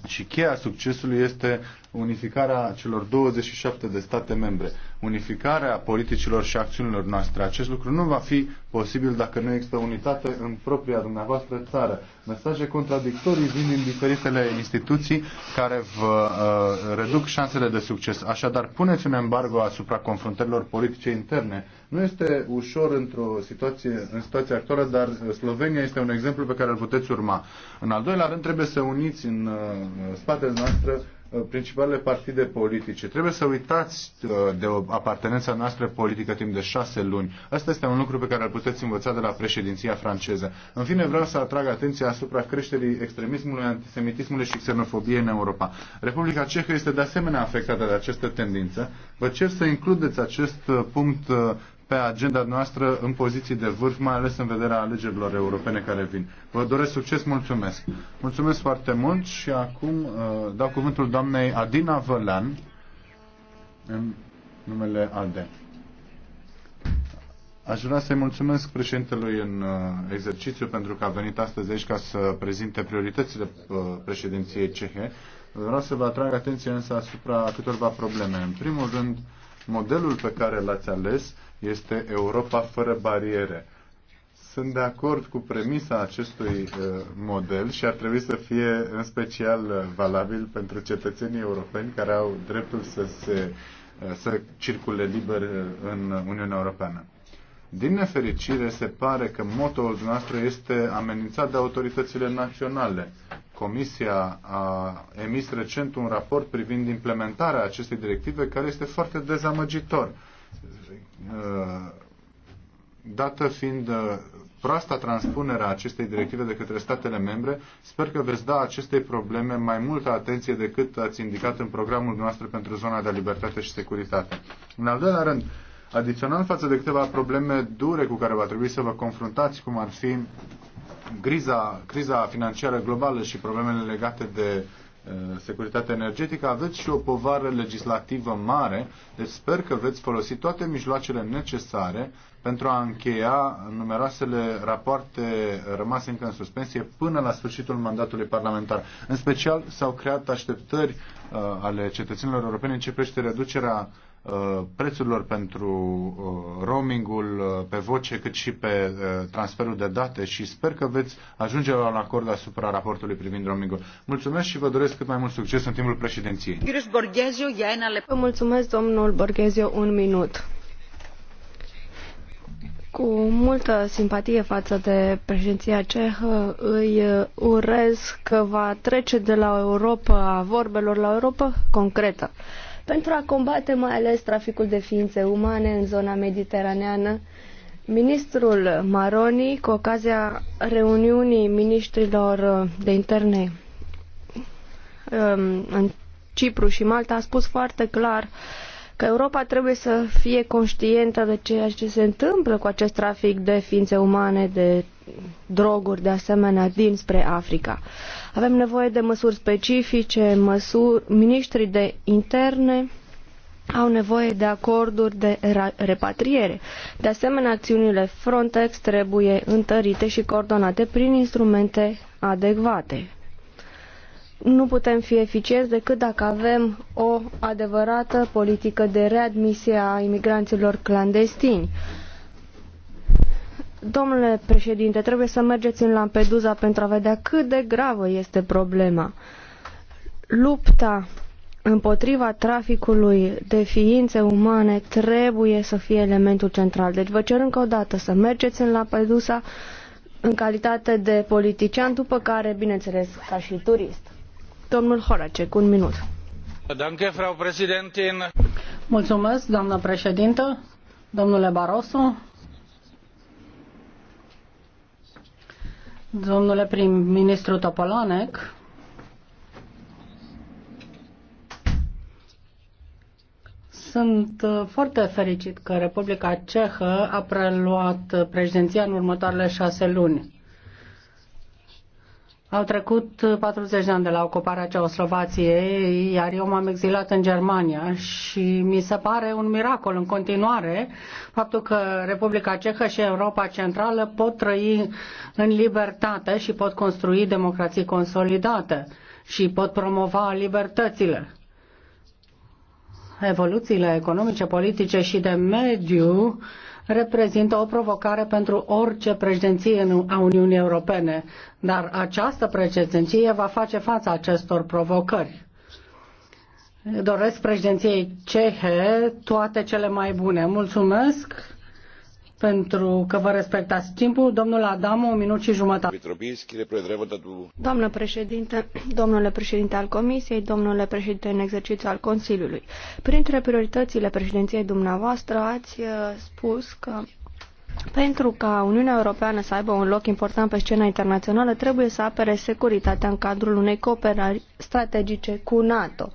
și cheia succesului este unificarea celor 27 de state membre, unificarea politicilor și acțiunilor noastre. Acest lucru nu va fi posibil dacă nu există unitate în propria dumneavoastră țară. Mesaje contradictorii vin din diferitele instituții care vă uh, reduc șansele de succes. Așadar, puneți un embargo asupra confruntărilor politice interne nu este ușor într-o situație, în situația actuală, dar uh, Slovenia este un exemplu pe care îl puteți urma. În al doilea rând, trebuie să uniți în uh, spatele noastră uh, principalele partide politice. Trebuie să uitați de apartenența noastră politică timp de șase luni. Asta este un lucru pe care îl puteți învăța de la președinția franceză. În fine, vreau să atrag atenția asupra creșterii extremismului, antisemitismului și xenofobiei în Europa. Republica Cehă este de asemenea afectată de această tendință. Vă cer să includeți acest punct pe agenda noastră în poziții de vârf, mai ales în vederea alegerilor europene care vin. Vă doresc succes, mulțumesc! Mulțumesc foarte mult și acum uh, dau cuvântul doamnei Adina Vălean în numele ALDE. Aș vrea să-i mulțumesc președintelui în uh, exercițiu pentru că a venit astăzi aici ca să prezinte prioritățile uh, președinției cehe. Vreau să vă atrag atenția însă asupra câtorva probleme. În primul rând, modelul pe care l-ați ales este Europa fără bariere. Sunt de acord cu premisa acestui uh, model și ar trebui să fie în special uh, valabil pentru cetățenii europeni care au dreptul să, se, uh, să circule liber în Uniunea Europeană. Din nefericire, se pare că motoul noastră este amenințat de autoritățile naționale. Comisia a emis recent un raport privind implementarea acestei directive care este foarte dezamăgitor. Uh, dată fiind uh, proasta transpunere a acestei directive de către statele membre, sper că veți da acestei probleme mai multă atenție decât ați indicat în programul noastră pentru zona de libertate și securitate. În al doilea rând, adițional față de câteva probleme dure cu care va trebui să vă confruntați, cum ar fi griza, criza financiară globală și problemele legate de uh, Eh, securitatea energetică, aveți și o povară legislativă mare, deci sper că veți folosi toate mijloacele necesare pentru a încheia numeroasele rapoarte rămase încă în suspensie până la sfârșitul mandatului parlamentar. În special s-au creat așteptări uh, ale cetățenilor europeni în ce privește reducerea Uh, prețurilor pentru uh, roamingul uh, pe voce, cât și pe transferul de date și sper că veți ajunge la un acord asupra raportului privind roamingul. Mulțumesc și vă doresc cât mai mult succes în timpul președinției. Vă mulțumesc, domnul Borghezio, un minut. Cu multă simpatie față de președinția cehă, îi urez că va trece de la Europa a vorbelor la Europa concretă pentru a combate mai ales traficul de ființe umane în zona mediteraneană. Ministrul Maroni, cu ocazia reuniunii ministrilor de interne um, în Cipru și Malta, a spus foarte clar că Europa trebuie să fie conștientă de ceea ce se întâmplă cu acest trafic de ființe umane, de droguri, de asemenea, dinspre Africa. Avem nevoie de măsuri specifice, măsuri, ministrii de interne au nevoie de acorduri de repatriere. De asemenea, acțiunile Frontex trebuie întărite și coordonate prin instrumente adecvate. Nu putem fi eficienți decât dacă avem o adevărată politică de readmisie a imigranților clandestini. Domnule președinte, trebuie să mergeți în Lampedusa pentru a vedea cât de gravă este problema. Lupta împotriva traficului de ființe umane trebuie să fie elementul central. Deci vă cer încă o dată să mergeți în Lampedusa în calitate de politician, după care, bineînțeles, ca și turist. Domnul Horacek, un minut. Mulțumesc, doamnă președintă, domnule Barroso, Domnule prim-ministru Topolanec, sunt uh, foarte fericit că Republica Cehă a preluat președinția în următoarele șase luni. Au trecut 40 uh, de ani de la ocuparea Ceoslovației, iar eu m-am exilat în Germania și mi se pare un miracol în continuare faptul că Republica Cehă și Europa Centrală pot trăi în libertate și pot construi democrații consolidate și pot promova libertățile. Evoluțiile economice, politice și de mediu reprezintă o provocare pentru orice președinție a Uniunii Europene. Dar această președinție va face față acestor provocări. Doresc președinției cehe toate cele mai bune. Mulțumesc pentru că vă respectați timpul. Domnul Adam, un minut și jumătate. Doamnă președinte, domnule președinte al Comisiei, domnule președinte în exercițiu al Consiliului, printre prioritățile președinției dumneavoastră ați uh, spus că pentru ca Uniunea Europeană să aibă un loc important pe scena internațională, trebuie să apere securitatea în cadrul unei cooperări strategice cu NATO,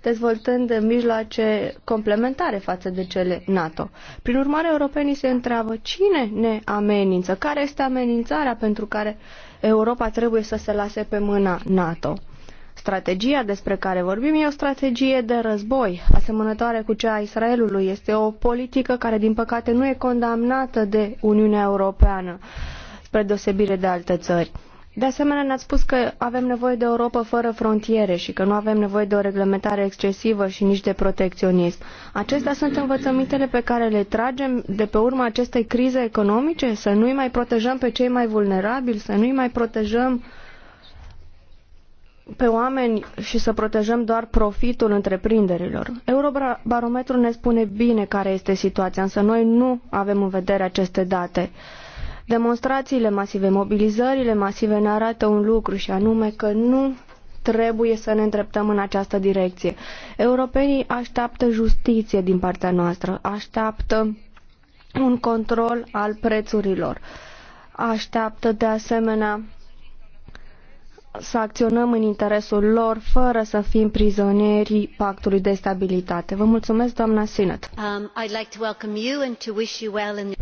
dezvoltând mijloace complementare față de cele NATO. Prin urmare, europenii se întreabă cine ne amenință, care este amenințarea pentru care Europa trebuie să se lase pe mâna NATO. Strategia despre care vorbim e o strategie de război, asemănătoare cu cea a Israelului. Este o politică care, din păcate, nu e condamnată de Uniunea Europeană, spre deosebire de alte țări. De asemenea, ne-ați spus că avem nevoie de Europa fără frontiere și că nu avem nevoie de o reglementare excesivă și nici de protecționism. Acestea sunt învățămintele pe care le tragem de pe urma acestei crize economice? Să nu-i mai protejăm pe cei mai vulnerabili? Să nu-i mai protejăm uh, pe oameni și să protejăm doar profitul întreprinderilor. Eurobarometrul ne spune bine care este situația, însă noi nu avem în vedere aceste date. Demonstrațiile masive, mobilizările masive ne arată un lucru și anume că nu trebuie să ne îndreptăm în această direcție. Europenii așteaptă justiție din partea noastră, așteaptă un control al prețurilor, așteaptă de asemenea să acționăm în interesul lor fără să fim prizonierii pactului de stabilitate. Vă mulțumesc, doamna Sinet. Um,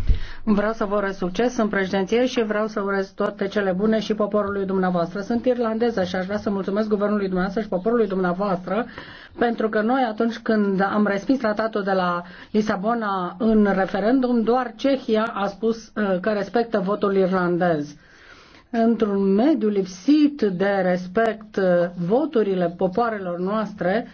vreau să vă urez succes în președinție și vreau să urez toate cele bune și poporului dumneavoastră. Sunt irlandeză și aș vrea să mulțumesc guvernului dumneavoastră și poporului dumneavoastră pentru că noi atunci când am respins tratatul de la Lisabona în referendum, doar Cehia a spus uh, că respectă votul irlandez într-un mediu lipsit de respect uh, voturile popoarelor noastre,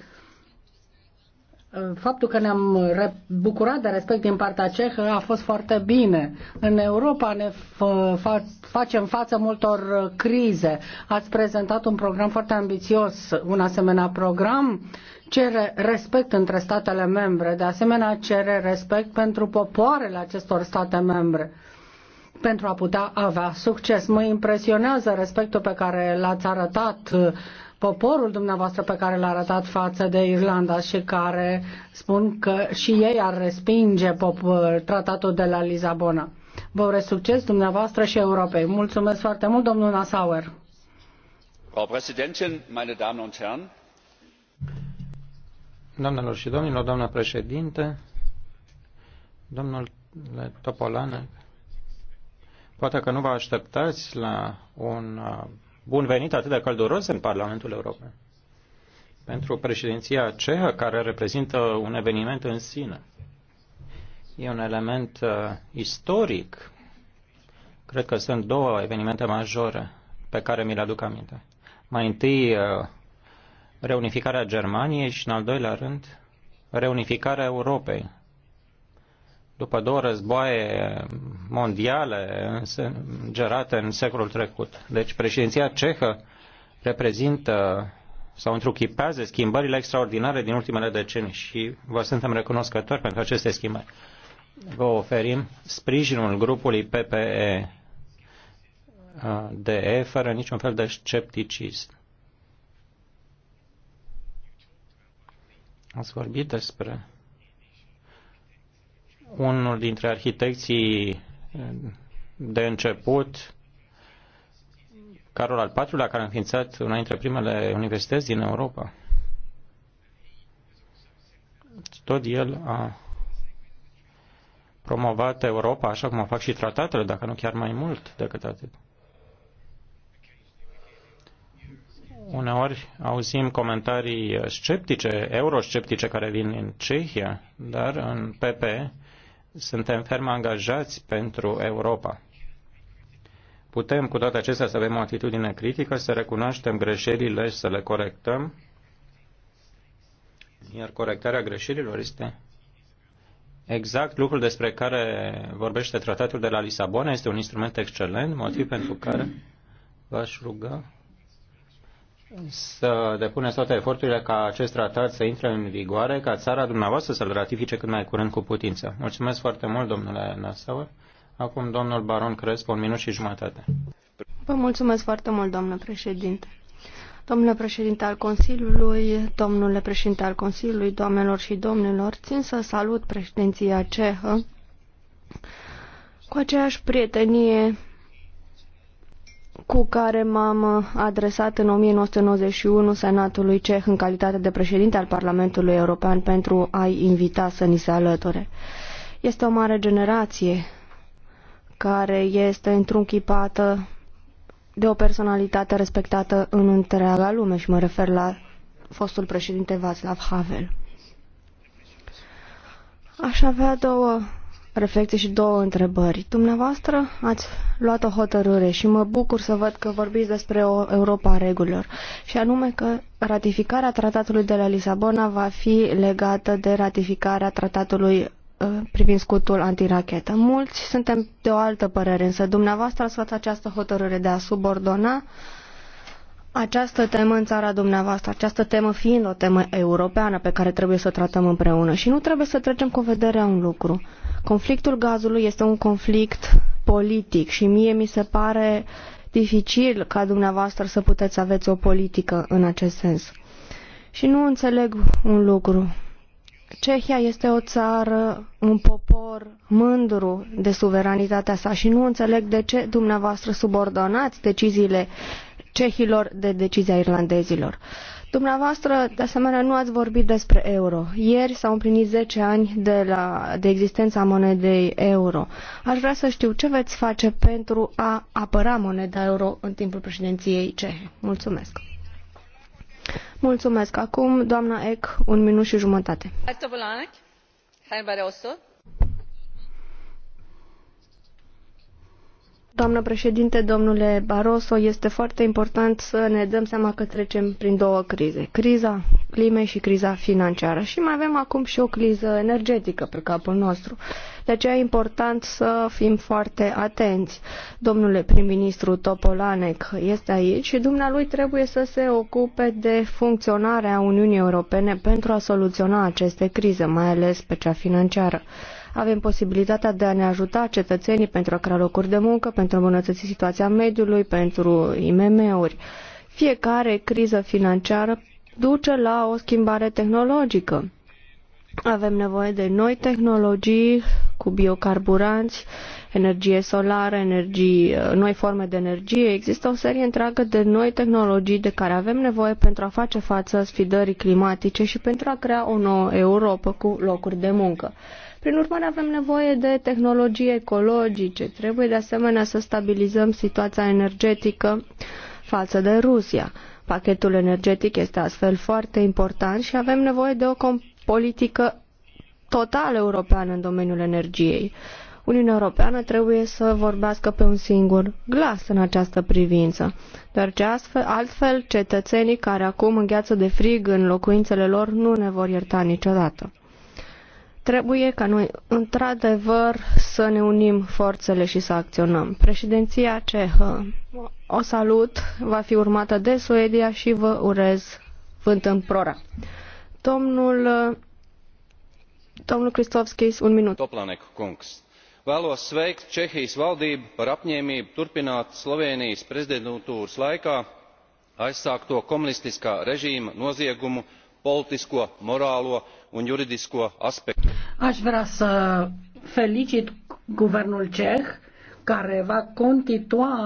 uh, faptul că ne-am bucurat de respect din partea cehă a fost foarte bine. În Europa ne fa facem față multor uh, crize. Ați prezentat un program foarte ambițios. Un asemenea program cere respect între statele membre, de asemenea cere respect pentru popoarele acestor state membre pentru a putea avea succes. Mă impresionează respectul pe care l-ați arătat uh, poporul dumneavoastră pe care l-a arătat față de Irlanda și care spun că și ei ar respinge uh, tratatul de la Lisabona. Vă urez succes dumneavoastră și Europei. Mulțumesc foarte mult, domnul Nassauer. Frau meine Damen und Herren. Doamnelor și domnilor, doamna președinte, domnul Topolană, Poate că nu vă așteptați la un uh, bun venit atât de călduros în Parlamentul European. Pentru președinția cehă, care reprezintă un eveniment în sine, e un element uh, istoric. Cred că sunt două evenimente majore pe care mi le aduc aminte. Mai întâi uh, reunificarea Germaniei și, în al doilea rând, reunificarea Europei după două războaie mondiale gerate în secolul trecut. Deci președinția cehă reprezintă sau întruchipează schimbările extraordinare din ultimele decenii și vă suntem recunoscători pentru aceste schimbări. Vă oferim sprijinul grupului PPE DE fără niciun fel de scepticism. Ați vorbit despre unul dintre arhitecții de început, Carol al IV-lea, care a înființat una dintre primele universități din Europa. Tot el a promovat Europa, așa cum o fac și tratatele, dacă nu chiar mai mult decât atât. Uneori auzim comentarii sceptice, eurosceptice care vin în Cehia, dar în PP suntem ferm angajați pentru Europa. Putem cu toate acestea să avem o atitudine critică, să recunoaștem greșelile și să le corectăm, iar corectarea greșelilor este exact lucrul despre care vorbește tratatul de la Lisabona. Este un instrument excelent, motiv pentru care v-aș ruga să depuneți toate eforturile ca acest tratat să intre în vigoare, ca țara dumneavoastră să-l ratifice cât mai curând cu putință. Mulțumesc foarte mult, domnule Nassau. Acum, domnul Baron Crespo, un minut și jumătate. Vă mulțumesc foarte mult, domnule președinte. Domnule președinte al Consiliului, domnule președinte al Consiliului, doamnelor și domnilor, țin să salut președinția cehă cu aceeași prietenie cu care m-am uh, adresat în unu Senatului Ceh în calitate de președinte al Parlamentului European pentru a-i invita să ni se alăture. Este o mare generație care este întrunchipată de o personalitate respectată în întreaga lume și mă refer la fostul președinte Václav Havel. Aș avea două reflecție și două întrebări. Dumneavoastră ați luat o hotărâre și mă bucur să văd că vorbiți despre o Europa a regulilor, și anume că ratificarea tratatului de la Lisabona va fi legată de ratificarea tratatului uh, privind scutul antirachetă. Mulți suntem de o altă părere, însă dumneavoastră ați luat această hotărâre de a subordona uh, această temă în țara dumneavoastră, această temă fiind o temă europeană pe care trebuie să o tratăm împreună și nu trebuie să trecem cu vederea un lucru. Conflictul gazului este un conflict politic și mie mi se pare dificil ca dumneavoastră să puteți aveți o politică în acest sens. Și nu înțeleg un lucru. Cehia este o țară, un popor mândru de suveranitatea sa și nu înțeleg de ce dumneavoastră subordonați deciziile cehilor de decizia irlandezilor. Dumneavoastră, de asemenea, nu ați vorbit despre euro. Ieri s-au împlinit 10 ani de, la, de existența monedei euro. Aș vrea să știu ce veți face pentru a apăra moneda euro în timpul președinției cehe. Mulțumesc! Mulțumesc! Acum, doamna Eck, un minut și jumătate. Herr Barroso, Doamnă președinte, domnule Barroso, este foarte important să ne dăm seama că trecem prin două crize. Criza climei și criza financiară. Și mai avem acum și o criză energetică pe capul nostru. De aceea e important să fim foarte atenți. Domnule prim-ministru Topolanec este aici și dumnealui trebuie să se ocupe de funcționarea Uniunii Europene pentru a soluționa aceste crize, mai ales pe cea financiară avem posibilitatea de a ne ajuta cetățenii pentru a crea locuri de muncă, pentru a îmbunătăți situația mediului, pentru IMM-uri. Fiecare criză financiară duce la o schimbare tehnologică. Avem nevoie de noi tehnologii cu biocarburanți, energie solară, energie, noi forme de energie. Există o serie întreagă de noi tehnologii de care avem nevoie pentru a face față sfidării climatice și pentru a crea o nouă Europa cu locuri de muncă. Prin urmare, avem nevoie de tehnologii ecologice. Trebuie de asemenea să stabilizăm situația energetică față de Rusia. Pachetul energetic este astfel foarte important și avem nevoie de o politică total europeană în domeniul energiei. Uniunea Europeană trebuie să vorbească pe un singur glas în această privință, ce astfel, altfel cetățenii care acum îngheață de frig în locuințele lor nu ne vor ierta niciodată. Trebuie ca noi, într-adevăr, să ne unim forțele și să acționăm. Președinția cehă o salut, va fi urmată de Suedia și vă urez vânt în prora. Domnul, domnul Kristovskis, un minut. Toplanek, kungs. Vēlos sveikt Čehijas valdību par apņēmību turpināt Slovenijas prezidentūras laikā aizsākto komunistiskā režīma noziegumu politisko, morālo un juridisko aspect. Aș vrea să felicit guvernul ceh care va continua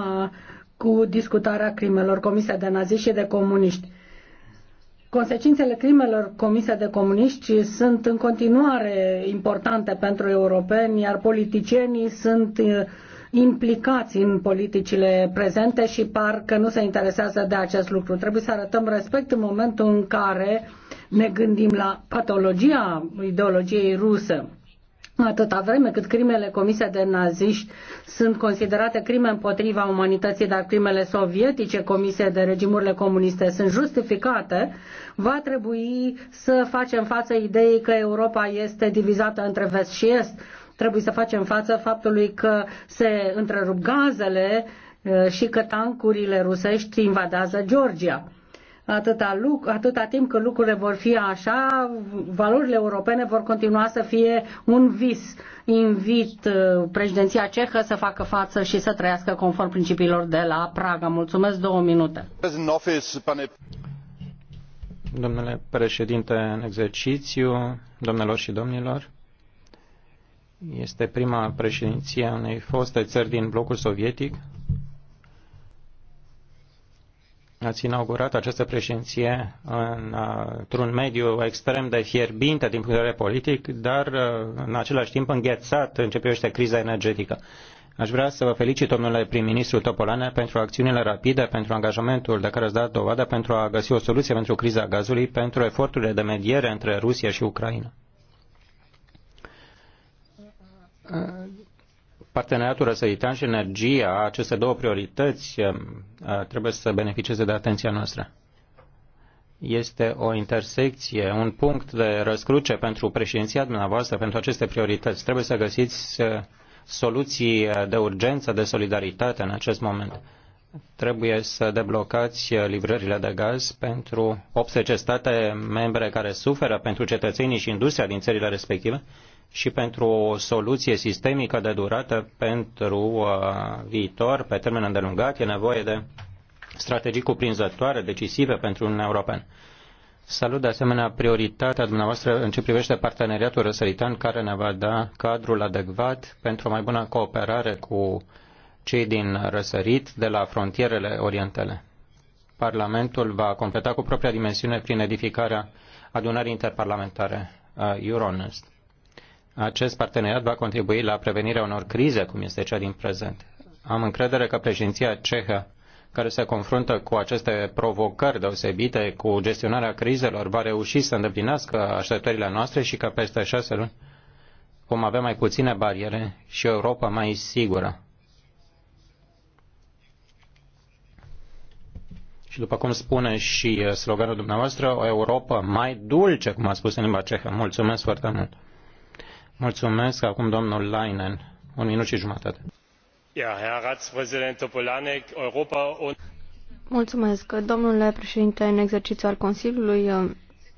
cu discutarea crimelor comise de naziști și de comuniști. Consecințele crimelor comise de comuniști sunt în continuare importante pentru europeni, iar politicienii sunt uh, implicați în politicile prezente și par că nu se interesează de acest lucru. Trebuie să arătăm respect în momentul în care ne gândim la patologia ideologiei rusă. Atâta vreme cât crimele comise de naziști sunt considerate crime împotriva umanității, dar crimele sovietice comise de regimurile comuniste sunt justificate, va trebui să facem față ideii că Europa este divizată între vest și est. Trebuie să facem față faptului că se întrerup gazele și că tancurile rusești invadează Georgia atâta, luc, atâta timp cât lucrurile vor fi așa, valorile europene vor continua să fie un vis. Invit uh, președinția cehă să facă față și să trăiască conform principiilor de la Praga. Mulțumesc două minute. Domnule președinte în exercițiu, domnilor și domnilor, este prima președinție a unei foste țări din blocul sovietic, ați inaugurat această președinție uh, într-un mediu extrem de fierbinte din punct de vedere politic, dar uh, în același timp înghețat în ce privește criza energetică. Aș vrea să vă felicit, domnule prim-ministru Topolane, pentru acțiunile rapide, pentru angajamentul de care ați dat dovadă, pentru a găsi o soluție pentru criza gazului, pentru eforturile de mediere între Rusia și Ucraina parteneriatul răsăritan și energia, aceste două priorități uh, trebuie să beneficieze de atenția noastră. Este o intersecție, un punct de răscruce pentru președinția dumneavoastră, pentru aceste priorități. Trebuie să găsiți uh, soluții uh, de urgență, de solidaritate în acest moment. Trebuie să deblocați livrările de gaz pentru 18 state membre care suferă, pentru cetățenii și industria din țările respective și pentru o soluție sistemică de durată pentru uh, viitor, pe termen îndelungat, e nevoie de strategii cuprinzătoare, decisive pentru Uniunea Europeană. Salut de asemenea prioritatea dumneavoastră în ce privește parteneriatul răsăritan care ne va da cadrul adecvat pentru o mai bună cooperare cu cei din răsărit de la frontierele orientale. Parlamentul va completa cu propria dimensiune prin edificarea adunării interparlamentare uh, Euronest. Acest parteneriat va contribui la prevenirea unor crize, cum este cea din prezent. Am încredere că președinția cehă, care se confruntă cu aceste provocări deosebite, cu gestionarea crizelor, va reuși să îndeplinească așteptările noastre și că peste șase luni vom avea mai puține bariere și o Europa mai sigură. Și după cum spune și uh, sloganul dumneavoastră, o Europa mai dulce, cum a spus în limba cehă. Mulțumesc foarte mult! Mulțumesc. Acum domnul Leinen. Un minut și jumătate. Ja, Herr Ratspräsident Mulțumesc. Domnule președinte în exercițiu al Consiliului,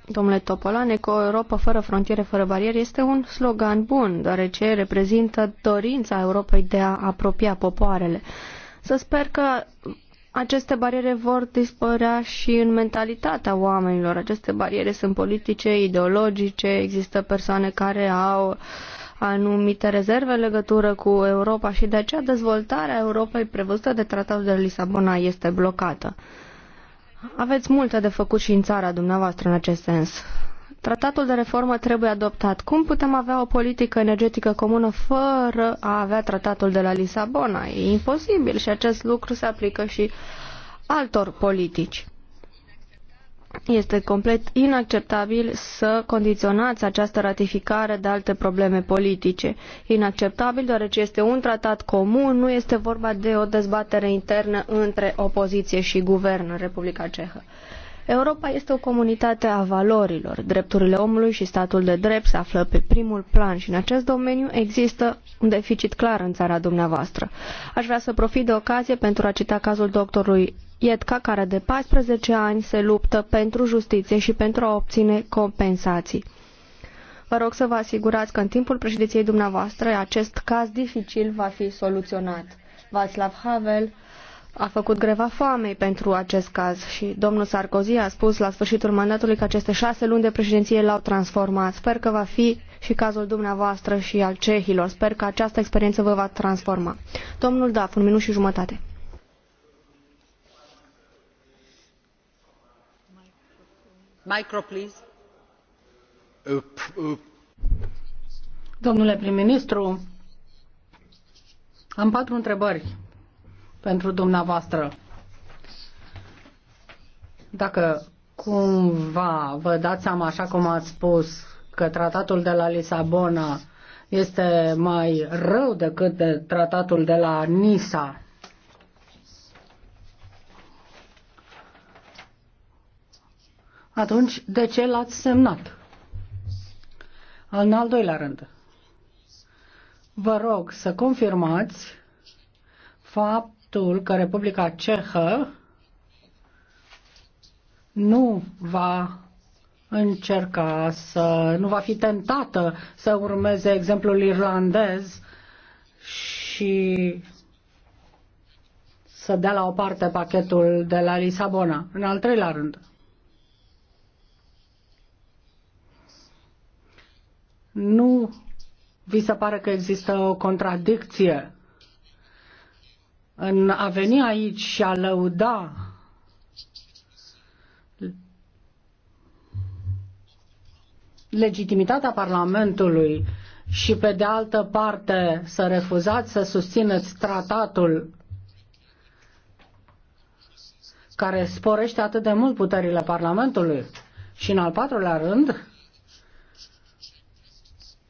domnule Topolanec, o Europa fără frontiere, fără bariere este un slogan bun, deoarece reprezintă dorința Europei de a apropia popoarele. Să sper că aceste bariere vor dispărea și în mentalitatea oamenilor. Aceste bariere sunt politice, ideologice, există persoane care au anumite rezerve în legătură cu Europa și de aceea dezvoltarea Europei prevăzută de Tratatul de Lisabona este blocată. Aveți multe de făcut și în țara dumneavoastră în acest sens. Tratatul de reformă trebuie adoptat. Cum putem avea o politică energetică comună fără a avea tratatul de la Lisabona? E imposibil și acest lucru se aplică și altor politici. Este complet inacceptabil să condiționați această ratificare de alte probleme politice. Inacceptabil deoarece este un tratat comun, nu este vorba de o dezbatere internă între opoziție și guvern în Republica Cehă. Europa este o comunitate a valorilor. Drepturile omului și statul de drept se află pe primul plan și în acest domeniu există un deficit clar în țara dumneavoastră. Aș vrea să profit de ocazie pentru a cita cazul doctorului Ietca, care de 14 ani se luptă pentru justiție și pentru a obține compensații. Vă rog să vă asigurați că în timpul președinției dumneavoastră acest caz dificil va fi soluționat. Václav Havel, a făcut greva foamei pentru acest caz și domnul Sarkozy a spus la sfârșitul mandatului că aceste șase luni de președinție l-au transformat. Sper că va fi și cazul dumneavoastră și al cehilor. Sper că această experiență vă va transforma. Domnul Daf, un minut și jumătate. Micro, please. Uh, uh. Domnule prim-ministru, am patru întrebări pentru dumneavoastră. Dacă cumva vă dați seama, așa cum ați spus, că tratatul de la Lisabona este mai rău decât de tratatul de la Nisa, atunci de ce l-ați semnat? În al doilea rând, vă rog să confirmați fapt faptul că Republica Cehă nu va încerca să nu va fi tentată să urmeze exemplul irlandez și să dea la o parte pachetul de la Lisabona. În al treilea rând, nu vi se pare că există o contradicție în a veni aici și a lăuda legitimitatea Parlamentului și pe de altă parte să refuzați să susțineți tratatul care sporește atât de mult puterile Parlamentului și în al patrulea rând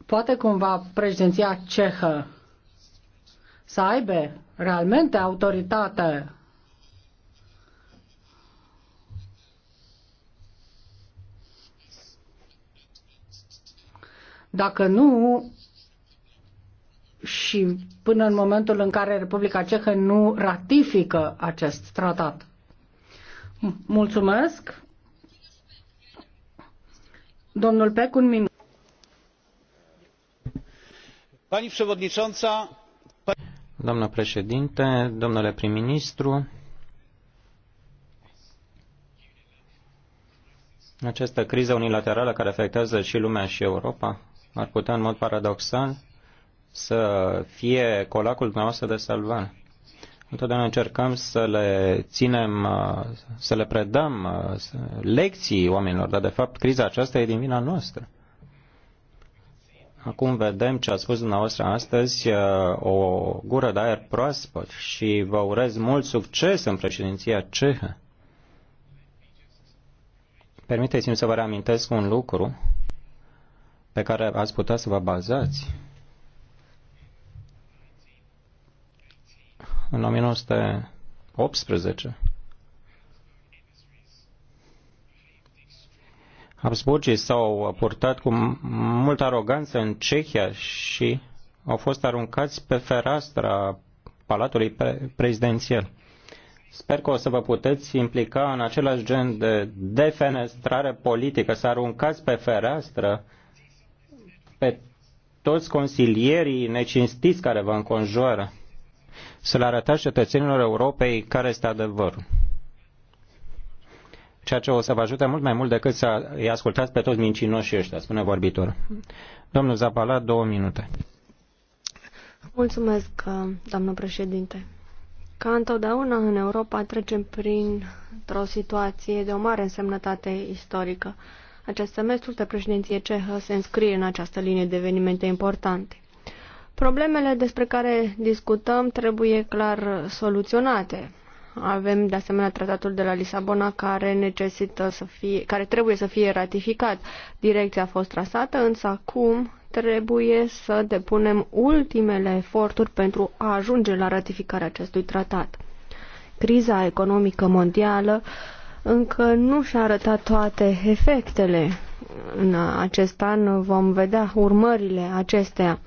poate cumva președinția cehă să aibă realmente autoritate Dacă nu, și până în momentul în care Republica Cehă nu ratifică acest tratat. Mulțumesc. Domnul Pec, un minut. Pani przewodnicząca, Doamnă președinte, domnule prim-ministru, această criză unilaterală care afectează și lumea și Europa ar putea în mod paradoxal să fie colacul dumneavoastră de salvare. Întotdeauna încercăm să le ținem, să le predăm lecții oamenilor, dar de fapt criza aceasta e din vina noastră. Acum vedem ce a spus dumneavoastră astăzi, uh, o gură de aer proaspăt și vă urez mult succes în președinția cehă. Permiteți-mi să vă reamintesc un lucru pe care ați putea să vă bazați. În 1918, Habsburgii s-au purtat cu multă aroganță în Cehia și au fost aruncați pe fereastra Palatului pre- Prezidențial. Sper că o să vă puteți implica în același gen de defenestrare politică, să aruncați pe fereastră pe toți consilierii necinstiți care vă înconjoară, să le arătați cetățenilor Europei care este adevărul ceea ce o să vă ajute mult mai mult decât să îi ascultați pe toți mincinoșii ăștia, spune vorbitorul. Domnul Zapala, două minute. Mulțumesc, uh, doamnă președinte. Ca întotdeauna în Europa trecem prin o situație de o mare însemnătate istorică. Acest semestru de președinție cehă se înscrie în această linie de evenimente importante. Problemele despre care discutăm trebuie clar soluționate. Avem de asemenea tratatul de la Lisabona care necesită să fie, care trebuie să fie ratificat. Direcția a fost trasată, însă acum trebuie să depunem ultimele eforturi pentru a ajunge la ratificarea acestui tratat. Criza economică mondială încă nu și-a arătat toate efectele. În acest an vom vedea urmările acesteia.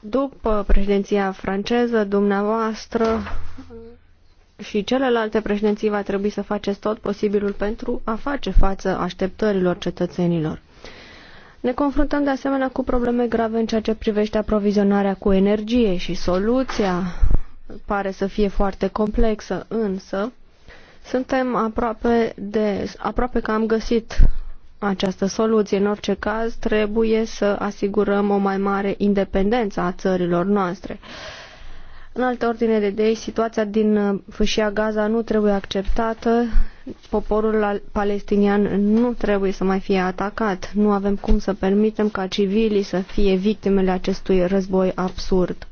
După președinția franceză, dumneavoastră și celelalte președinții va trebui să faceți tot posibilul pentru a face față așteptărilor cetățenilor. Ne confruntăm de asemenea cu probleme grave în ceea ce privește aprovizionarea cu energie și soluția pare să fie foarte complexă, însă suntem aproape, de, aproape că am găsit această soluție. În orice caz, trebuie să asigurăm o mai mare independență a țărilor noastre. În altă ordine de idei, situația din fâșia Gaza nu trebuie acceptată, poporul palestinian nu trebuie să mai fie atacat, nu avem cum să permitem ca civilii să fie victimele acestui război absurd.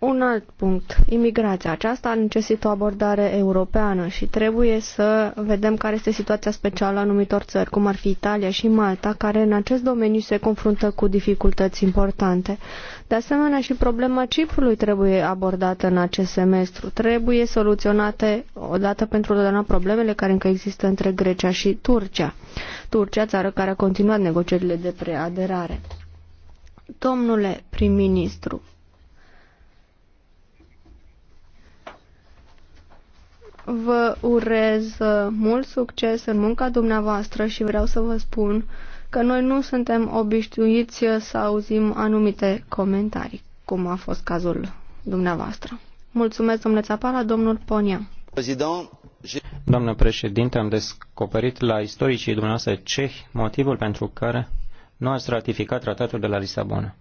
Un alt punct. Imigrația. Aceasta necesită o abordare europeană și trebuie să vedem care este situația specială a anumitor țări, cum ar fi Italia și Malta, care în acest domeniu se confruntă cu dificultăți importante. De asemenea, și problema Ciprului trebuie abordată în acest semestru. Trebuie soluționate odată pentru totdeauna problemele care încă există între Grecia și Turcia. Turcia, țară care a continuat negocierile de preaderare. Domnule prim-ministru, Vă urez uh, mult succes în munca dumneavoastră și vreau să vă spun că noi nu suntem obișnuiți să auzim anumite comentarii, cum a fost cazul dumneavoastră. Mulțumesc, domnule Țapala, domnul Ponia. Doamnă președinte, am descoperit la istoricii dumneavoastră cehi motivul pentru care nu ați ratificat tratatul de la Lisabona.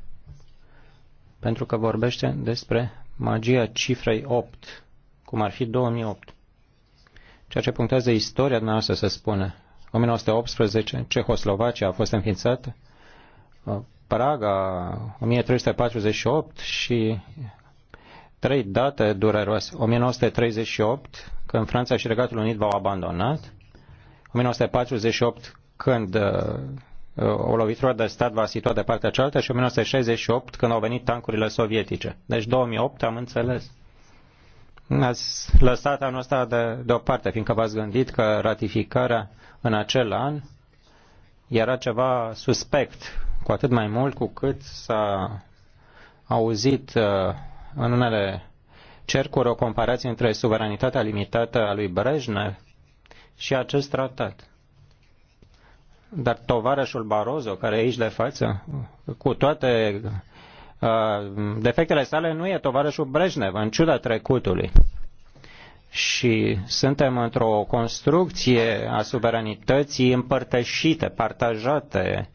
Pentru că vorbește despre magia cifrei 8, cum ar fi 2008 ceea ce punctează istoria noastră, să spună. 1918, Cehoslovacia a fost înființată, uh, Praga 1348 și trei date dureroase. 1938, când Franța și Regatul Unit v-au abandonat, 1948, când uh, uh, o lovitură de stat va situa de partea cealaltă și 1968 când au venit tancurile sovietice. Deci 2008 am înțeles ați lăsat anul ăsta de, deoparte, fiindcă v-ați gândit că ratificarea în acel an era ceva suspect, cu atât mai mult cu cât s-a auzit uh, în unele cercuri o comparație între suveranitatea limitată a lui Brejnev și acest tratat. Dar tovarășul Barozo, care e aici de față, cu toate Uh, defectele sale nu e tovarășul Brejnev, în ciuda trecutului. Și suntem într-o construcție a suveranității împărtășite, partajate,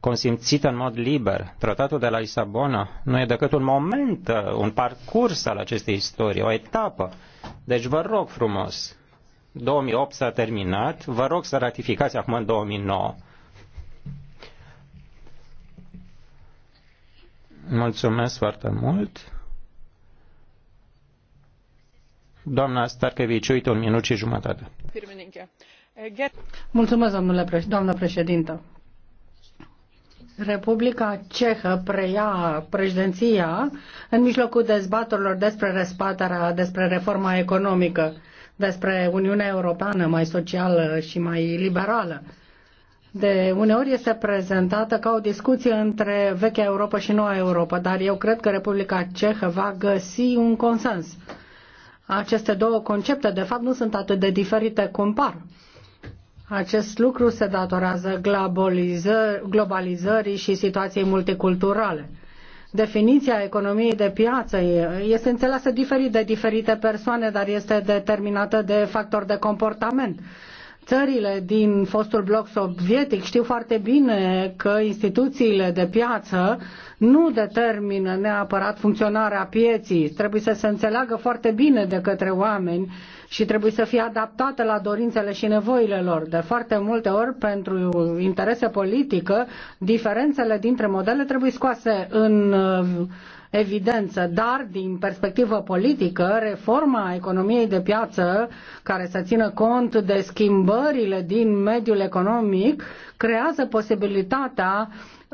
consimțită în mod liber. Tratatul de la Lisabona nu e decât un moment, uh, un parcurs al acestei istorie, o etapă. Deci vă rog frumos, 2008 s-a terminat, vă rog să ratificați acum în 2009 Mulțumesc foarte mult. Doamna Starkevici, uite un minut și jumătate. Mulțumesc, domnule preș- doamnă președintă. Republica Cehă preia președinția în mijlocul dezbaturilor despre respaterea, despre reforma economică, despre Uniunea Europeană mai socială și mai liberală de uneori este prezentată ca o discuție între vechea Europa și noua Europa, dar eu cred că Republica Cehă va găsi un consens. Aceste două concepte, de fapt, nu sunt atât de diferite cum par. Acest lucru se datorează globalizării și situației multiculturale. Definiția economiei de piață este înțeleasă diferit de diferite persoane, dar este determinată de factori de comportament Țările din fostul bloc sovietic știu foarte bine că instituțiile de piață nu determină neapărat funcționarea pieții. Trebuie să se înțeleagă foarte bine de către oameni și trebuie să fie adaptată la dorințele și nevoile lor. De foarte multe ori, pentru interese politică, diferențele dintre modele trebuie scoase în evidență, dar din perspectivă politică, reforma economiei de piață, care să țină cont de schimbările din mediul economic, creează posibilitatea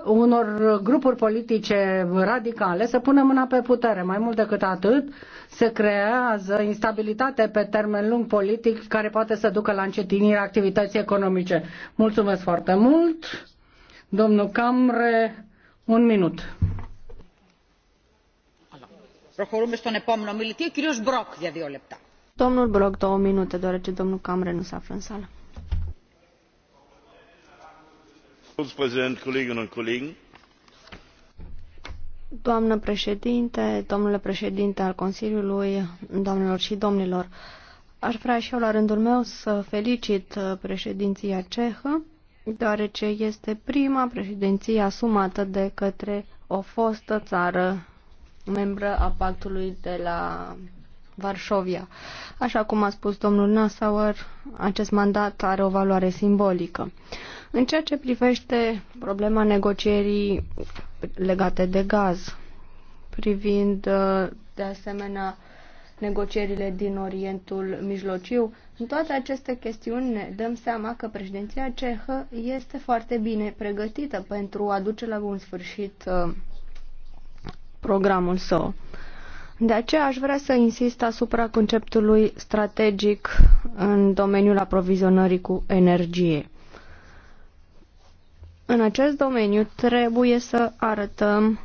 unor grupuri politice radicale să pună mâna pe putere. Mai mult decât atât, se creează instabilitate pe termen lung politic care poate să ducă la încetinirea activității economice. Mulțumesc foarte mult. Domnul Camre, un minut. Domnul Brock, două minute, deoarece domnul Camre nu se află Doamnă președinte, domnule președinte al Consiliului, doamnelor și domnilor, aș vrea și eu la rândul meu să felicit uh, președinția cehă, deoarece este prima președinție asumată de către o fostă țară membră a pactului de la Varșovia. Așa cum a spus domnul Nassauer, acest mandat are o valoare simbolică. În ceea ce privește problema negocierii legate de gaz, privind uh, de asemenea negocierile din Orientul Mijlociu, în toate aceste chestiuni ne dăm seama că președinția cehă este foarte bine pregătită pentru a duce la un sfârșit uh, programul său. De aceea aș vrea să insist asupra conceptului strategic în domeniul aprovizionării cu energie. În acest domeniu trebuie să arătăm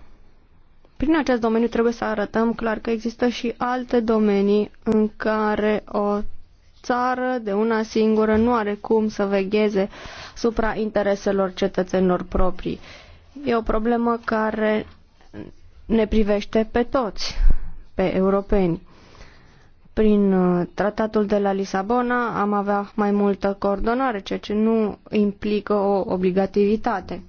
prin acest domeniu trebuie să arătăm clar că există și alte domenii în care o țară de una singură nu are cum să vegheze supra intereselor cetățenilor proprii. E o problemă care ne privește pe toți, pe europeni. Prin uh, tratatul de la Lisabona am avea mai multă coordonare, ceea ce nu implică o obligativitate.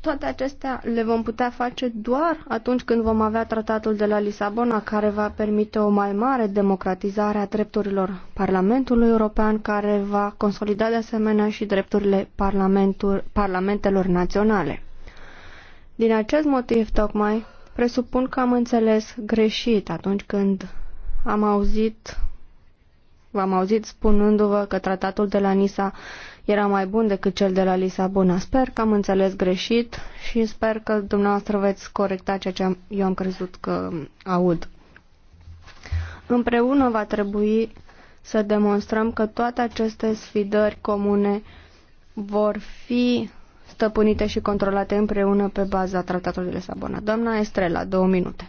Toate acestea le vom putea face doar atunci când vom avea tratatul de la Lisabona, care va permite o mai mare democratizare a drepturilor Parlamentului European, care va consolida de asemenea și drepturile parlamentelor naționale. Din acest motiv, tocmai, presupun că am înțeles greșit atunci când am auzit, v-am auzit spunându-vă că tratatul de la Nisa era mai bun decât cel de la Lisabona. Sper că am înțeles greșit și sper că dumneavoastră veți corecta ceea ce am, eu am crezut că aud. Împreună va trebui să demonstrăm că toate aceste sfidări comune vor fi stăpânite și controlate împreună pe baza tratatului de Lisabona. Doamna Estrela, două minute.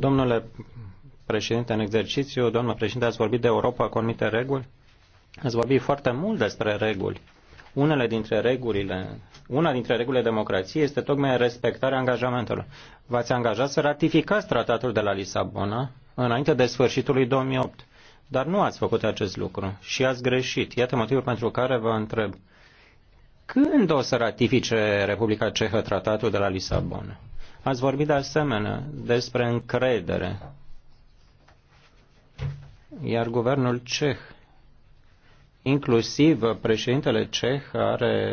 Domnule președinte în exercițiu, doamnă președinte, ați vorbit de Europa cu anumite reguli? Ați vorbit foarte mult despre reguli. Unele dintre regulile, una dintre regulile democrației este tocmai respectarea angajamentelor. V-ați angajat să ratificați tratatul de la Lisabona înainte de sfârșitul lui 2008. Dar nu ați făcut acest lucru și ați greșit. Iată motivul pentru care vă întreb. Când o să ratifice Republica Cehă tratatul de la Lisabona? Ați vorbit de asemenea despre încredere. Iar guvernul ceh, inclusiv președintele ceh, are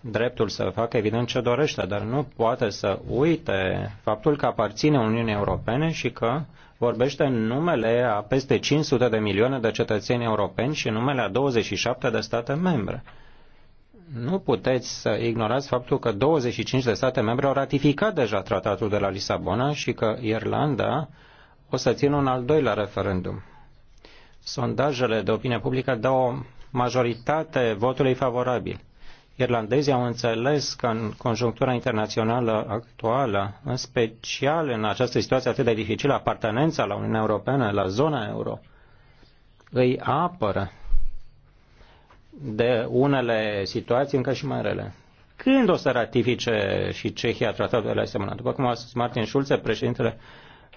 dreptul să facă evident ce dorește, dar nu poate să uite faptul că aparține Uniunii Europene și că vorbește în numele a peste 500 de milioane de cetățeni europeni și în numele a 27 de state membre. Nu puteți să ignorați faptul că 25 de state membre au ratificat deja tratatul de la Lisabona și că Irlanda o să țină un al doilea referendum. Sondajele de opinie publică dau o majoritate votului favorabil. Irlandezii au înțeles că în conjunctura internațională actuală, în special în această situație atât de dificilă, apartenența la Uniunea Europeană, la zona euro, îi apără de unele situații încă și mai rele. Când o să ratifice și Cehia tratatul de la asemenea? După cum a spus Martin Schulze, președintele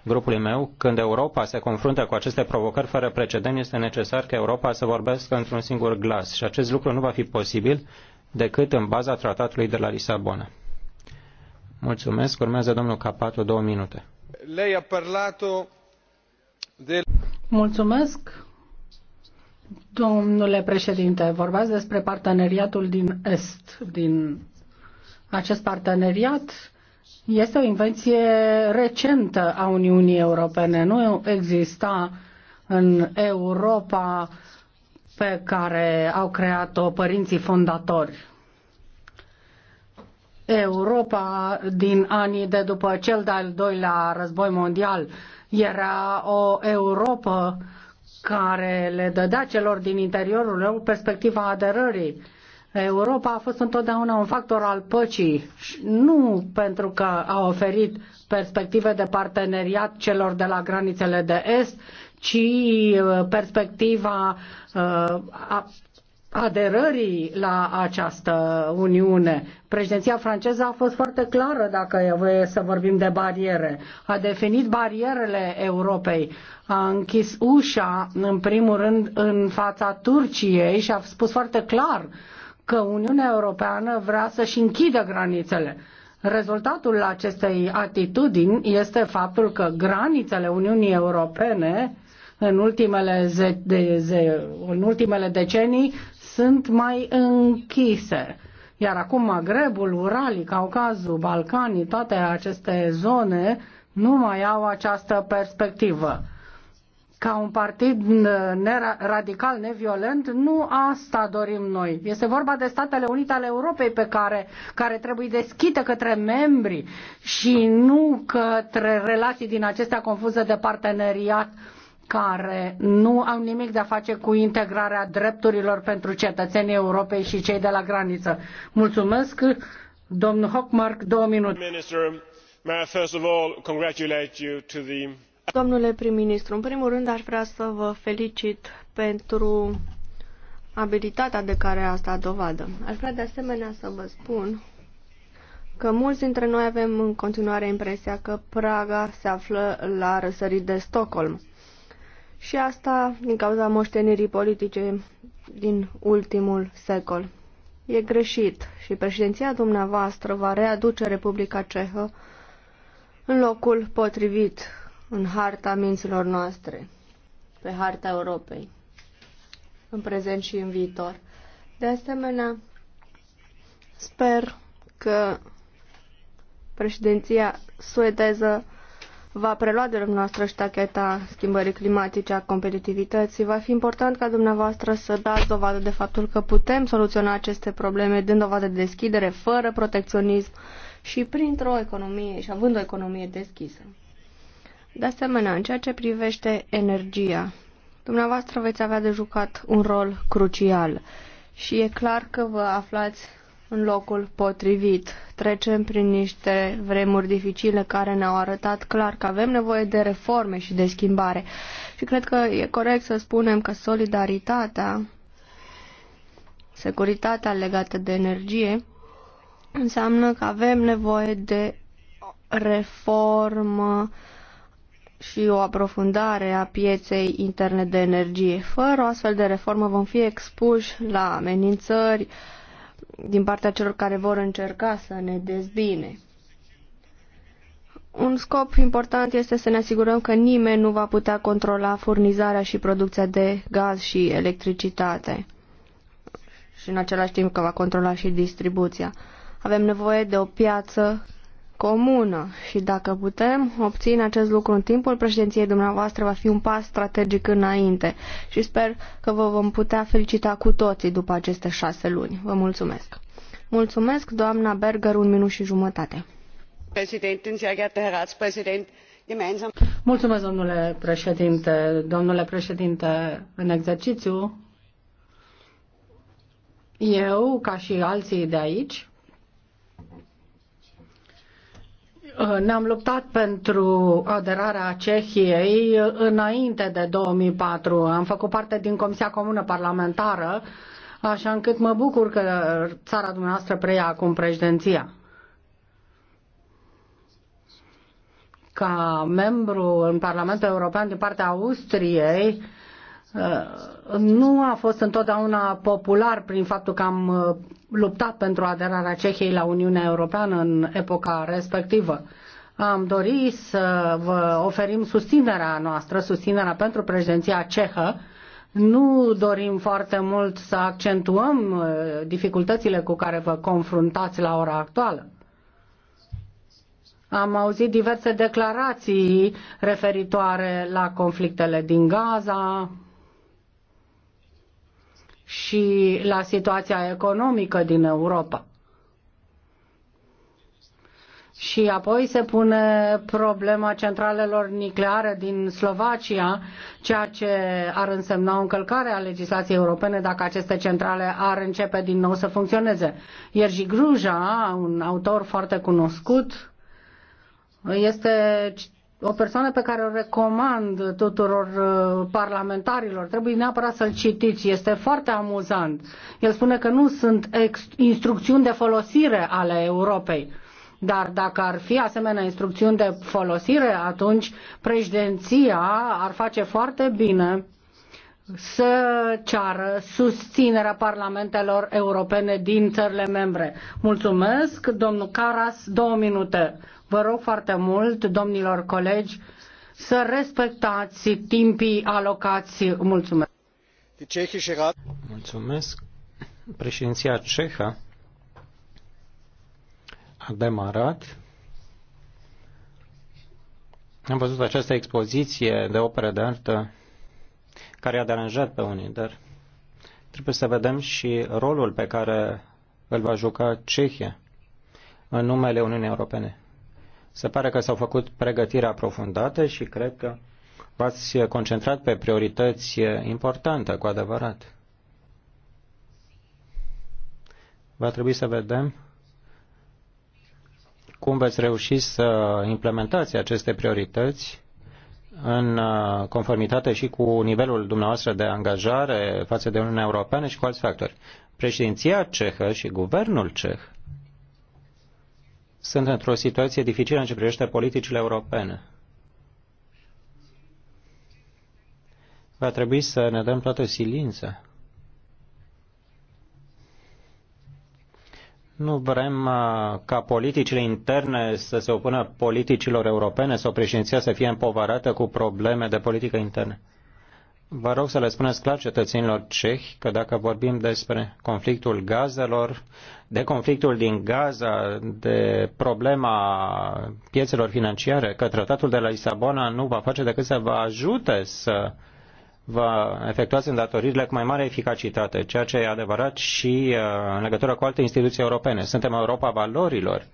grupului meu, când Europa se confruntă cu aceste provocări fără precedent, este necesar că Europa să vorbească într-un singur glas. Și acest lucru nu va fi posibil decât în baza tratatului de la Lisabona. Mulțumesc. Urmează domnul Capato două minute. Lei a parlato de... Mulțumesc. Domnule președinte, vorbați despre parteneriatul din Est, din acest parteneriat este o invenție recentă a Uniunii Europene. Nu exista în Europa pe care au creat-o părinții fondatori. Europa din anii de după cel de-al doilea război mondial era o Europa care le dădea celor din interiorul lor perspectiva aderării. Europa a fost întotdeauna un factor al păcii, nu pentru că a oferit perspective de parteneriat celor de la granițele de est, ci uh, perspectiva uh, aderării la această Uniune. Președinția franceză a fost foarte clară dacă e voie să vorbim de bariere. A definit barierele Europei, a închis ușa în primul rând în fața Turciei și a spus foarte clar că Uniunea Europeană vrea să-și închidă granițele. Rezultatul acestei atitudini este faptul că granițele Uniunii Europene uh, în ultimele, ze- de, ze- în ultimele decenii sunt mai închise. Iar acum Magrebul, Uralii, Caucazul, Balcanii, toate aceste zone nu mai au această perspectivă. Ca un partid radical, neviolent, nu asta dorim noi. Este vorba de Statele Unite ale Europei pe care, care trebuie deschite către membri și nu către relații din acestea confuză de parteneriat uh, care nu au nimic de a face cu integrarea drepturilor pentru cetățenii Europei și cei de la graniță. Mulțumesc, domnul Hockmark, două minute. Minister, may Domnule prim-ministru, în primul rând aș vrea să vă felicit pentru abilitatea de care ați dat dovadă. Aș vrea de asemenea să vă spun că mulți dintre noi avem în continuare impresia că Praga se află la răsărit de Stockholm și asta din cauza moștenirii politice din ultimul secol. E greșit și președinția dumneavoastră va readuce Republica Cehă în locul potrivit în harta minților noastre, pe harta Europei, în prezent și în viitor. De asemenea, sper că președinția suedeză va prelua de dumneavoastră ștacheta schimbării climatice, a competitivității, va fi important ca dumneavoastră să dați dovadă de faptul că putem soluționa aceste probleme dând dovadă de deschidere, fără protecționism și printr-o economie și având o economie deschisă. De asemenea, în ceea ce privește energia, dumneavoastră veți avea de jucat un rol crucial și e clar că vă aflați în locul potrivit. Trecem prin niște vremuri dificile care ne-au arătat clar că avem nevoie de reforme și de schimbare. Și cred că e corect să spunem că solidaritatea, securitatea legată de energie, înseamnă că avem nevoie de reformă și o aprofundare a pieței internet de energie. Fără o astfel de reformă vom fi expuși la amenințări, uh, din partea celor care vor încerca să ne dezbine. Un scop important este să ne asigurăm că nimeni nu va putea controla furnizarea și producția de gaz și electricitate și în același timp că va controla și distribuția. Avem nevoie de o piață comună și dacă putem obține acest lucru în timpul președinției dumneavoastră va fi un pas strategic înainte și sper că vă vom putea felicita cu toții după aceste șase luni. Vă mulțumesc! Mulțumesc, doamna Berger, un minut și jumătate. Mulțumesc, domnule președinte. Domnule președinte, în exercițiu, eu, ca și alții de aici, Uh, ne-am luptat pentru aderarea Cehiei înainte de 2004. Am făcut parte din Comisia Comună Parlamentară, așa încât mă bucur că țara dumneavoastră preia acum președinția. Ca membru în Parlamentul European din partea Austriei, uh, nu a fost întotdeauna popular prin faptul că am uh, luptat pentru aderarea Cehiei la Uniunea Europeană în epoca respectivă. Am dorit să vă oferim susținerea noastră, susținerea pentru președinția cehă. Nu dorim foarte mult să accentuăm uh, dificultățile cu care vă confruntați la ora actuală. Am auzit diverse declarații referitoare la conflictele din Gaza, și la situația economică din Europa. Și apoi se pune problema centralelor nucleare din Slovacia, ceea ce ar însemna o încălcare a legislației europene dacă aceste centrale ar începe din nou să funcționeze. Iergi Gruja, un autor foarte cunoscut, este o persoană pe care o recomand tuturor uh, parlamentarilor. Trebuie neapărat să-l citiți. Este foarte amuzant. El spune că nu sunt instrucțiuni de folosire ale Europei. Dar dacă ar fi asemenea instrucțiuni de folosire, atunci președinția ar face foarte bine să ceară susținerea parlamentelor europene din țările membre. Mulțumesc, domnul Caras, două minute. Vă rog foarte mult, domnilor colegi, să respectați timpii alocați. Mulțumesc. Mulțumesc. Președinția cehă a demarat. Am văzut această expoziție de operă de artă care a deranjat pe unii, dar trebuie să vedem și rolul pe care îl va juca Cehia în numele Uniunii Europene. Se pare că s-au făcut pregătiri aprofundate și cred că v-ați concentrat pe priorități importante, cu adevărat. Va trebui să vedem cum veți reuși să implementați aceste priorități în uh, conformitate și cu nivelul dumneavoastră de angajare față de Uniunea Europeană și cu alți factori. Președinția cehă și guvernul ceh sunt într-o situație dificilă în ce privește politicile europene. Va trebui să ne dăm toată silința. Nu vrem uh, ca politicile interne să se opună politicilor europene sau președinția să fie împovărată cu probleme de politică internă. Vă rog să le spuneți clar cetățenilor cehi că dacă vorbim despre conflictul gazelor, de conflictul din Gaza, de problema piețelor financiare, că tratatul de la Lisabona nu va face decât să vă ajute să vă efectuați îndatoririle cu mai mare eficacitate, ceea ce e adevărat și uh, în legătură cu alte instituții europene. Suntem Europa valorilor,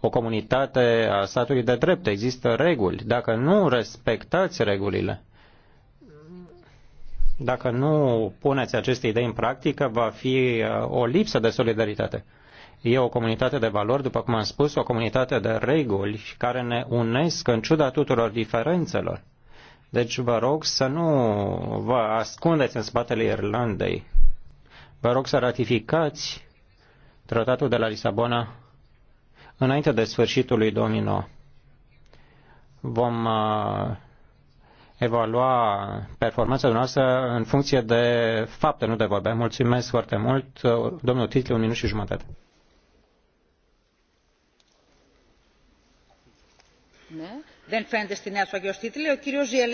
o comunitate a statului de drept, există reguli. Dacă nu respectați regulile, dacă nu puneți aceste idei în practică, va fi uh, o lipsă de solidaritate. E o comunitate de valori, după cum am spus, o comunitate de reguli care ne unesc în ciuda tuturor diferențelor. Deci vă rog să nu vă ascundeți în spatele Irlandei. Vă rog să ratificați tratatul de la Lisabona înainte de sfârșitul lui 2009. Vom uh, evalua performanța noastră în funcție de fapte, nu de vorbe. Mulțumesc foarte mult. Domnul Title, un minut și jumătate.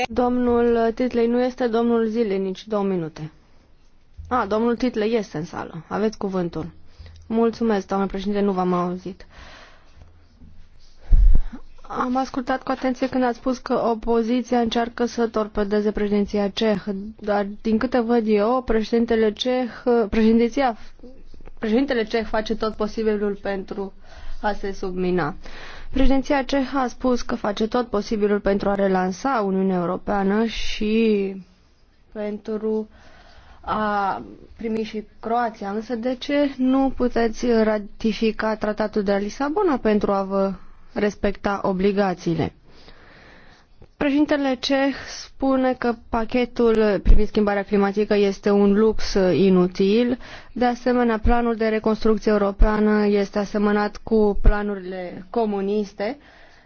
Domnul Titlei nu este domnul zilei nici două minute. A, domnul Titlei este în sală. Aveți cuvântul. Mulțumesc, doamnă președinte, nu v-am auzit. Uh, am ascultat cu atenție când ați spus că opoziția încearcă să torpedeze președinția ceh, dar din câte văd eu, președintele ceh, președinția, președintele ceh face tot posibilul pentru a se submina. Președinția ceh a spus că face tot posibilul pentru a relansa Uniunea Europeană și pentru a primi și Croația. Însă de ce nu puteți ratifica tratatul de la Lisabona pentru a vă respecta obligațiile. Președintele ceh spune că pachetul privind schimbarea climatică este un lux inutil. De asemenea, planul de reconstrucție europeană este asemănat cu planurile comuniste.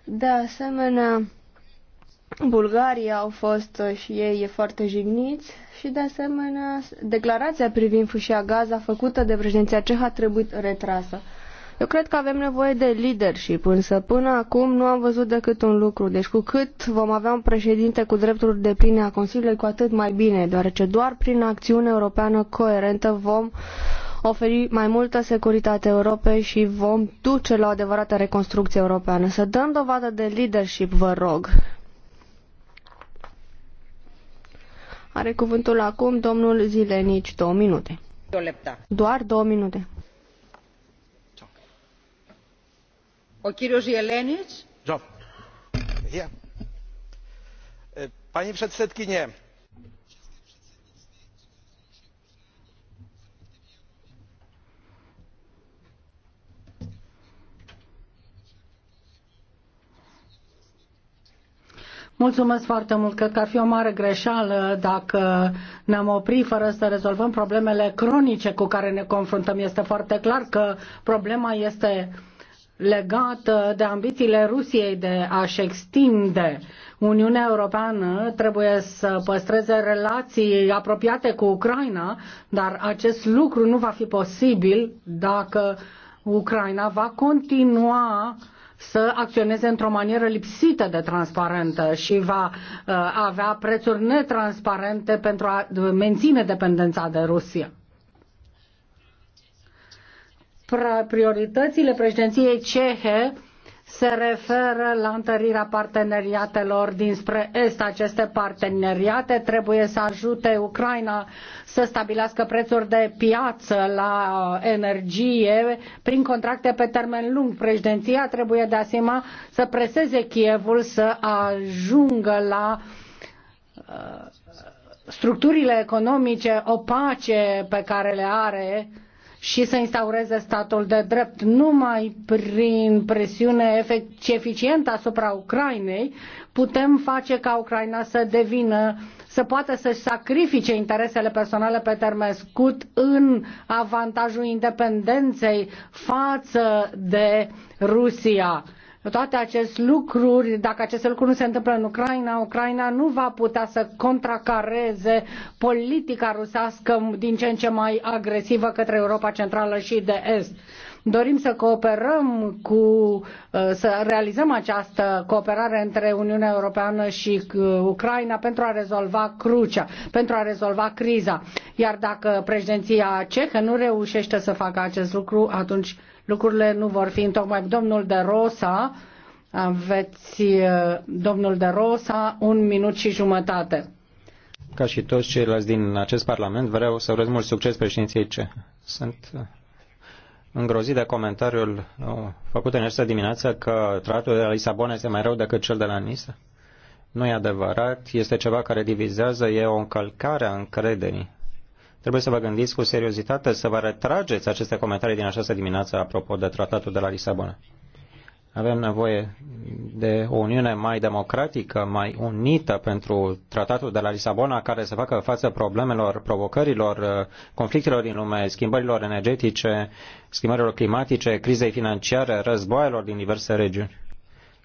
De asemenea, Bulgaria au fost și ei foarte jigniți și, de asemenea, declarația privind fâșia Gaza făcută de președinția cehă a trebuit retrasă. Eu cred că avem nevoie de leadership, însă până acum nu am văzut decât un lucru. Deci cu cât vom avea un președinte cu drepturi de pline a Consiliului, cu atât mai bine, deoarece doar prin acțiune europeană coerentă vom oferi mai multă securitate Europei și vom duce la o adevărată reconstrucție europeană. Să dăm dovadă de leadership, vă rog. Are cuvântul acum domnul Zilenici, două minute. Doar două minute. paní předsedkyně Mulțumesc foarte mult. Cred că ar fi o mare greșeală dacă ne-am opri fără să rezolvăm problemele cronice cu care ne confruntăm. Este foarte clar că problema este legată de ambițiile Rusiei de a-și extinde. Uniunea Europeană trebuie să păstreze relații apropiate cu Ucraina, dar acest lucru nu va fi posibil dacă Ucraina va continua să acționeze într-o manieră lipsită de transparentă și va uh, avea prețuri netransparente pentru a uh, menține dependența de Rusia prioritățile președinției cehe se referă la întărirea parteneriatelor dinspre Est. Aceste parteneriate trebuie să ajute Ucraina să stabilească prețuri de piață la energie prin contracte pe termen lung. Președinția trebuie de asemenea să preseze Kievul să ajungă la uh, structurile economice opace pe care le are și să instaureze statul de drept numai prin presiune eficientă asupra Ucrainei, putem face ca Ucraina să devină, să poată să-și sacrifice interesele personale pe termen scurt în avantajul independenței față de Rusia toate aceste lucruri, dacă aceste lucruri nu se întâmplă în Ucraina, Ucraina nu va putea să contracareze politica rusească din ce în ce mai agresivă către Europa Centrală și de Est dorim să cooperăm cu, uh, să realizăm această cooperare între Uniunea Europeană și uh, Ucraina pentru a rezolva crucea, pentru a rezolva criza. Iar dacă președinția cehă nu reușește să facă acest lucru, atunci lucrurile nu vor fi întocmai. Domnul de Rosa, aveți uh, domnul de Rosa un minut și jumătate. Ca și toți ceilalți din acest Parlament, vreau să urez mult succes președinției ce sunt uh, îngrozit de comentariul uh, făcut în această dimineață că tratatul de la Lisabona este mai rău decât cel de la Nisa. Nu e adevărat, este ceva care divizează, e o încălcare a încrederii Trebuie să vă gândiți cu seriozitate să vă retrageți aceste comentarii din această dimineață apropo de tratatul de la Lisabona. Avem nevoie de o Uniune mai democratică, mai unită pentru tratatul de la Lisabona, care să facă față problemelor, provocărilor, conflictelor din lume, schimbărilor energetice, schimbărilor climatice, crizei financiare, războaielor din diverse regiuni.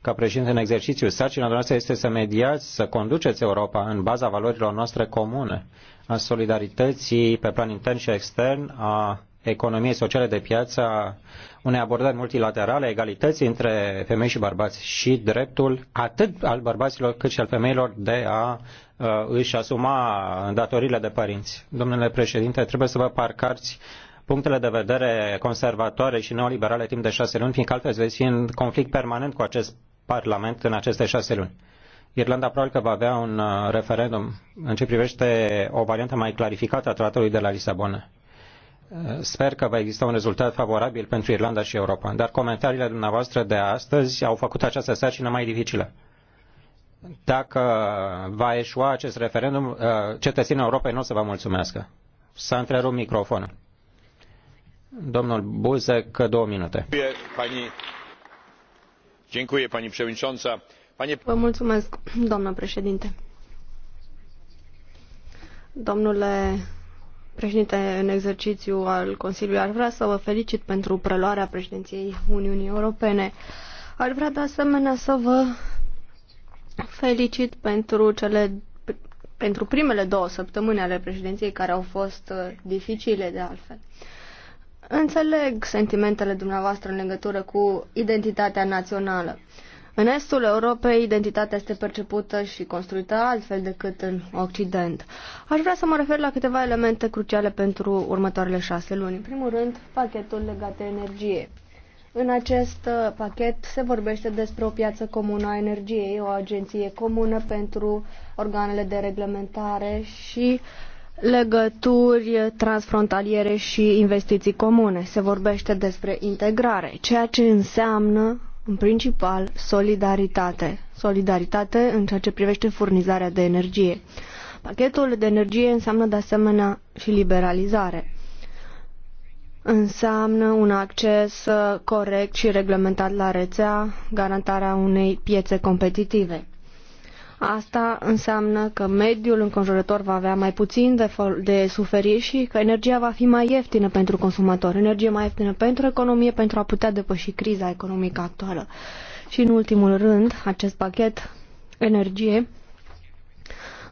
Ca președinte în exercițiu, sarcina noastră este să mediați, să conduceți Europa în baza valorilor noastre comune a solidarității pe plan intern și extern, a economiei sociale de piață, a unei abordări multilaterale, a egalității între femei și bărbați și dreptul atât al bărbaților cât și al femeilor de a uh, își asuma datorile de părinți. Domnule președinte, trebuie să vă parcați punctele de vedere conservatoare și neoliberale timp de șase luni, fiindcă altfel veți fi în conflict permanent cu acest Parlament în aceste șase luni. Irlanda probabil că va avea un uh, referendum în ce privește o variantă mai clarificată a tratatului de la Lisabona. Uh, sper că va exista un rezultat favorabil pentru Irlanda și Europa. Dar comentariile dumneavoastră de astăzi au făcut această sarcină mai dificilă. Dacă va eșua acest referendum, uh, cetățenii Europei nu o să vă mulțumească. S-a întrerupt microfonul. Domnul Buzek, două minute. Dziękuję, pani, dziękuję, pani przewodnicząca. Vă mulțumesc, doamnă președinte. Domnule președinte în exercițiu al Consiliului, ar vrea să vă felicit pentru preluarea președinției Uniunii Europene. Ar vrea de asemenea să vă felicit pentru cele pentru primele două săptămâni ale președinției care au fost uh, dificile de altfel. Înțeleg sentimentele dumneavoastră în legătură cu identitatea națională. În estul Europei, identitatea este percepută și construită altfel decât în Occident. Aș vrea să mă refer la câteva elemente cruciale pentru următoarele șase luni. În primul rând, pachetul legat de energie. În acest uh, pachet se vorbește despre o piață comună a energiei, o agenție comună pentru organele de reglementare și legături transfrontaliere și investiții comune. Se vorbește despre integrare, ceea ce înseamnă în principal, solidaritate. Solidaritate în ceea ce privește furnizarea de energie. Pachetul de energie înseamnă de asemenea și liberalizare. Înseamnă un acces corect și reglementat la rețea, garantarea unei piețe competitive. Asta înseamnă că mediul înconjurător va avea mai puțin de, de suferit și că energia va fi mai ieftină pentru consumator, energie mai ieftină pentru economie pentru a putea depăși criza economică actuală. Și în ultimul rând, acest pachet energie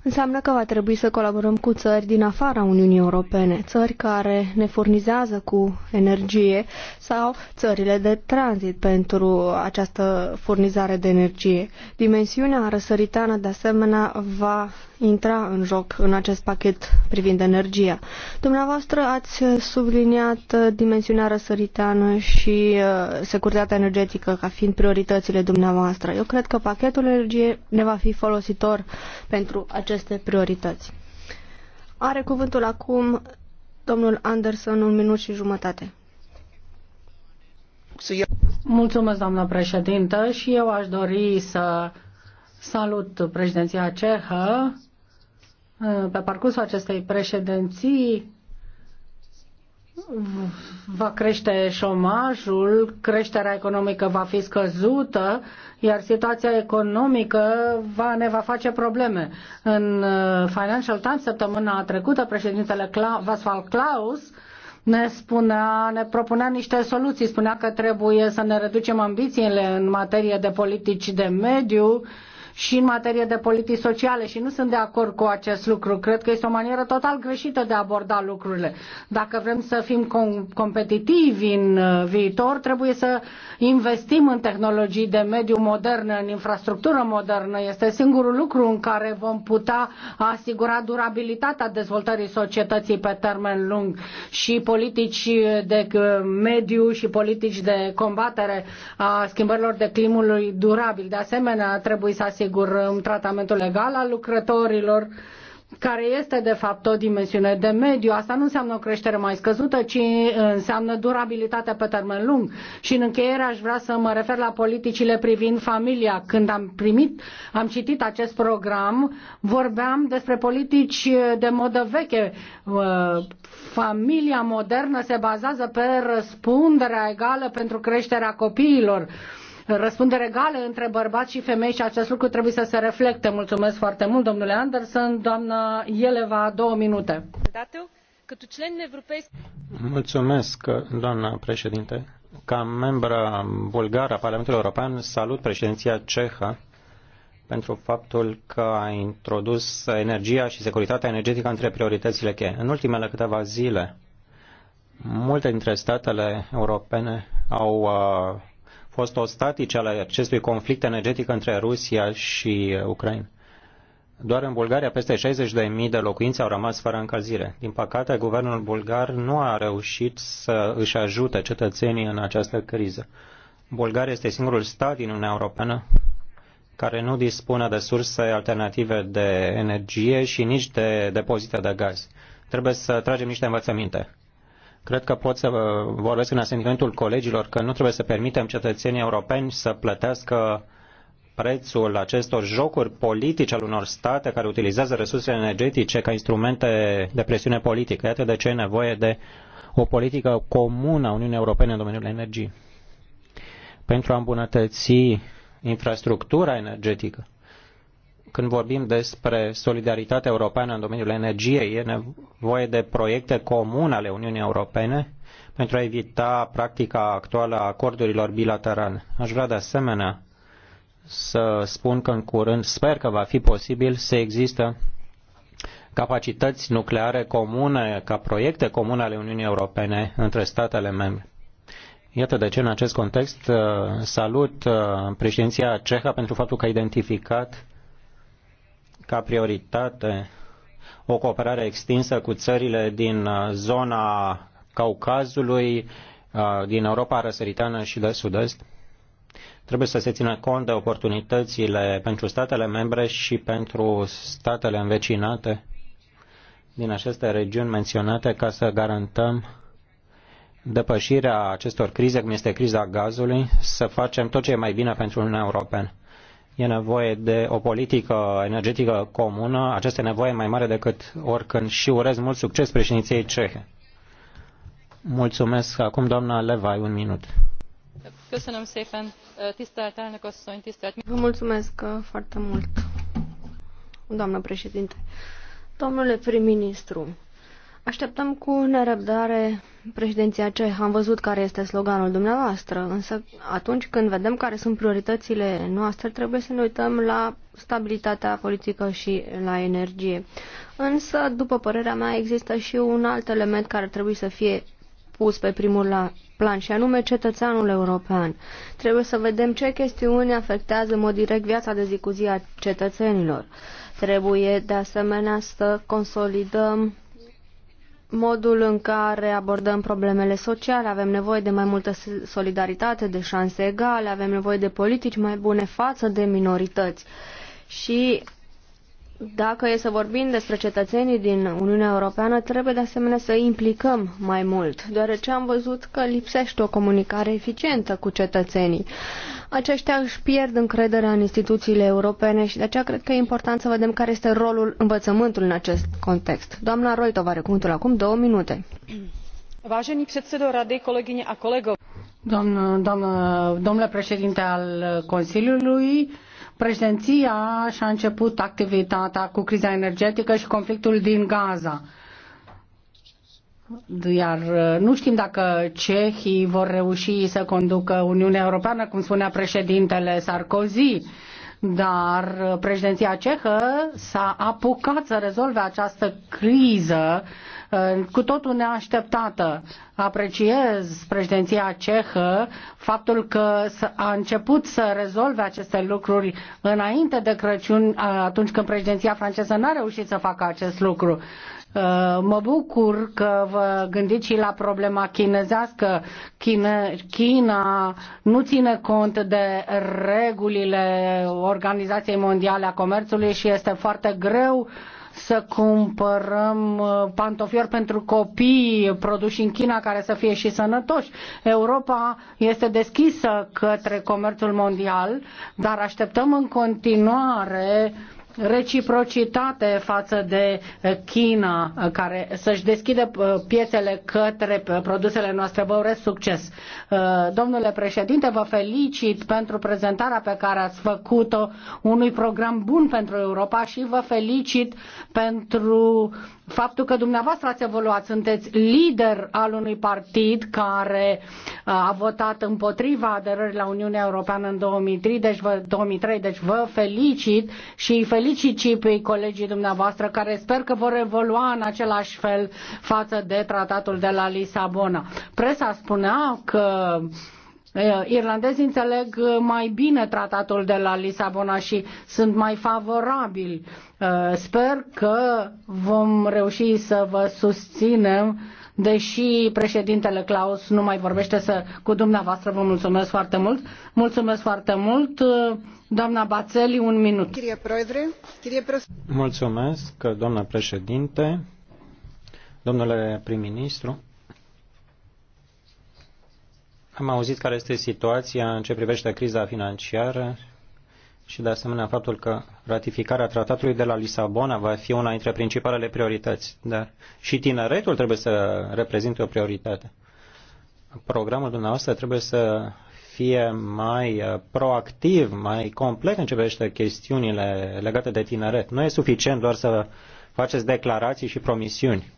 înseamnă că va trebui să colaborăm cu țări din afara Uniunii Europene, țări care ne furnizează cu energie sau țările de tranzit pentru această furnizare de energie. Dimensiunea răsăritană de asemenea va intra în joc în acest pachet privind energia. Dumneavoastră ați subliniat uh, dimensiunea răsăriteană și uh, securitatea energetică ca fiind prioritățile dumneavoastră. Eu cred că pachetul energie ne va fi folositor pentru aceste priorități. Are cuvântul acum domnul Anderson un minut și jumătate. Mulțumesc, doamnă președintă, și eu aș dori să salut președinția cehă pe parcursul acestei președinții va crește șomajul, creșterea economică va fi scăzută, iar situația economică va, ne va face probleme. În uh, Financial Times, săptămâna trecută, președintele Vasval Klaus ne spunea, ne propunea niște soluții, spunea că trebuie să ne reducem ambițiile în materie de politici de mediu, uh, și în materie de politici sociale și nu sunt de acord cu acest lucru. Cred că este o manieră total greșită de a aborda lucrurile. Dacă vrem să fim competitivi în uh, viitor, trebuie să investim în tehnologii de mediu modern, în infrastructură modernă. Este singurul lucru în care vom putea asigura durabilitatea dezvoltării societății pe termen lung și politici de uh, mediu și politici de combatere a schimbărilor de climului durabil. De asemenea, trebuie să asigurăm un tratamentul legal al lucrătorilor, care este de fapt o dimensiune de mediu. Asta nu înseamnă o creștere mai scăzută, ci înseamnă durabilitatea pe termen lung. Și în încheiere aș vrea să mă refer la politicile privind familia. Când am primit, am citit acest program, vorbeam despre politici de modă veche. Familia modernă se bazează pe răspunderea egală pentru creșterea copiilor răspundere egală între bărbați și femei și acest lucru trebuie să se reflecte. Mulțumesc foarte mult, domnule Anderson. Doamna Ieleva, două minute. Mulțumesc, doamna președinte. Ca membră bulgară a Parlamentului European, salut președinția cehă pentru faptul că a introdus energia și securitatea energetică între prioritățile cheie. În ultimele câteva zile, multe dintre statele europene au uh, fost ostatice ale acestui conflict energetic între Rusia și Ucraina. Doar în Bulgaria peste 60.000 de locuințe au rămas fără încălzire. Din păcate, guvernul bulgar nu a reușit să își ajute cetățenii în această criză. Bulgaria este singurul stat din Uniunea Europeană care nu dispune de surse alternative de energie și nici de depozite de gaz. Trebuie să tragem niște învățăminte. Cred că pot să vorbesc în asentimentul colegilor că nu trebuie să permitem cetățenii europeni să plătească prețul acestor jocuri politice al unor state care utilizează resursele energetice ca instrumente de presiune politică. Iată de ce e nevoie de o politică comună a Uniunii Europene în domeniul energiei pentru a îmbunătăți infrastructura energetică când vorbim despre solidaritatea europeană în domeniul energiei, e nevoie de proiecte comune ale Uniunii Europene pentru a evita practica actuală a acordurilor bilaterale. Aș vrea de asemenea să spun că în curând sper că va fi posibil să există capacități nucleare comune, ca proiecte comune ale Uniunii Europene între statele membre. Iată de ce în acest context salut uh, președinția cehă pentru faptul că a identificat ca prioritate o cooperare extinsă cu țările din uh, zona Caucazului, uh, din Europa răsăritană și de sud-est. Trebuie să se țină cont de oportunitățile pentru statele membre și pentru statele învecinate din aceste regiuni menționate ca să garantăm depășirea acestor crize, cum este criza gazului, să facem tot ce e mai bine pentru Uniunea Europeană. E nevoie de o politică energetică comună. aceste nevoie mai mare decât oricând și urez mult succes președinției cehe. Mulțumesc. Acum doamna ai un minut. Vă mulțumesc uh, foarte mult, doamnă președinte. Domnule prim-ministru, Așteptăm cu nerăbdare președinția ce am văzut care este sloganul dumneavoastră, însă atunci când vedem care sunt prioritățile noastre, trebuie să ne uităm la stabilitatea politică și la energie. Însă, după părerea mea, există și un alt element care trebuie să fie pus pe primul la plan, și anume cetățeanul european. Trebuie să vedem ce chestiuni afectează în mod direct viața de zi cu zi a cetățenilor. Trebuie, de asemenea, să consolidăm modul în care abordăm problemele sociale, avem nevoie de mai multă solidaritate, de șanse egale, avem nevoie de politici mai bune față de minorități. Și dacă e să vorbim despre cetățenii din Uniunea Europeană, trebuie de asemenea să îi implicăm mai mult, deoarece am văzut că lipsește o comunicare eficientă cu cetățenii aceștia își pierd încrederea în instituțiile europene și de aceea cred că e important să vedem care este rolul învățământului în acest context. Doamna Roitova are cuvântul acum două minute. Vážený předsedo rady, kolegyně a kolegov. domnule președinte al Consiliului, președinția și-a început activitatea cu criza energetică și conflictul din Gaza iar uh, nu știm dacă cehii vor reuși să conducă Uniunea Europeană, cum spunea președintele Sarkozy, dar uh, președinția cehă s-a apucat să rezolve această criză uh, cu totul neașteptată. Apreciez președinția cehă faptul că a început să rezolve aceste lucruri înainte de Crăciun, atunci când președinția franceză n-a reușit să facă acest lucru. Uh, mă bucur că vă gândiți și la problema chinezească. China, China nu ține cont de regulile Organizației Mondiale a Comerțului și este foarte greu să cumpărăm uh, pantofiori pentru copii produși în China care să fie și sănătoși. Europa este deschisă către comerțul mondial, dar așteptăm în continuare uh, reciprocitate față de China, care să-și deschidă uh, piețele către uh, produsele noastre. Vă urez succes. Uh, domnule președinte, vă felicit pentru prezentarea pe care ați făcut-o unui program bun pentru Europa și vă felicit pentru faptul că dumneavoastră ați evoluat, sunteți lider al unui partid care uh, a votat împotriva aderării la Uniunea Europeană în 2003, deci vă, 2003, deci vă felicit și felicit și pe colegii dumneavoastră care sper că vor evolua în același fel față de tratatul de la Lisabona. Presa spunea că uh, Eh, irlandezii înțeleg eh, mai bine tratatul de la Lisabona și sunt mai favorabili. Eh, sper că vom reuși să vă susținem deși președintele Klaus nu mai vorbește să, cu dumneavoastră. Vă mulțumesc foarte mult. Mulțumesc foarte mult. Doamna Bațeli, un minut. Mulțumesc, doamna președinte, domnule prim-ministru. Am auzit care este situația în ce privește criza financiară și de asemenea faptul că ratificarea tratatului de la Lisabona va fi una dintre principalele priorități. Dar și tineretul trebuie să reprezinte o prioritate. Programul dumneavoastră trebuie să fie mai uh, proactiv, mai complet în ce privește chestiunile legate de tineret. Nu e suficient doar să faceți declarații și promisiuni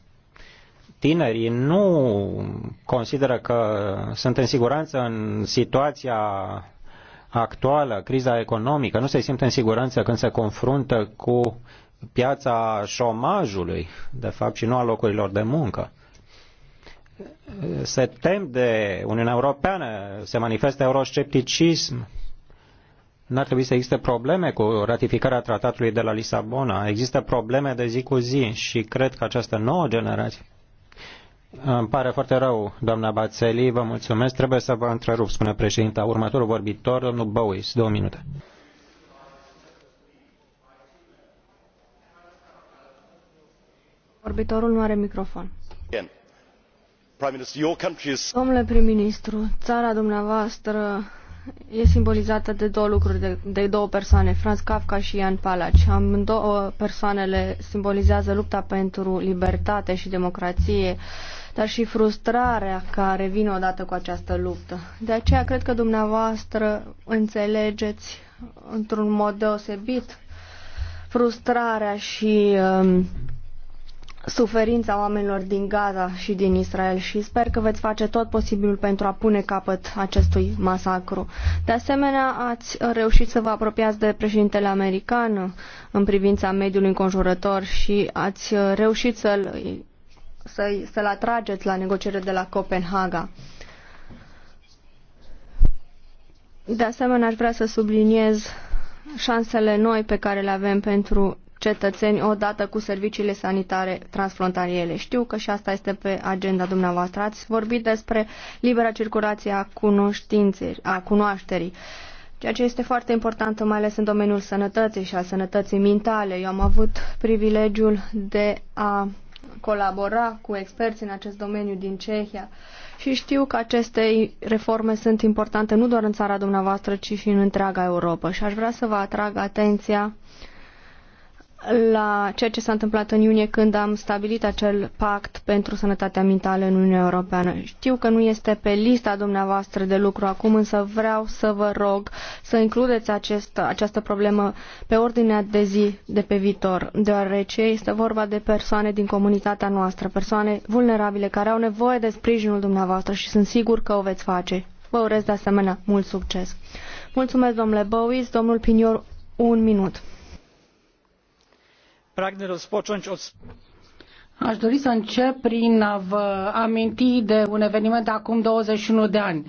tinerii nu consideră că sunt în siguranță în situația actuală, criza economică, nu se simt în siguranță când se confruntă cu piața șomajului, de fapt, și nu a locurilor de muncă. Se tem de Uniunea Europeană, se manifestă euroscepticism. Nu ar trebui să existe probleme cu ratificarea tratatului de la Lisabona. Există probleme de zi cu zi și cred că această nouă generație îmi pare foarte rău, doamna Bațeli, vă mulțumesc. Trebuie să vă întrerup, spune președinta. Următorul vorbitor, domnul Bowis, două minute. Vorbitorul nu are microfon. Domnule prim-ministru, țara dumneavoastră e simbolizată de două lucruri, de, de două persoane, Franz Kafka și Ian Palaci. Amândouă persoanele simbolizează lupta pentru libertate și democrație, dar și frustrarea care vine odată cu această luptă. De aceea cred că dumneavoastră înțelegeți într-un mod deosebit frustrarea și Uh, suferința oamenilor din Gaza și din Israel și sper că veți face tot posibilul pentru a pune capăt acestui masacru. De asemenea, ați reușit să vă apropiați de președintele american în privința mediului înconjurător și ați reușit să-l, să-l, să atrageți la negocierile de la Copenhaga. De asemenea, aș vrea să subliniez șansele noi pe care le avem pentru cetățeni odată cu serviciile sanitare transfrontaliere. Știu că și asta este pe agenda dumneavoastră. Ați vorbit despre libera circulație a cunoștinței, a cunoașterii, ceea ce este foarte important, mai ales în domeniul sănătății și a sănătății mentale. Eu am avut privilegiul de a colabora cu experți în acest domeniu din Cehia și știu că aceste reforme sunt importante nu doar în țara dumneavoastră, ci și în întreaga Europa. Și aș vrea să vă atrag atenția uh, la ceea ce s-a întâmplat în iunie când am stabilit acel pact pentru sănătatea mentală în Uniunea Europeană. Știu că nu este pe lista dumneavoastră de lucru acum, însă vreau să vă rog să includeți acest, această problemă pe ordinea de zi de pe viitor, deoarece este vorba de persoane din comunitatea noastră, persoane vulnerabile care au nevoie de sprijinul dumneavoastră și sunt sigur că o veți face. Vă urez de asemenea mult succes. Mulțumesc, domnule Bowies, domnul Pinior, un minut. Aș dori să încep prin a vă aminti de un eveniment de acum 21 de ani.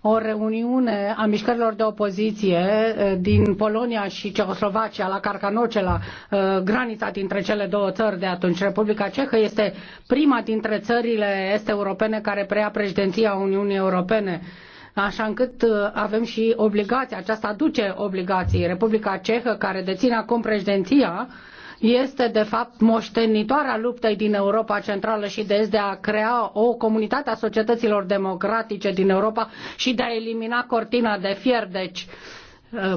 O reuniune a mișcărilor de opoziție eh, din Polonia și Cehoslovacia la Carcanoce, la eh, granița dintre cele două țări de atunci. Republica Cehă este prima dintre țările este europene care preia președinția Uniunii Europene așa încât eh, avem și obligația, aceasta aduce obligații. Republica Cehă, care deține acum președinția, este de fapt moștenitoarea luptei din Europa Centrală și de Est de a crea o comunitate a societăților democratice din Europa și de a elimina cortina de fier. Deci, uh,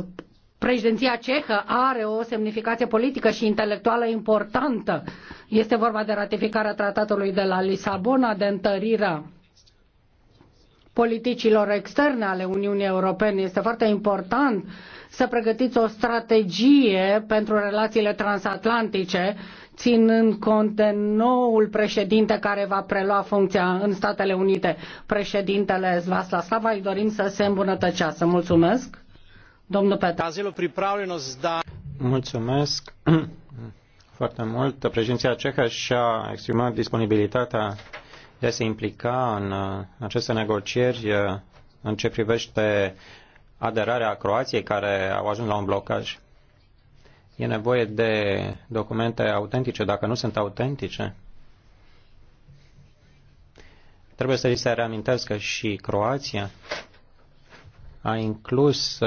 Președinția cehă are o semnificație politică și intelectuală importantă. Este vorba de ratificarea tratatului de la Lisabona, de întărirea politicilor externe ale Uniunii Europene. Este foarte important să pregătiți o strategie pentru relațiile transatlantice, ținând cont de noul președinte care va prelua funcția în Statele Unite, președintele Vaslaslava, îi dorim să se îmbunătățească. Mulțumesc. Domnul Petre. Mulțumesc foarte mult. Președinția cehă și-a exprimat disponibilitatea de a se implica în aceste negocieri în ce privește aderarea Croației care au ajuns la un blocaj. E nevoie de documente autentice. Dacă nu sunt autentice, trebuie să li se reamintească și Croația a inclus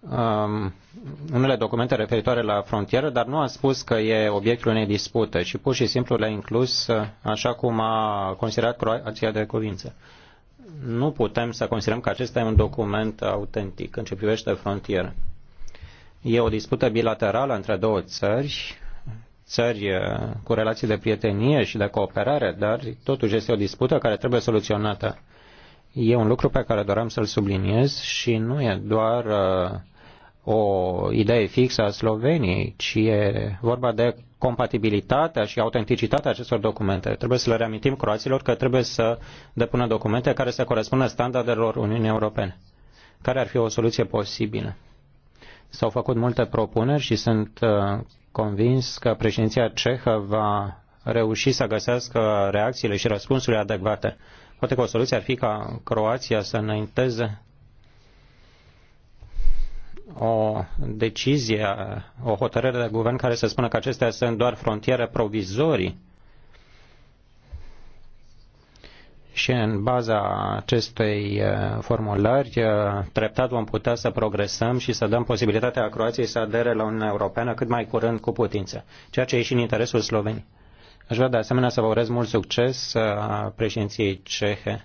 um, unele documente referitoare la frontieră, dar nu a spus că e obiectul unei dispute și pur și simplu le-a inclus așa cum a considerat Croația de cuvință nu putem să considerăm că acesta e un document autentic în ce privește frontiere. E o dispută bilaterală între două țări, țări cu relații de prietenie și de cooperare, dar totuși este o dispută care trebuie soluționată. E un lucru pe care doream să-l subliniez și nu e doar o idee fixă a Sloveniei, ci e vorba de compatibilitatea și autenticitatea acestor documente. Trebuie să le reamintim croaților că trebuie să depună documente care să corespundă standardelor Uniunii Europene. Care ar fi o soluție posibilă? S-au făcut multe propuneri și sunt uh, convins că președinția cehă va reuși să găsească reacțiile și răspunsurile adecvate. Poate că o soluție ar fi ca Croația să înainteze o decizie, o hotărâre de guvern care să spună că acestea sunt doar frontiere provizorii și în baza acestei uh, formulări uh, treptat vom putea să progresăm și să dăm posibilitatea Croației să adere la Uniunea Europeană cât mai curând cu putință, ceea ce e și în interesul Sloveniei. Aș vrea de asemenea să vă urez mult succes a uh, președinției cehe.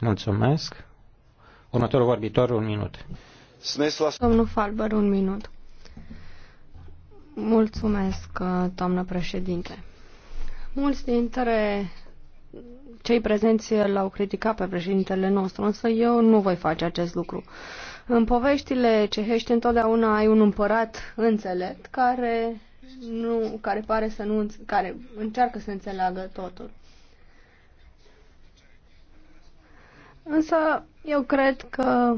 Mulțumesc. Următorul vorbitor, un minut. Domnul Falber, un minut. Mulțumesc, doamnă președinte. Mulți dintre cei prezenți l-au criticat pe președintele nostru, însă eu nu voi face acest lucru. În poveștile cehești întotdeauna ai un împărat înțelept care nu, care pare să nu, care încearcă să înțeleagă totul. Însă eu cred că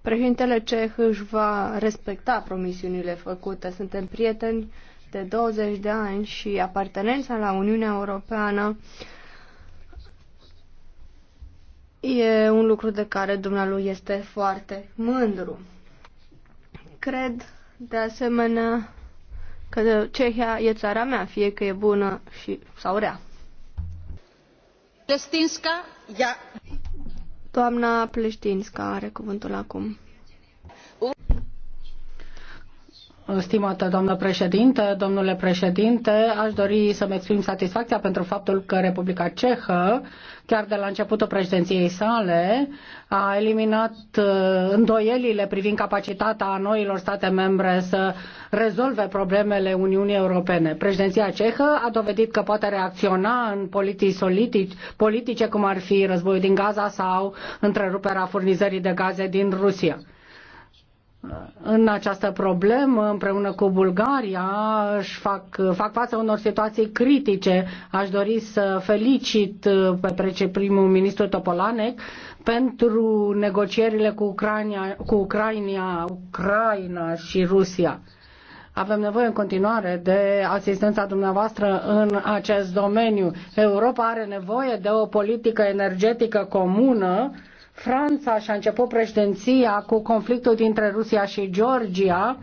președintele ceh își va respecta promisiunile făcute. Suntem prieteni de 20 de ani și apartenența la Uniunea Europeană e un lucru de care dumnealui este foarte mândru. Cred, de asemenea, că Cehia e țara mea, fie că e bună și, sau rea. Destinska, ia. Doamna Pleștinska are cuvântul acum. Stimată doamnă președinte, domnule președinte, aș dori să-mi exprim satisfacția pentru faptul că Republica Cehă, chiar de la începutul președinției sale, a eliminat uh, îndoielile privind capacitatea noilor state membre să rezolve problemele Uniunii Europene. Președinția cehă a dovedit că poate reacționa în politici politice, cum ar fi războiul din Gaza sau întreruperea furnizării de gaze din Rusia în această problemă împreună cu Bulgaria își fac, fac față unor situații critice. Aș dori să felicit uh, pe primul ministru Topolanec pentru negocierile cu Ucraina, cu Ucraina, Ucraina și Rusia. Avem nevoie în continuare de asistența dumneavoastră în acest domeniu. Europa are nevoie de o politică energetică comună uh, Franța și-a început președinția cu conflictul dintre Rusia și Georgia,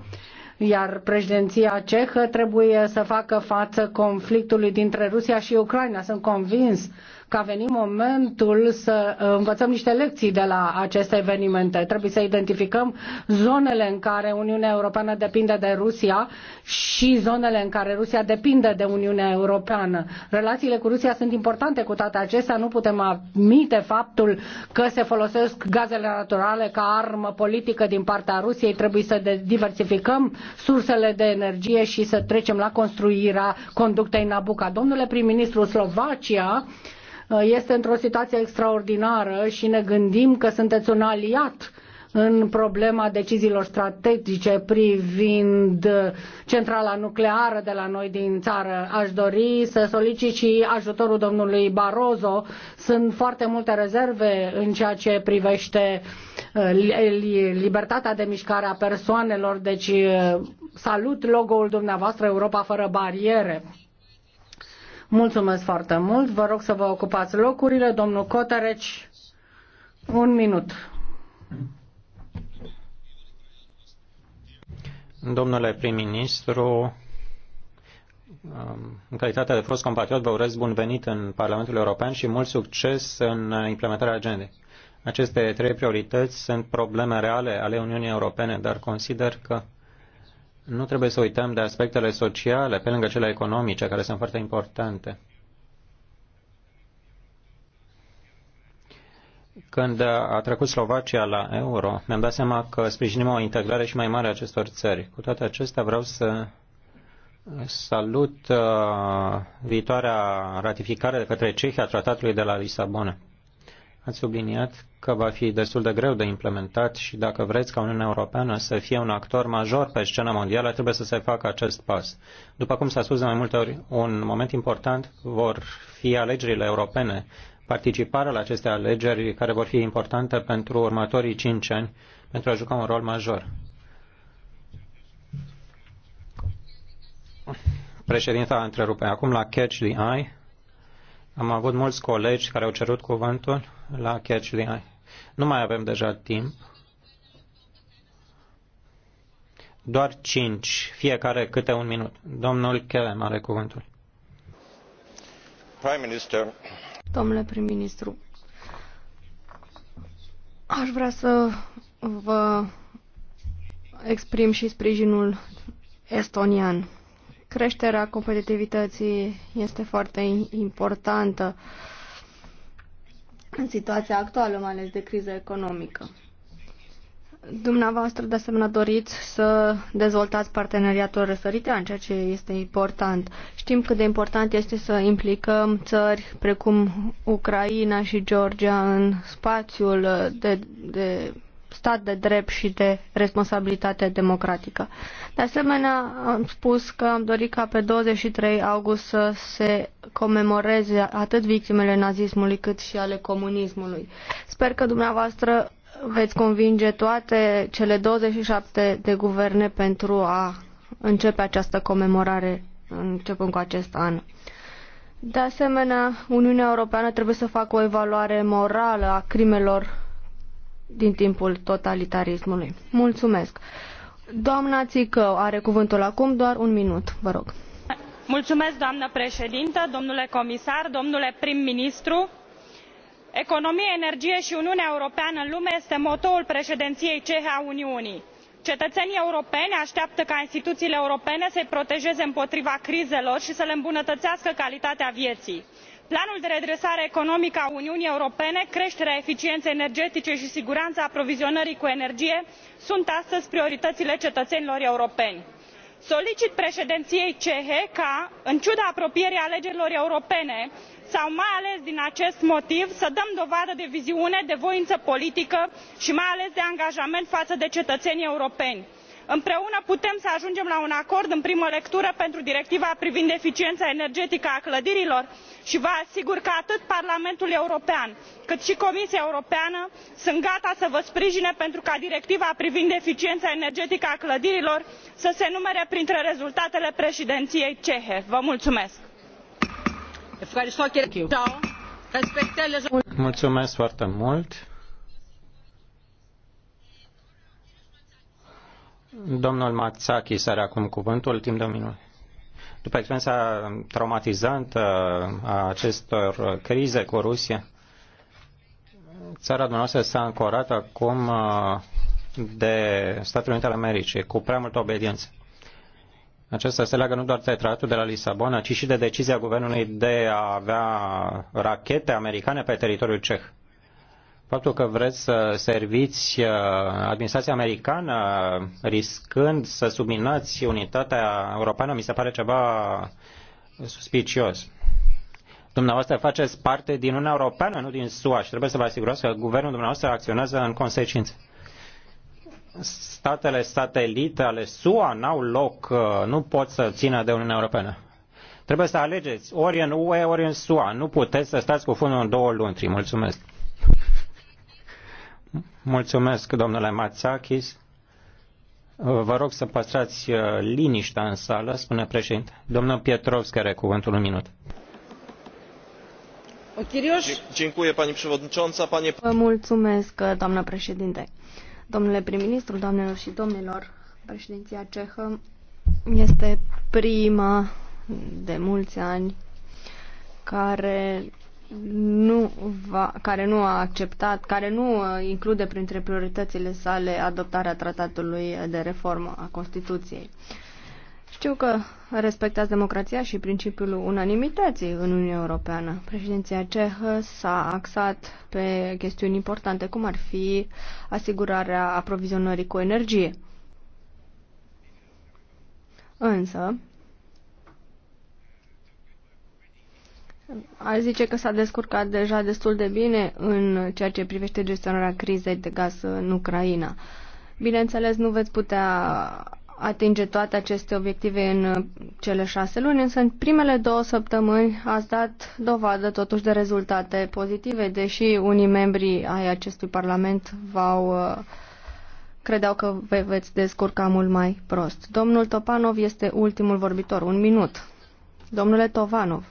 iar președinția cehă trebuie să facă față conflictului dintre Rusia și Ucraina. Sunt convins că a venit momentul să uh, învățăm niște lecții de la aceste evenimente. Trebuie să identificăm zonele în care Uniunea Europeană depinde de Rusia și zonele în care Rusia depinde de Uniunea Europeană. Relațiile cu Rusia sunt importante cu toate acestea, nu putem admite faptul că se folosesc gazele naturale ca armă politică din partea Rusiei, trebuie să diversificăm sursele de energie și să trecem la construirea conductei Nabucco. Domnule prim-ministru, Slovacia Uh, este într-o situație extraordinară și ne gândim că sunteți un aliat în problema deciziilor strategice privind centrala nucleară de la noi din țară. Aș dori să solicit și ajutorul domnului Barroso. Sunt foarte multe rezerve în ceea ce privește uh, libertatea de mișcare a persoanelor, deci uh, salut logo-ul dumneavoastră Europa fără bariere Mulțumesc foarte mult. Vă rog să vă ocupați locurile. Domnul Cotareci, un minut. Domnule prim-ministru, um, în calitate de fost compatriot, vă urez bun venit în Parlamentul European și mult succes în implementarea agendei. Aceste trei priorități sunt probleme reale ale Uniunii Europene, dar consider că nu trebuie să uităm de aspectele sociale, pe lângă cele economice, care sunt foarte importante. Când a trecut Slovacia la euro, mi-am dat seama că sprijinim o integrare și mai mare a acestor țări. Cu toate acestea, vreau să salut uh, viitoarea ratificare de către Cehia a tratatului de la Lisabona. Ați subliniat că va fi destul de greu de implementat și dacă vreți ca Uniunea Europeană să fie un actor major pe scena mondială, trebuie să se facă acest pas. După cum s-a spus de mai multe ori, un moment important vor fi alegerile europene, participarea la aceste alegeri care vor fi importante pentru următorii cinci ani pentru a juca un rol major. Președinta întrerupe acum la Catch the Eye. Am avut mulți colegi care au cerut cuvântul la Catch the Eye. Nu mai avem deja timp. Doar cinci, fiecare câte un minut. Domnul Kelem are cuvântul. Prime Minister. Domnule prim-ministru, aș vrea să vă exprim și sprijinul estonian creșterea competitivității este foarte importantă în situația actuală, mai ales de criză economică. Dumneavoastră, de asemenea, doriți să dezvoltați parteneriatul răsăritean, ceea ce este important. Știm cât de important este să implicăm țări precum Ucraina și Georgia în spațiul de, de stat de drept și de responsabilitate democratică. De asemenea, am spus că am dorit ca pe 23 august să se comemoreze atât victimele nazismului cât și ale comunismului. Sper că dumneavoastră veți convinge toate cele 27 de guverne pentru a începe această comemorare începând cu acest an. De asemenea, Uniunea Europeană trebuie să facă o evaluare morală a crimelor din timpul totalitarismului. Mulțumesc. Doamna Țică are cuvântul acum, doar un minut, vă rog. Mulțumesc, doamnă președintă, domnule comisar, domnule prim-ministru. Economie, energie și Uniunea Europeană în lume este motoul președinției cehe a Uniunii. Cetățenii europeni așteaptă ca instituțiile europene să-i protejeze împotriva crizelor și să le îmbunătățească calitatea vieții planul de redresare economică a uniunii europene creterea eficienei energetice i sigurana aprovizionării cu energie sunt astăzi priorităile cetăenilor europeni. solicit preediniei cehe ca în ciuda apropierii alegerilor europene sau mai ales din acest motiv să dăm dovadă de viziune de voină politică i mai ales de angajament faă de cetăenii europeni împreună putem să ajungem la un acord în primă lectură pentru directiva privind eficiena energetică a clădirilor i vă asigur că atât parlamentul european cât i comisia europeană sunt gata să vă sprijine pentru ca directiva privind eficiena energetică a clădirilor să se numere printre rezultatele preediniei cehe. Vă mulumesc! Mulțumesc Domnul Matsakis are acum cuvântul, timp de minut. După experiența traumatizantă a acestor crize cu Rusia, țara dumneavoastră s-a ancorat acum uh, de Statele Unite ale Americii, cu prea multă obediență. Aceasta se leagă nu doar de tratatul de la Lisabona, ci și de decizia guvernului de a avea rachete americane pe teritoriul ceh. Faptul că vreți să serviți uh, administrația americană riscând să subminați unitatea europeană mi se pare ceva suspicios. Dumneavoastră faceți parte din Uniunea Europeană, nu din SUA și trebuie să vă asigurați că guvernul dumneavoastră acționează în consecință statele satelite ale SUA n-au loc, uh, nu pot să țină de Uniunea Europeană. Trebuie să alegeți ori în UE, ori în SUA. Nu puteți să stați cu fundul în două luni. Mulțumesc. Mulțumesc, domnule Matsakis. Vă rog să păstrați uh, liniștea în sală, spune președinte. Domnul Pietrovski are cuvântul un minut. Vă mulțumesc, doamnă președinte. Domnule prim-ministru, doamnelor și domnilor, președinția cehă este prima de mulți ani care nu va, care nu a acceptat, care nu uh, include printre prioritățile sale adoptarea tratatului de reformă a Constituției. Știu că respectați democrația și principiul unanimității în Uniunea Europeană. Președinția cehă s-a axat pe chestiuni importante, cum ar fi asigurarea aprovizionării cu energie. Însă, Aș zice că s-a descurcat deja destul de bine în ceea ce privește gestionarea crizei de gaz în Ucraina. Bineînțeles, nu veți putea atinge toate aceste obiective în cele șase luni, însă în primele două săptămâni ați dat dovadă totuși de rezultate pozitive, deși unii membri ai acestui parlament v-au uh, credeau că vă veți descurca mult mai prost. Domnul Topanov este ultimul vorbitor. Un minut. Domnule Tovanov.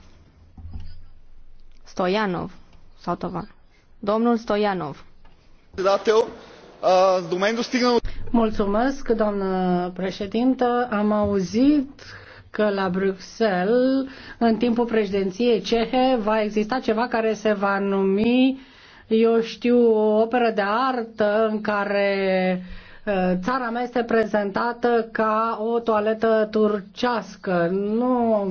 Stoianov sau Tovan. Domnul Stoianov. Mulțumesc, doamnă președintă. Am auzit că la Bruxelles, în timpul președinției cehe, va exista ceva care se va numi, eu știu, o operă de artă în care ă, țara mea este prezentată ca o toaletă turcească. Nu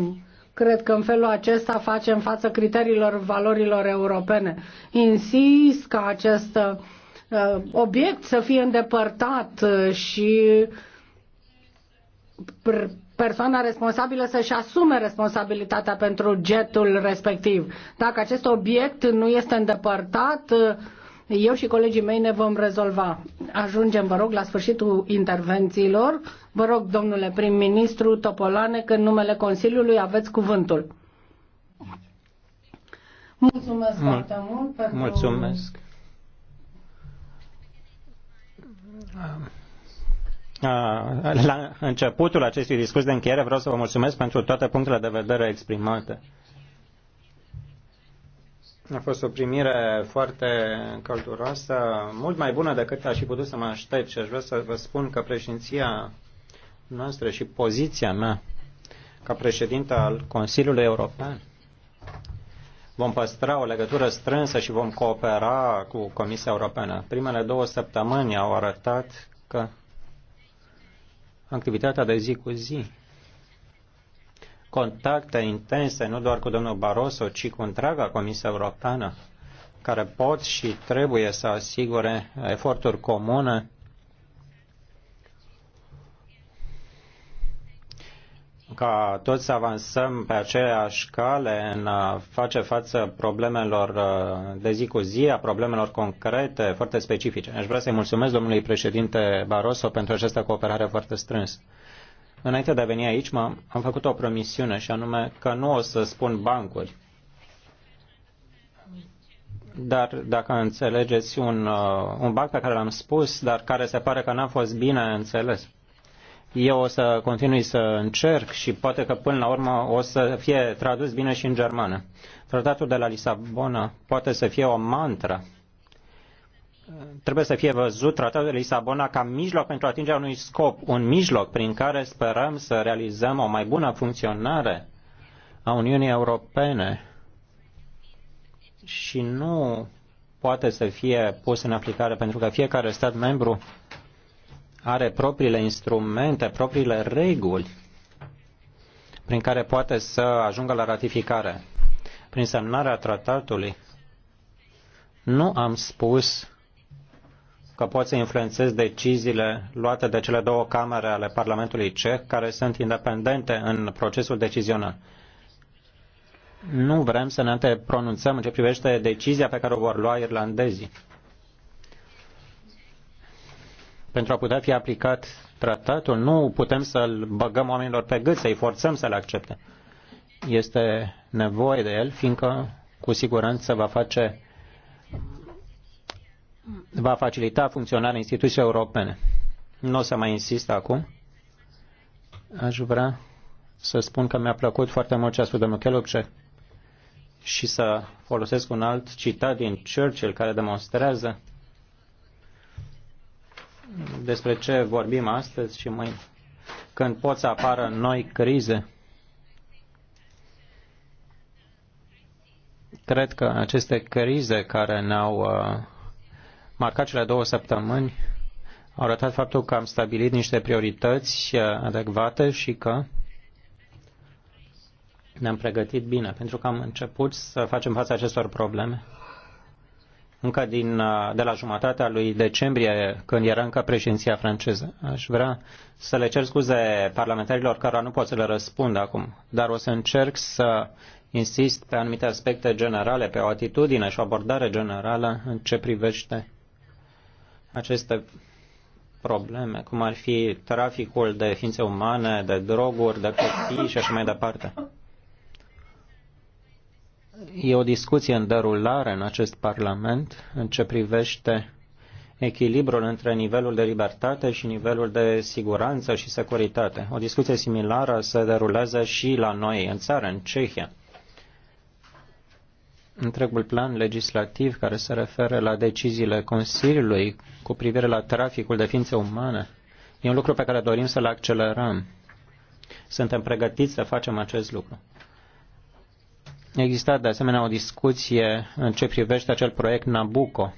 Cred că în felul acesta facem față criteriilor valorilor europene. Insist ca acest uh, obiect să fie îndepărtat uh, și persoana responsabilă să-și asume responsabilitatea pentru jetul respectiv. Dacă acest obiect nu este îndepărtat, uh, eu și colegii mei ne vom rezolva. Ajungem, vă rog, la sfârșitul intervențiilor. Vă rog, domnule prim-ministru Topolane, că în numele Consiliului aveți cuvântul. Mulțumesc Mul- foarte mult pentru... Mulțumesc. La începutul acestui discurs de încheiere vreau să vă mulțumesc pentru toate punctele de vedere exprimate. A fost o primire foarte călduroasă, mult mai bună decât aș fi putut să mă aștept și aș vrea să vă spun că președinția noastră și poziția mea ca președinte al Consiliului European vom păstra o legătură strânsă și vom coopera cu Comisia Europeană. Primele două săptămâni au arătat că activitatea de zi cu zi contacte intense, nu doar cu domnul Barroso, ci cu întreaga Comisie Europeană, care pot și trebuie să asigure eforturi comune ca toți să avansăm pe aceeași cale în a face față problemelor uh, de zi cu zi, a problemelor concrete, foarte specifice. Aș vrea să-i mulțumesc domnului președinte Barroso pentru această cooperare foarte strânsă. Înainte de a veni aici, am am făcut o promisiune și anume că nu o să spun bancuri. Dar dacă înțelegeți un, uh, un banc pe care l-am spus, dar care se pare că n-a fost bine înțeles, eu o să continui să încerc și poate că până la urmă o să fie tradus bine și în germană. Tratatul de la Lisabona poate să fie o mantră trebuie să fie văzut tratatul de Lisabona ca mijloc pentru atingerea unui scop, un mijloc prin care sperăm să realizăm o mai bună funcționare a Uniunii Europene și nu poate să fie pus în aplicare pentru că fiecare stat membru are propriile instrumente, propriile reguli prin care poate să ajungă la ratificare. Prin semnarea tratatului nu am spus că pot să influențez deciziile luate de cele două camere ale Parlamentului Ceh, care sunt independente în procesul decizional. Nu vrem să ne pronunțăm în ce privește decizia pe care o vor lua irlandezii. Pentru a putea fi aplicat tratatul, nu putem să-l băgăm oamenilor pe gât, să-i forțăm să-l accepte. Este nevoie de el, fiindcă cu siguranță va face va facilita funcționarea instituțiilor europene. Nu o să mai insist acum. Aș vrea să spun că mi-a plăcut foarte mult ce a spus domnul Kelogce și să folosesc un alt citat din Churchill care demonstrează despre ce vorbim astăzi și mâine, când pot să apară noi crize. Cred că aceste crize care ne-au uh, marcat cele două săptămâni au arătat faptul că am stabilit niște priorități uh, adecvate și că ne-am pregătit bine, pentru că am început să facem față acestor probleme. Încă din, uh, de la jumătatea lui decembrie, când era încă președinția franceză, aș vrea să le cer scuze parlamentarilor care nu pot să le răspund acum, dar o să încerc să insist pe anumite aspecte generale, pe o atitudine și o abordare generală în ce privește aceste probleme, cum ar fi traficul de ființe umane, de droguri, de copii și așa mai departe. E o discuție în derulare în acest Parlament în ce privește echilibrul între nivelul de libertate și nivelul de siguranță și securitate. O discuție similară se derulează și la noi în țară, în Cehia întregul plan legislativ care se referă la deciziile Consiliului cu privire la traficul de ființe umane. E un lucru pe care dorim să-l accelerăm. Suntem pregătiți să facem acest lucru. Exista de asemenea o discuție în ce privește acel proiect Nabucco.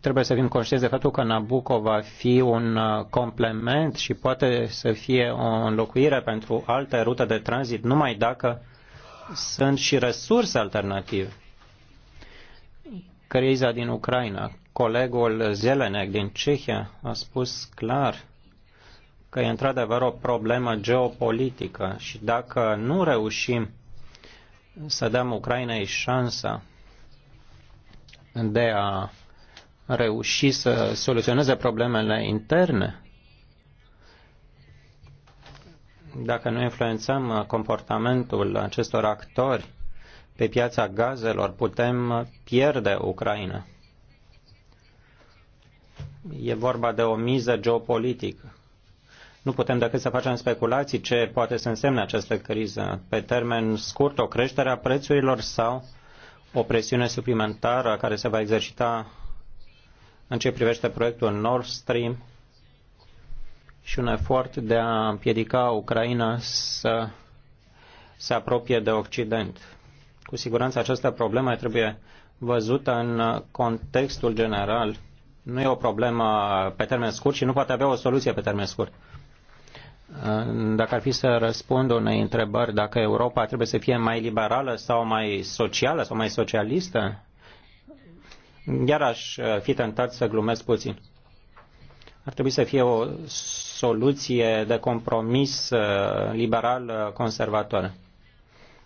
Trebuie să fim conștienți de faptul că Nabucco va fi un uh, complement și poate să fie o înlocuire pentru alte rute de tranzit numai dacă uh, sunt și resurse alternative. Criza din Ucraina. Colegul Zelenek din Cehia a spus clar că e într-adevăr o problemă geopolitică și dacă nu reușim să dăm Ucrainei șansa de a reuși să soluționeze problemele interne, Dacă nu influențăm uh, comportamentul acestor actori pe piața gazelor, putem uh, pierde Ucraina. E vorba de o miză geopolitică. Nu putem decât să facem speculații ce poate să însemne această criză. Pe termen scurt, o creștere a prețurilor sau o presiune suplimentară care se va exercita în ce privește proiectul Nord Stream și un efort de a împiedica Ucraina să se apropie de Occident. Cu siguranță această problemă trebuie văzută în contextul general. Nu e o problemă pe termen scurt și nu poate avea o soluție pe termen scurt. Dacă ar fi să răspund unei întrebări dacă Europa trebuie să fie mai liberală sau mai socială sau mai socialistă, iar aș fi tentat să glumesc puțin. Ar trebui să fie o soluție de compromis uh, liberal uh, conservator.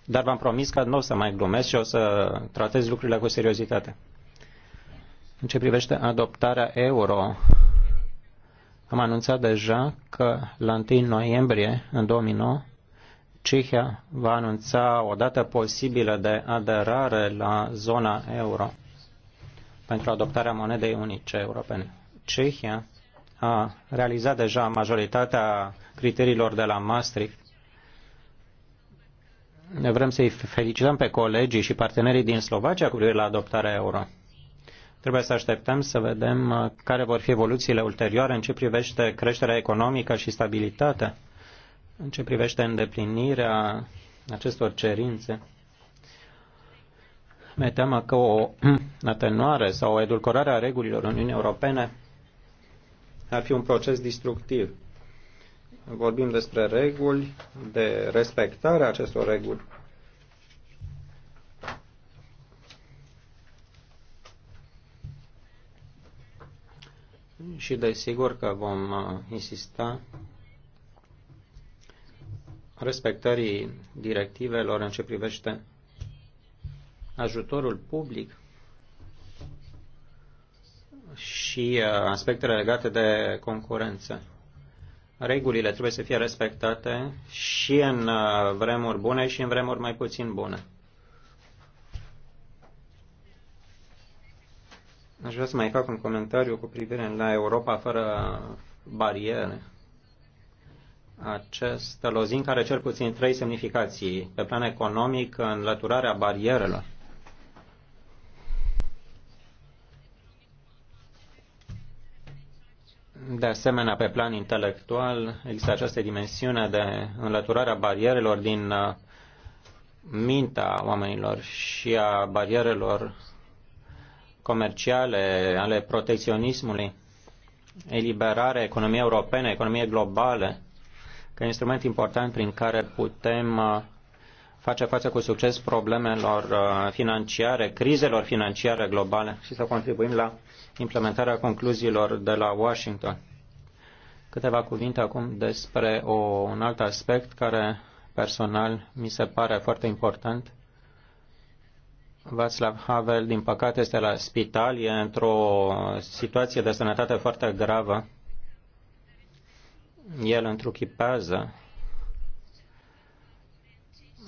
Dar v-am promis că nu o să mai glumesc și o să tratez lucrurile cu seriozitate. În ce privește adoptarea euro, am anunțat deja că la 1 noiembrie în 2009 Cehia va anunța o dată posibilă de aderare la zona euro pentru adoptarea monedei unice europene. Cehia a realizat deja majoritatea criteriilor de la Maastricht. Ne vrem să-i felicităm pe colegii și partenerii din Slovacia cu privire la adoptarea euro. Trebuie să așteptăm să vedem uh, care vor fi evoluțiile ulterioare în ce privește creșterea economică și stabilitatea, în ce privește îndeplinirea acestor cerințe. Mi teamă că o atenuare sau o edulcorare a regulilor Uniunii Europene ar fi un proces distructiv. Vorbim despre reguli, de respectarea acestor reguli. Și desigur că vom uh, insista respectării directivelor în ce privește ajutorul public și uh, aspectele legate de concurență. Regulile trebuie să fie respectate și în uh, vremuri bune și în vremuri mai puțin bune. Aș vrea să mai fac un comentariu cu privire la Europa fără bariere. Acest lozin care cel puțin trei semnificații. Pe plan economic, înlăturarea barierelor De asemenea, pe plan intelectual, există această dimensiune de înlăturarea barierelor din uh, mintea oamenilor și a barierelor comerciale, ale protecționismului, eliberarea economiei europene, economiei globale, ca instrument important prin care putem uh, face față cu succes problemelor uh, financiare, crizelor financiare globale și să contribuim la implementarea concluziilor de la Washington. Câteva cuvinte acum despre o, un alt aspect care personal mi se pare foarte important. Václav Havel, din păcate, este la spital, e într-o situație de sănătate foarte gravă. El întruchipează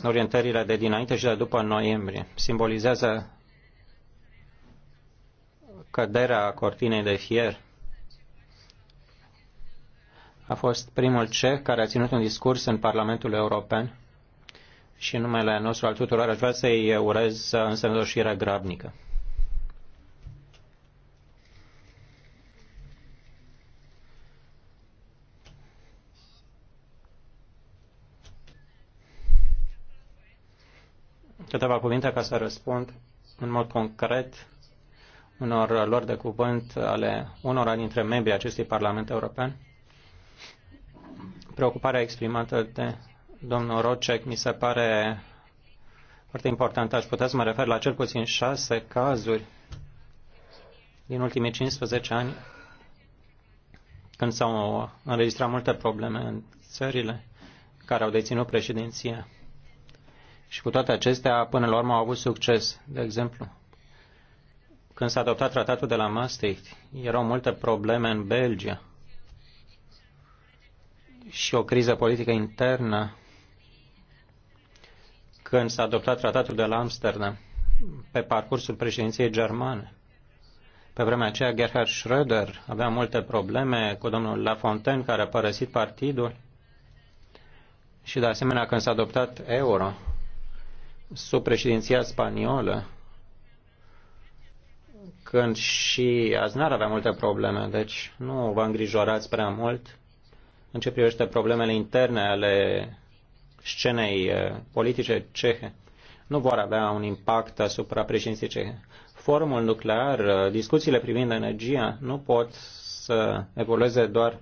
orientările de dinainte și de după noiembrie. Simbolizează căderea cortinei de fier. A fost primul ceh care a ținut un discurs în Parlamentul European și în numele nostru al tuturor aș vrea să-i urez însănătoșirea grabnică. Câteva cuvinte ca să răspund în mod concret unor lor de cuvânt ale unora dintre membrii acestui Parlament European. Preocuparea exprimată de domnul Rocek mi se pare foarte importantă. Aș putea să mă refer la cel puțin șase cazuri din ultimii 15 ani când s-au înregistrat multe probleme în țările care au deținut președinția. Și cu toate acestea, până la urmă, au avut succes. De exemplu, când s-a adoptat tratatul de la Maastricht, erau multe probleme în Belgia și o criză politică internă când s-a adoptat tratatul de la Amsterdam pe parcursul președinției germane. Pe vremea aceea, Gerhard Schröder avea multe probleme cu domnul Lafontaine, care a părăsit partidul. Și, de asemenea, când s-a adoptat euro, sub președinția spaniolă, când și azi n-ar avea multe probleme, deci nu vă îngrijorați prea mult în ce privește problemele interne ale scenei eh, politice cehe. Nu vor avea un impact asupra președinției cehe. Forumul nuclear, eh, discuțiile privind energia nu pot să evolueze doar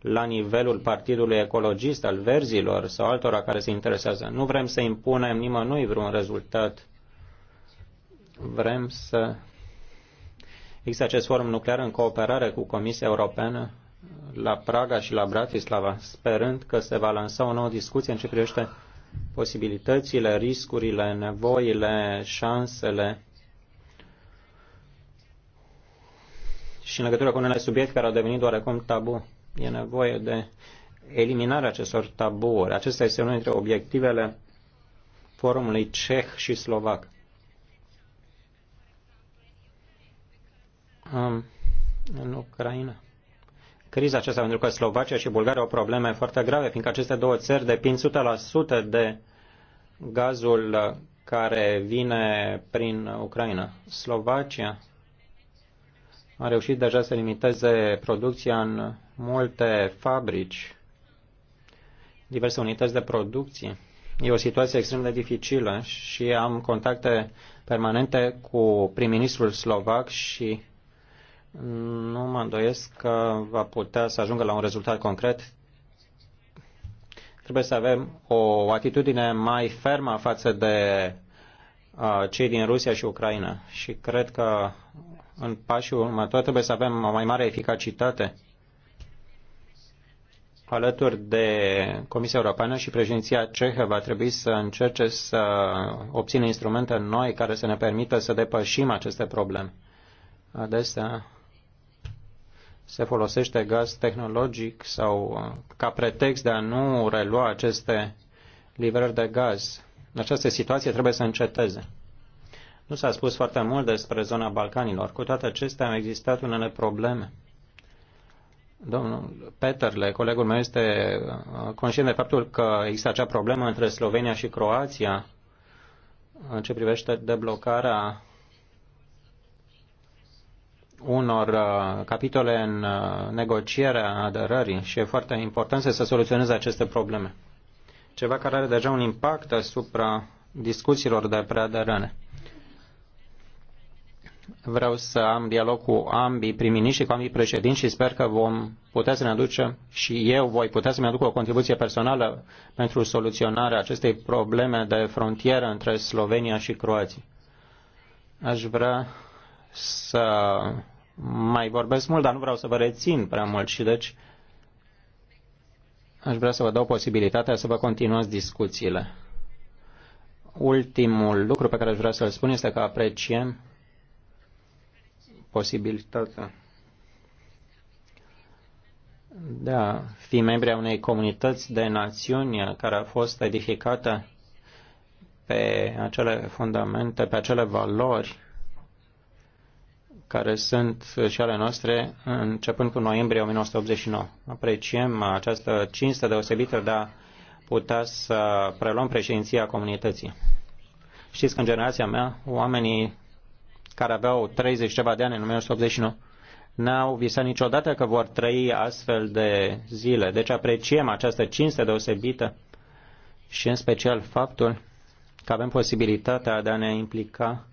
la nivelul Partidului Ecologist, al Verzilor sau altora care se interesează. Nu vrem să impunem nimănui vreun rezultat. Vrem să Există acest forum nuclear în cooperare cu Comisia Europeană la Praga și la Bratislava, sperând că se va lansa o nouă discuție în ce privește posibilitățile, riscurile, nevoile, șansele și în legătură cu unele subiecte care au devenit oarecum tabu. E nevoie de eliminarea acestor tabuuri. Acesta este unul dintre obiectivele forumului ceh și slovac. în Ucraina. Criza aceasta, pentru că Slovacia și Bulgaria au probleme foarte grave, fiindcă aceste două țări depind 100% de gazul care vine prin Ucraina. Slovacia a reușit deja să limiteze producția în multe fabrici, diverse unități de producție. E o situație extrem de dificilă și am contacte permanente cu prim-ministrul slovac și nu mă îndoiesc că va putea să ajungă la un rezultat concret. Trebuie să avem o atitudine mai fermă față de cei din Rusia și Ucraina. Și cred că în pașii următor trebuie să avem o mai mare eficacitate alături de Comisia Europeană și președinția cehă va trebui să încerce să obțină instrumente noi care să ne permită să depășim aceste probleme. Adesea se folosește gaz tehnologic sau uh, ca pretext de a nu relua aceste livrări de gaz. Această situație trebuie să înceteze. Nu s-a spus foarte mult despre zona Balcanilor. Cu toate acestea au existat unele probleme. Domnul Peterle, colegul meu, este uh, conștient de faptul că există acea problemă între Slovenia și Croația în ce privește deblocarea unor uh, capitole în uh, negocierea aderării și e foarte important să soluționeze aceste probleme. Ceva care are deja un impact asupra discuțiilor de preaderare. Vreau să am dialog cu ambii prim și cu ambii președinți și sper că vom putea să ne aducem și eu voi putea să-mi aduc o contribuție personală pentru soluționarea acestei probleme de frontieră între Slovenia și Croația. Aș vrea să mai vorbesc mult, dar nu vreau să vă rețin prea mult și deci aș vrea să vă dau posibilitatea să vă continuați discuțiile. Ultimul lucru pe care aș vrea să-l spun este că apreciem posibilitatea de a fi membri a unei comunități de națiuni care a fost edificată pe acele fundamente, pe acele valori care sunt și ale noastre începând cu noiembrie 1989. Apreciem această cinste deosebită de a putea să preluăm președinția comunității. Știți că în generația mea, oamenii care aveau 30 ceva de ani în 1989, n-au visat niciodată că vor trăi astfel de zile. Deci apreciem această cinste deosebită și în special faptul că avem posibilitatea de a ne implica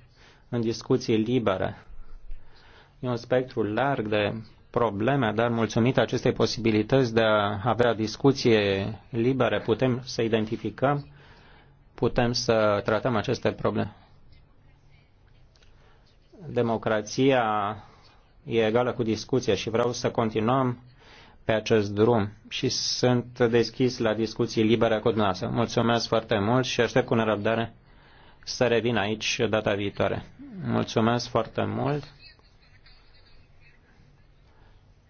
în discuții libere E un spectru larg de probleme, dar mulțumită acestei posibilități de a avea discuție liberă, putem să identificăm, putem să tratăm aceste probleme. Democrația e egală cu discuția și vreau să continuăm pe acest drum și sunt deschis la discuții libere cu dumneavoastră. Mulțumesc foarte mult și aștept cu nerăbdare să revin aici data viitoare. Mulțumesc foarte mult.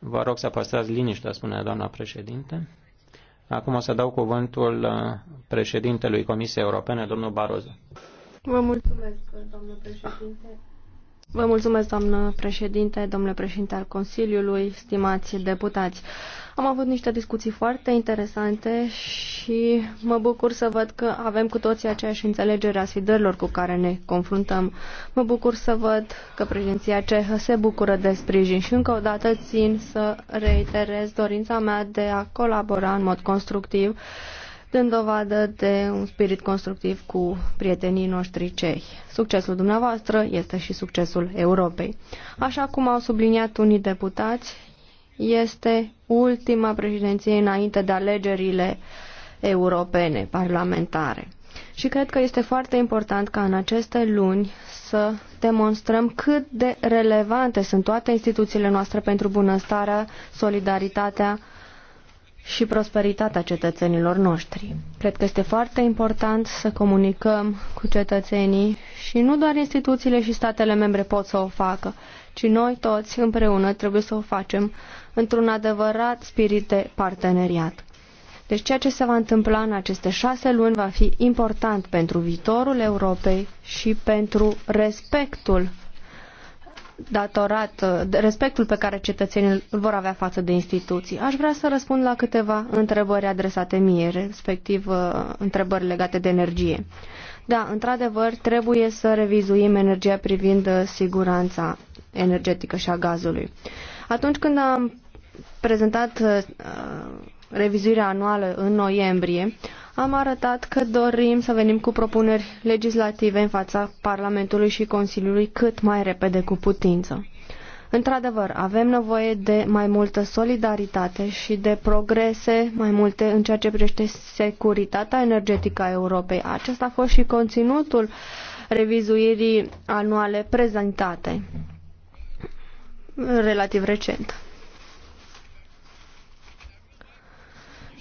Vă rog să păstrați liniștea, spune doamna președinte. Acum o să dau cuvântul uh, președintelui Comisiei Europene, domnul Barozo. Vă mulțumesc, doamnă președinte. Vă mulțumesc, doamnă președinte, domnule președinte al Consiliului, stimați deputați. Am avut niște discuții foarte interesante și mă bucur să văd că avem cu toții aceeași înțelegere a sfidărilor cu care ne confruntăm. Mă bucur să văd că președinția cehă se bucură de sprijin și încă o dată țin să reiterez dorința mea de a colabora în mod constructiv, dând dovadă de un spirit constructiv cu prietenii noștri cehi. Succesul dumneavoastră este și succesul Europei. Așa cum au subliniat unii deputați, este ultima președinție înainte de alegerile europene, parlamentare. Și cred că este foarte important ca în aceste luni să demonstrăm cât de relevante sunt toate instituțiile noastre pentru bunăstarea, solidaritatea și prosperitatea cetățenilor noștri. Cred că este foarte important să comunicăm cu cetățenii și nu doar instituțiile și statele membre pot să o facă, ci noi toți împreună trebuie să o facem într-un adevărat spirit de parteneriat. Deci ceea ce se va întâmpla în aceste șase luni va fi important pentru viitorul Europei și pentru respectul datorat, respectul pe care cetățenii îl vor avea față de instituții. Aș vrea să răspund la câteva întrebări adresate mie, respectiv uh, întrebări legate de energie. Da, într-adevăr, trebuie să revizuim energia privind uh, siguranța energetică și a gazului. Atunci când am prezentat uh, revizuirea anuală în noiembrie, am arătat că dorim să venim cu propuneri legislative în fața Parlamentului și Consiliului cât mai repede cu putință. Într-adevăr, avem nevoie de mai multă solidaritate și de progrese mai multe în ceea ce privește securitatea energetică a Europei. Acesta a fost și conținutul revizuirii anuale prezentate relativ recent.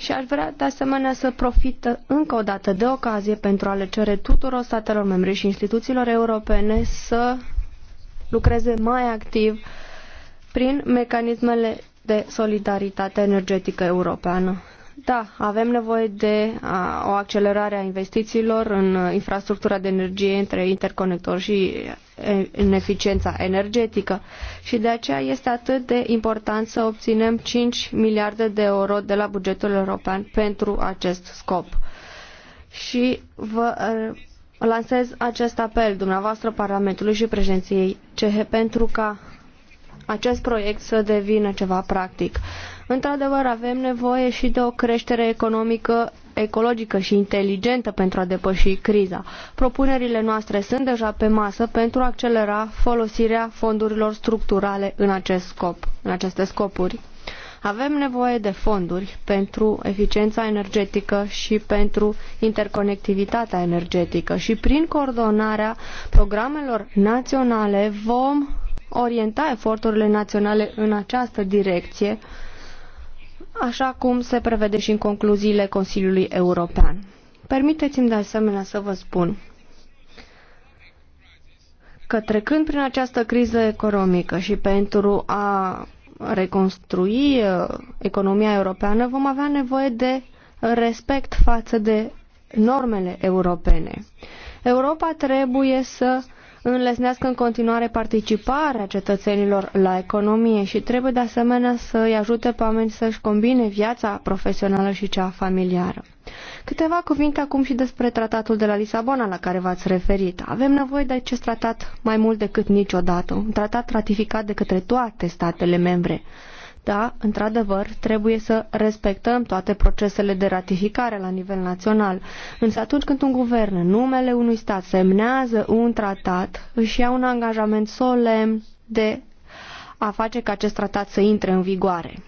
Și aș vrea de asemenea să profit încă o dată de ocazie pentru a le cere tuturor statelor membre și instituțiilor europene să lucreze mai activ prin mecanismele de solidaritate energetică europeană. Da, avem nevoie de a, o accelerare a investițiilor în infrastructura de energie între interconector și în eficiența energetică și de aceea este atât de important să obținem 5 miliarde de euro de la bugetul european pentru acest scop. Și vă lansez acest apel dumneavoastră Parlamentului și președinției cehe pentru ca acest proiect să devină ceva practic. Într-adevăr, avem nevoie și de o creștere economică ecologică și inteligentă pentru a depăși criza. Propunerile noastre sunt deja pe masă pentru a accelera folosirea fondurilor structurale în acest scop, în aceste scopuri. Avem nevoie de fonduri pentru eficiența energetică și pentru interconectivitatea energetică și prin coordonarea programelor naționale vom orienta eforturile naționale în această direcție așa cum se prevede și în concluziile Consiliului European. Permiteți-mi de asemenea să vă spun că trecând prin această criză economică și pentru a reconstrui uh, economia europeană, vom avea nevoie de respect față de normele europene. Europa trebuie să înlesnească în continuare participarea cetățenilor la economie și trebuie de asemenea să îi ajute pe oameni să-și combine viața profesională și cea familiară. Câteva cuvinte acum și despre tratatul de la Lisabona la care v-ați referit. Avem nevoie de acest tratat mai mult decât niciodată, un tratat ratificat de către toate statele membre. Da, într-adevăr, trebuie să respectăm toate procesele de ratificare la nivel național. Însă atunci când un guvern în numele unui stat semnează un tratat, își ia un angajament solemn de a face ca acest tratat să intre în vigoare.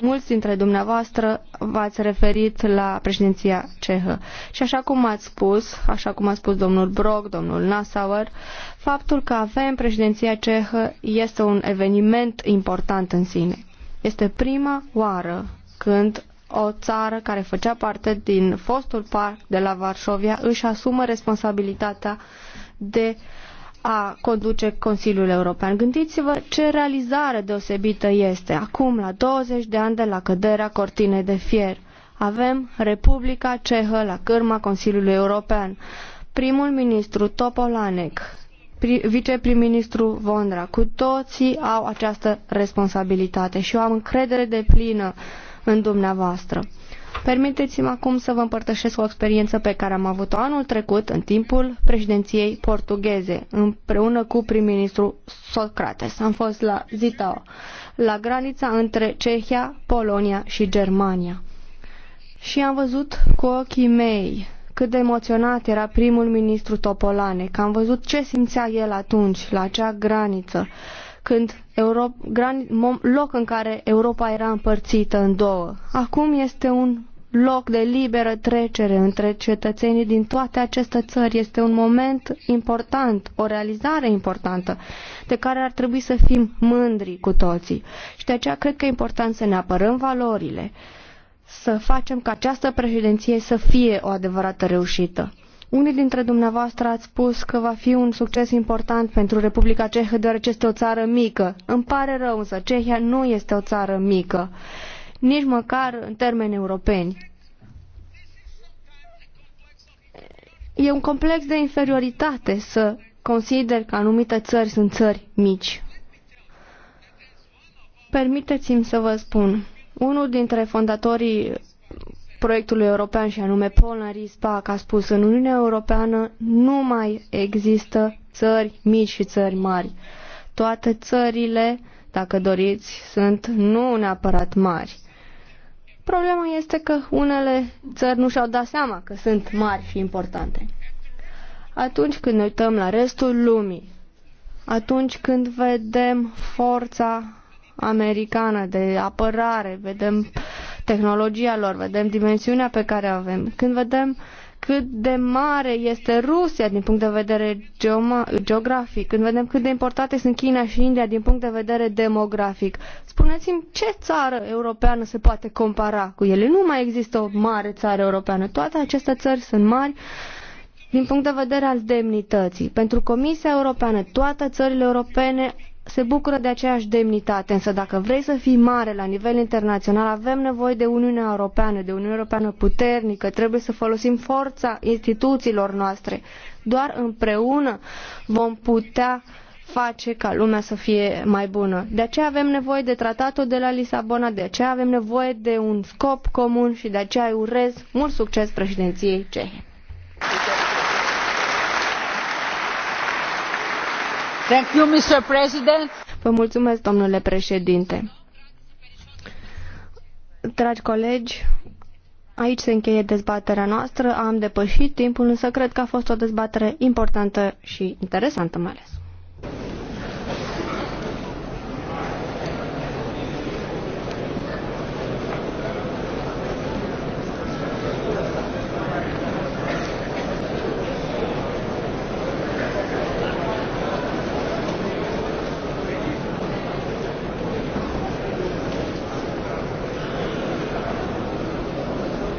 Mulți dintre dumneavoastră v-ați referit la președinția cehă. Și așa cum ați spus, așa cum a spus domnul Brok, domnul Nassauer, faptul că avem președinția cehă este un eveniment important în sine. Este prima oară când o țară care făcea parte din fostul parc de la Varșovia își asumă responsabilitatea de uh, a conduce Consiliul European. Gândiți-vă ce realizare deosebită este acum, la 20 de ani de la căderea cortinei de fier. Avem Republica Cehă la cârma Consiliului European. Primul ministru Topolanec, viceprim-ministru Vondra, cu toții au această responsabilitate și eu am încredere de plină în dumneavoastră. Permiteți-mi acum să vă împărtășesc o experiență pe care am avut-o anul trecut în timpul președinției portugheze, împreună cu prim-ministru Socrates. Am fost la Zitao, la granița între Cehia, Polonia și Germania. Și am văzut cu ochii mei cât de emoționat era primul ministru Topolane, că am văzut ce simțea el atunci, la acea graniță, când Europa, gran, loc în care Europa era împărțită în două. Acum este un loc de liberă trecere între cetățenii din toate aceste țări. Este un moment important, o realizare importantă, de care ar trebui să fim mândri cu toții. Și de aceea cred că e important să ne apărăm valorile, să facem ca această președinție să fie o adevărată reușită. Unii dintre dumneavoastră ați spus că va fi un succes important pentru Republica Cehă, deoarece este o țară mică. Îmi pare rău, însă Cehia nu este o țară mică, nici măcar în termeni europeni. E un complex de inferioritate să consider că anumite țări sunt țări mici. Permiteți-mi să vă spun, unul dintre fondatorii proiectului european și anume Polnaris PAC a spus în Uniunea Europeană nu mai există țări mici și țări mari. Toate țările, dacă doriți, sunt nu neapărat mari. Problema este că unele țări nu și-au dat seama că sunt mari și importante. Atunci când ne uităm la restul lumii, atunci când vedem forța americană de apărare, vedem tehnologia lor, vedem dimensiunea pe care avem. Când vedem cât de mare este Rusia din punct de vedere geografic, când vedem cât de importante sunt China și India din punct de vedere demografic. Spuneți-mi ce țară europeană se poate compara cu ele? Nu mai există o mare țară europeană. Toate aceste țări sunt mari din punct de vedere al demnității. Pentru Comisia Europeană, toate țările europene se bucură de aceeași demnitate, însă dacă vrei să fii mare la nivel internațional, avem nevoie de Uniunea Europeană, de Uniunea Europeană puternică, trebuie să folosim forța instituțiilor noastre. Doar împreună vom putea face ca lumea să fie mai bună. De aceea avem nevoie de tratatul de la Lisabona, de aceea avem nevoie de un scop comun și de aceea îi urez mult succes președinției cehe. Thank you, Mr. President. Vă mulțumesc, domnule președinte. Dragi colegi, aici se încheie dezbaterea noastră. Am depășit timpul, însă cred că a fost o dezbatere importantă și interesantă mai ales.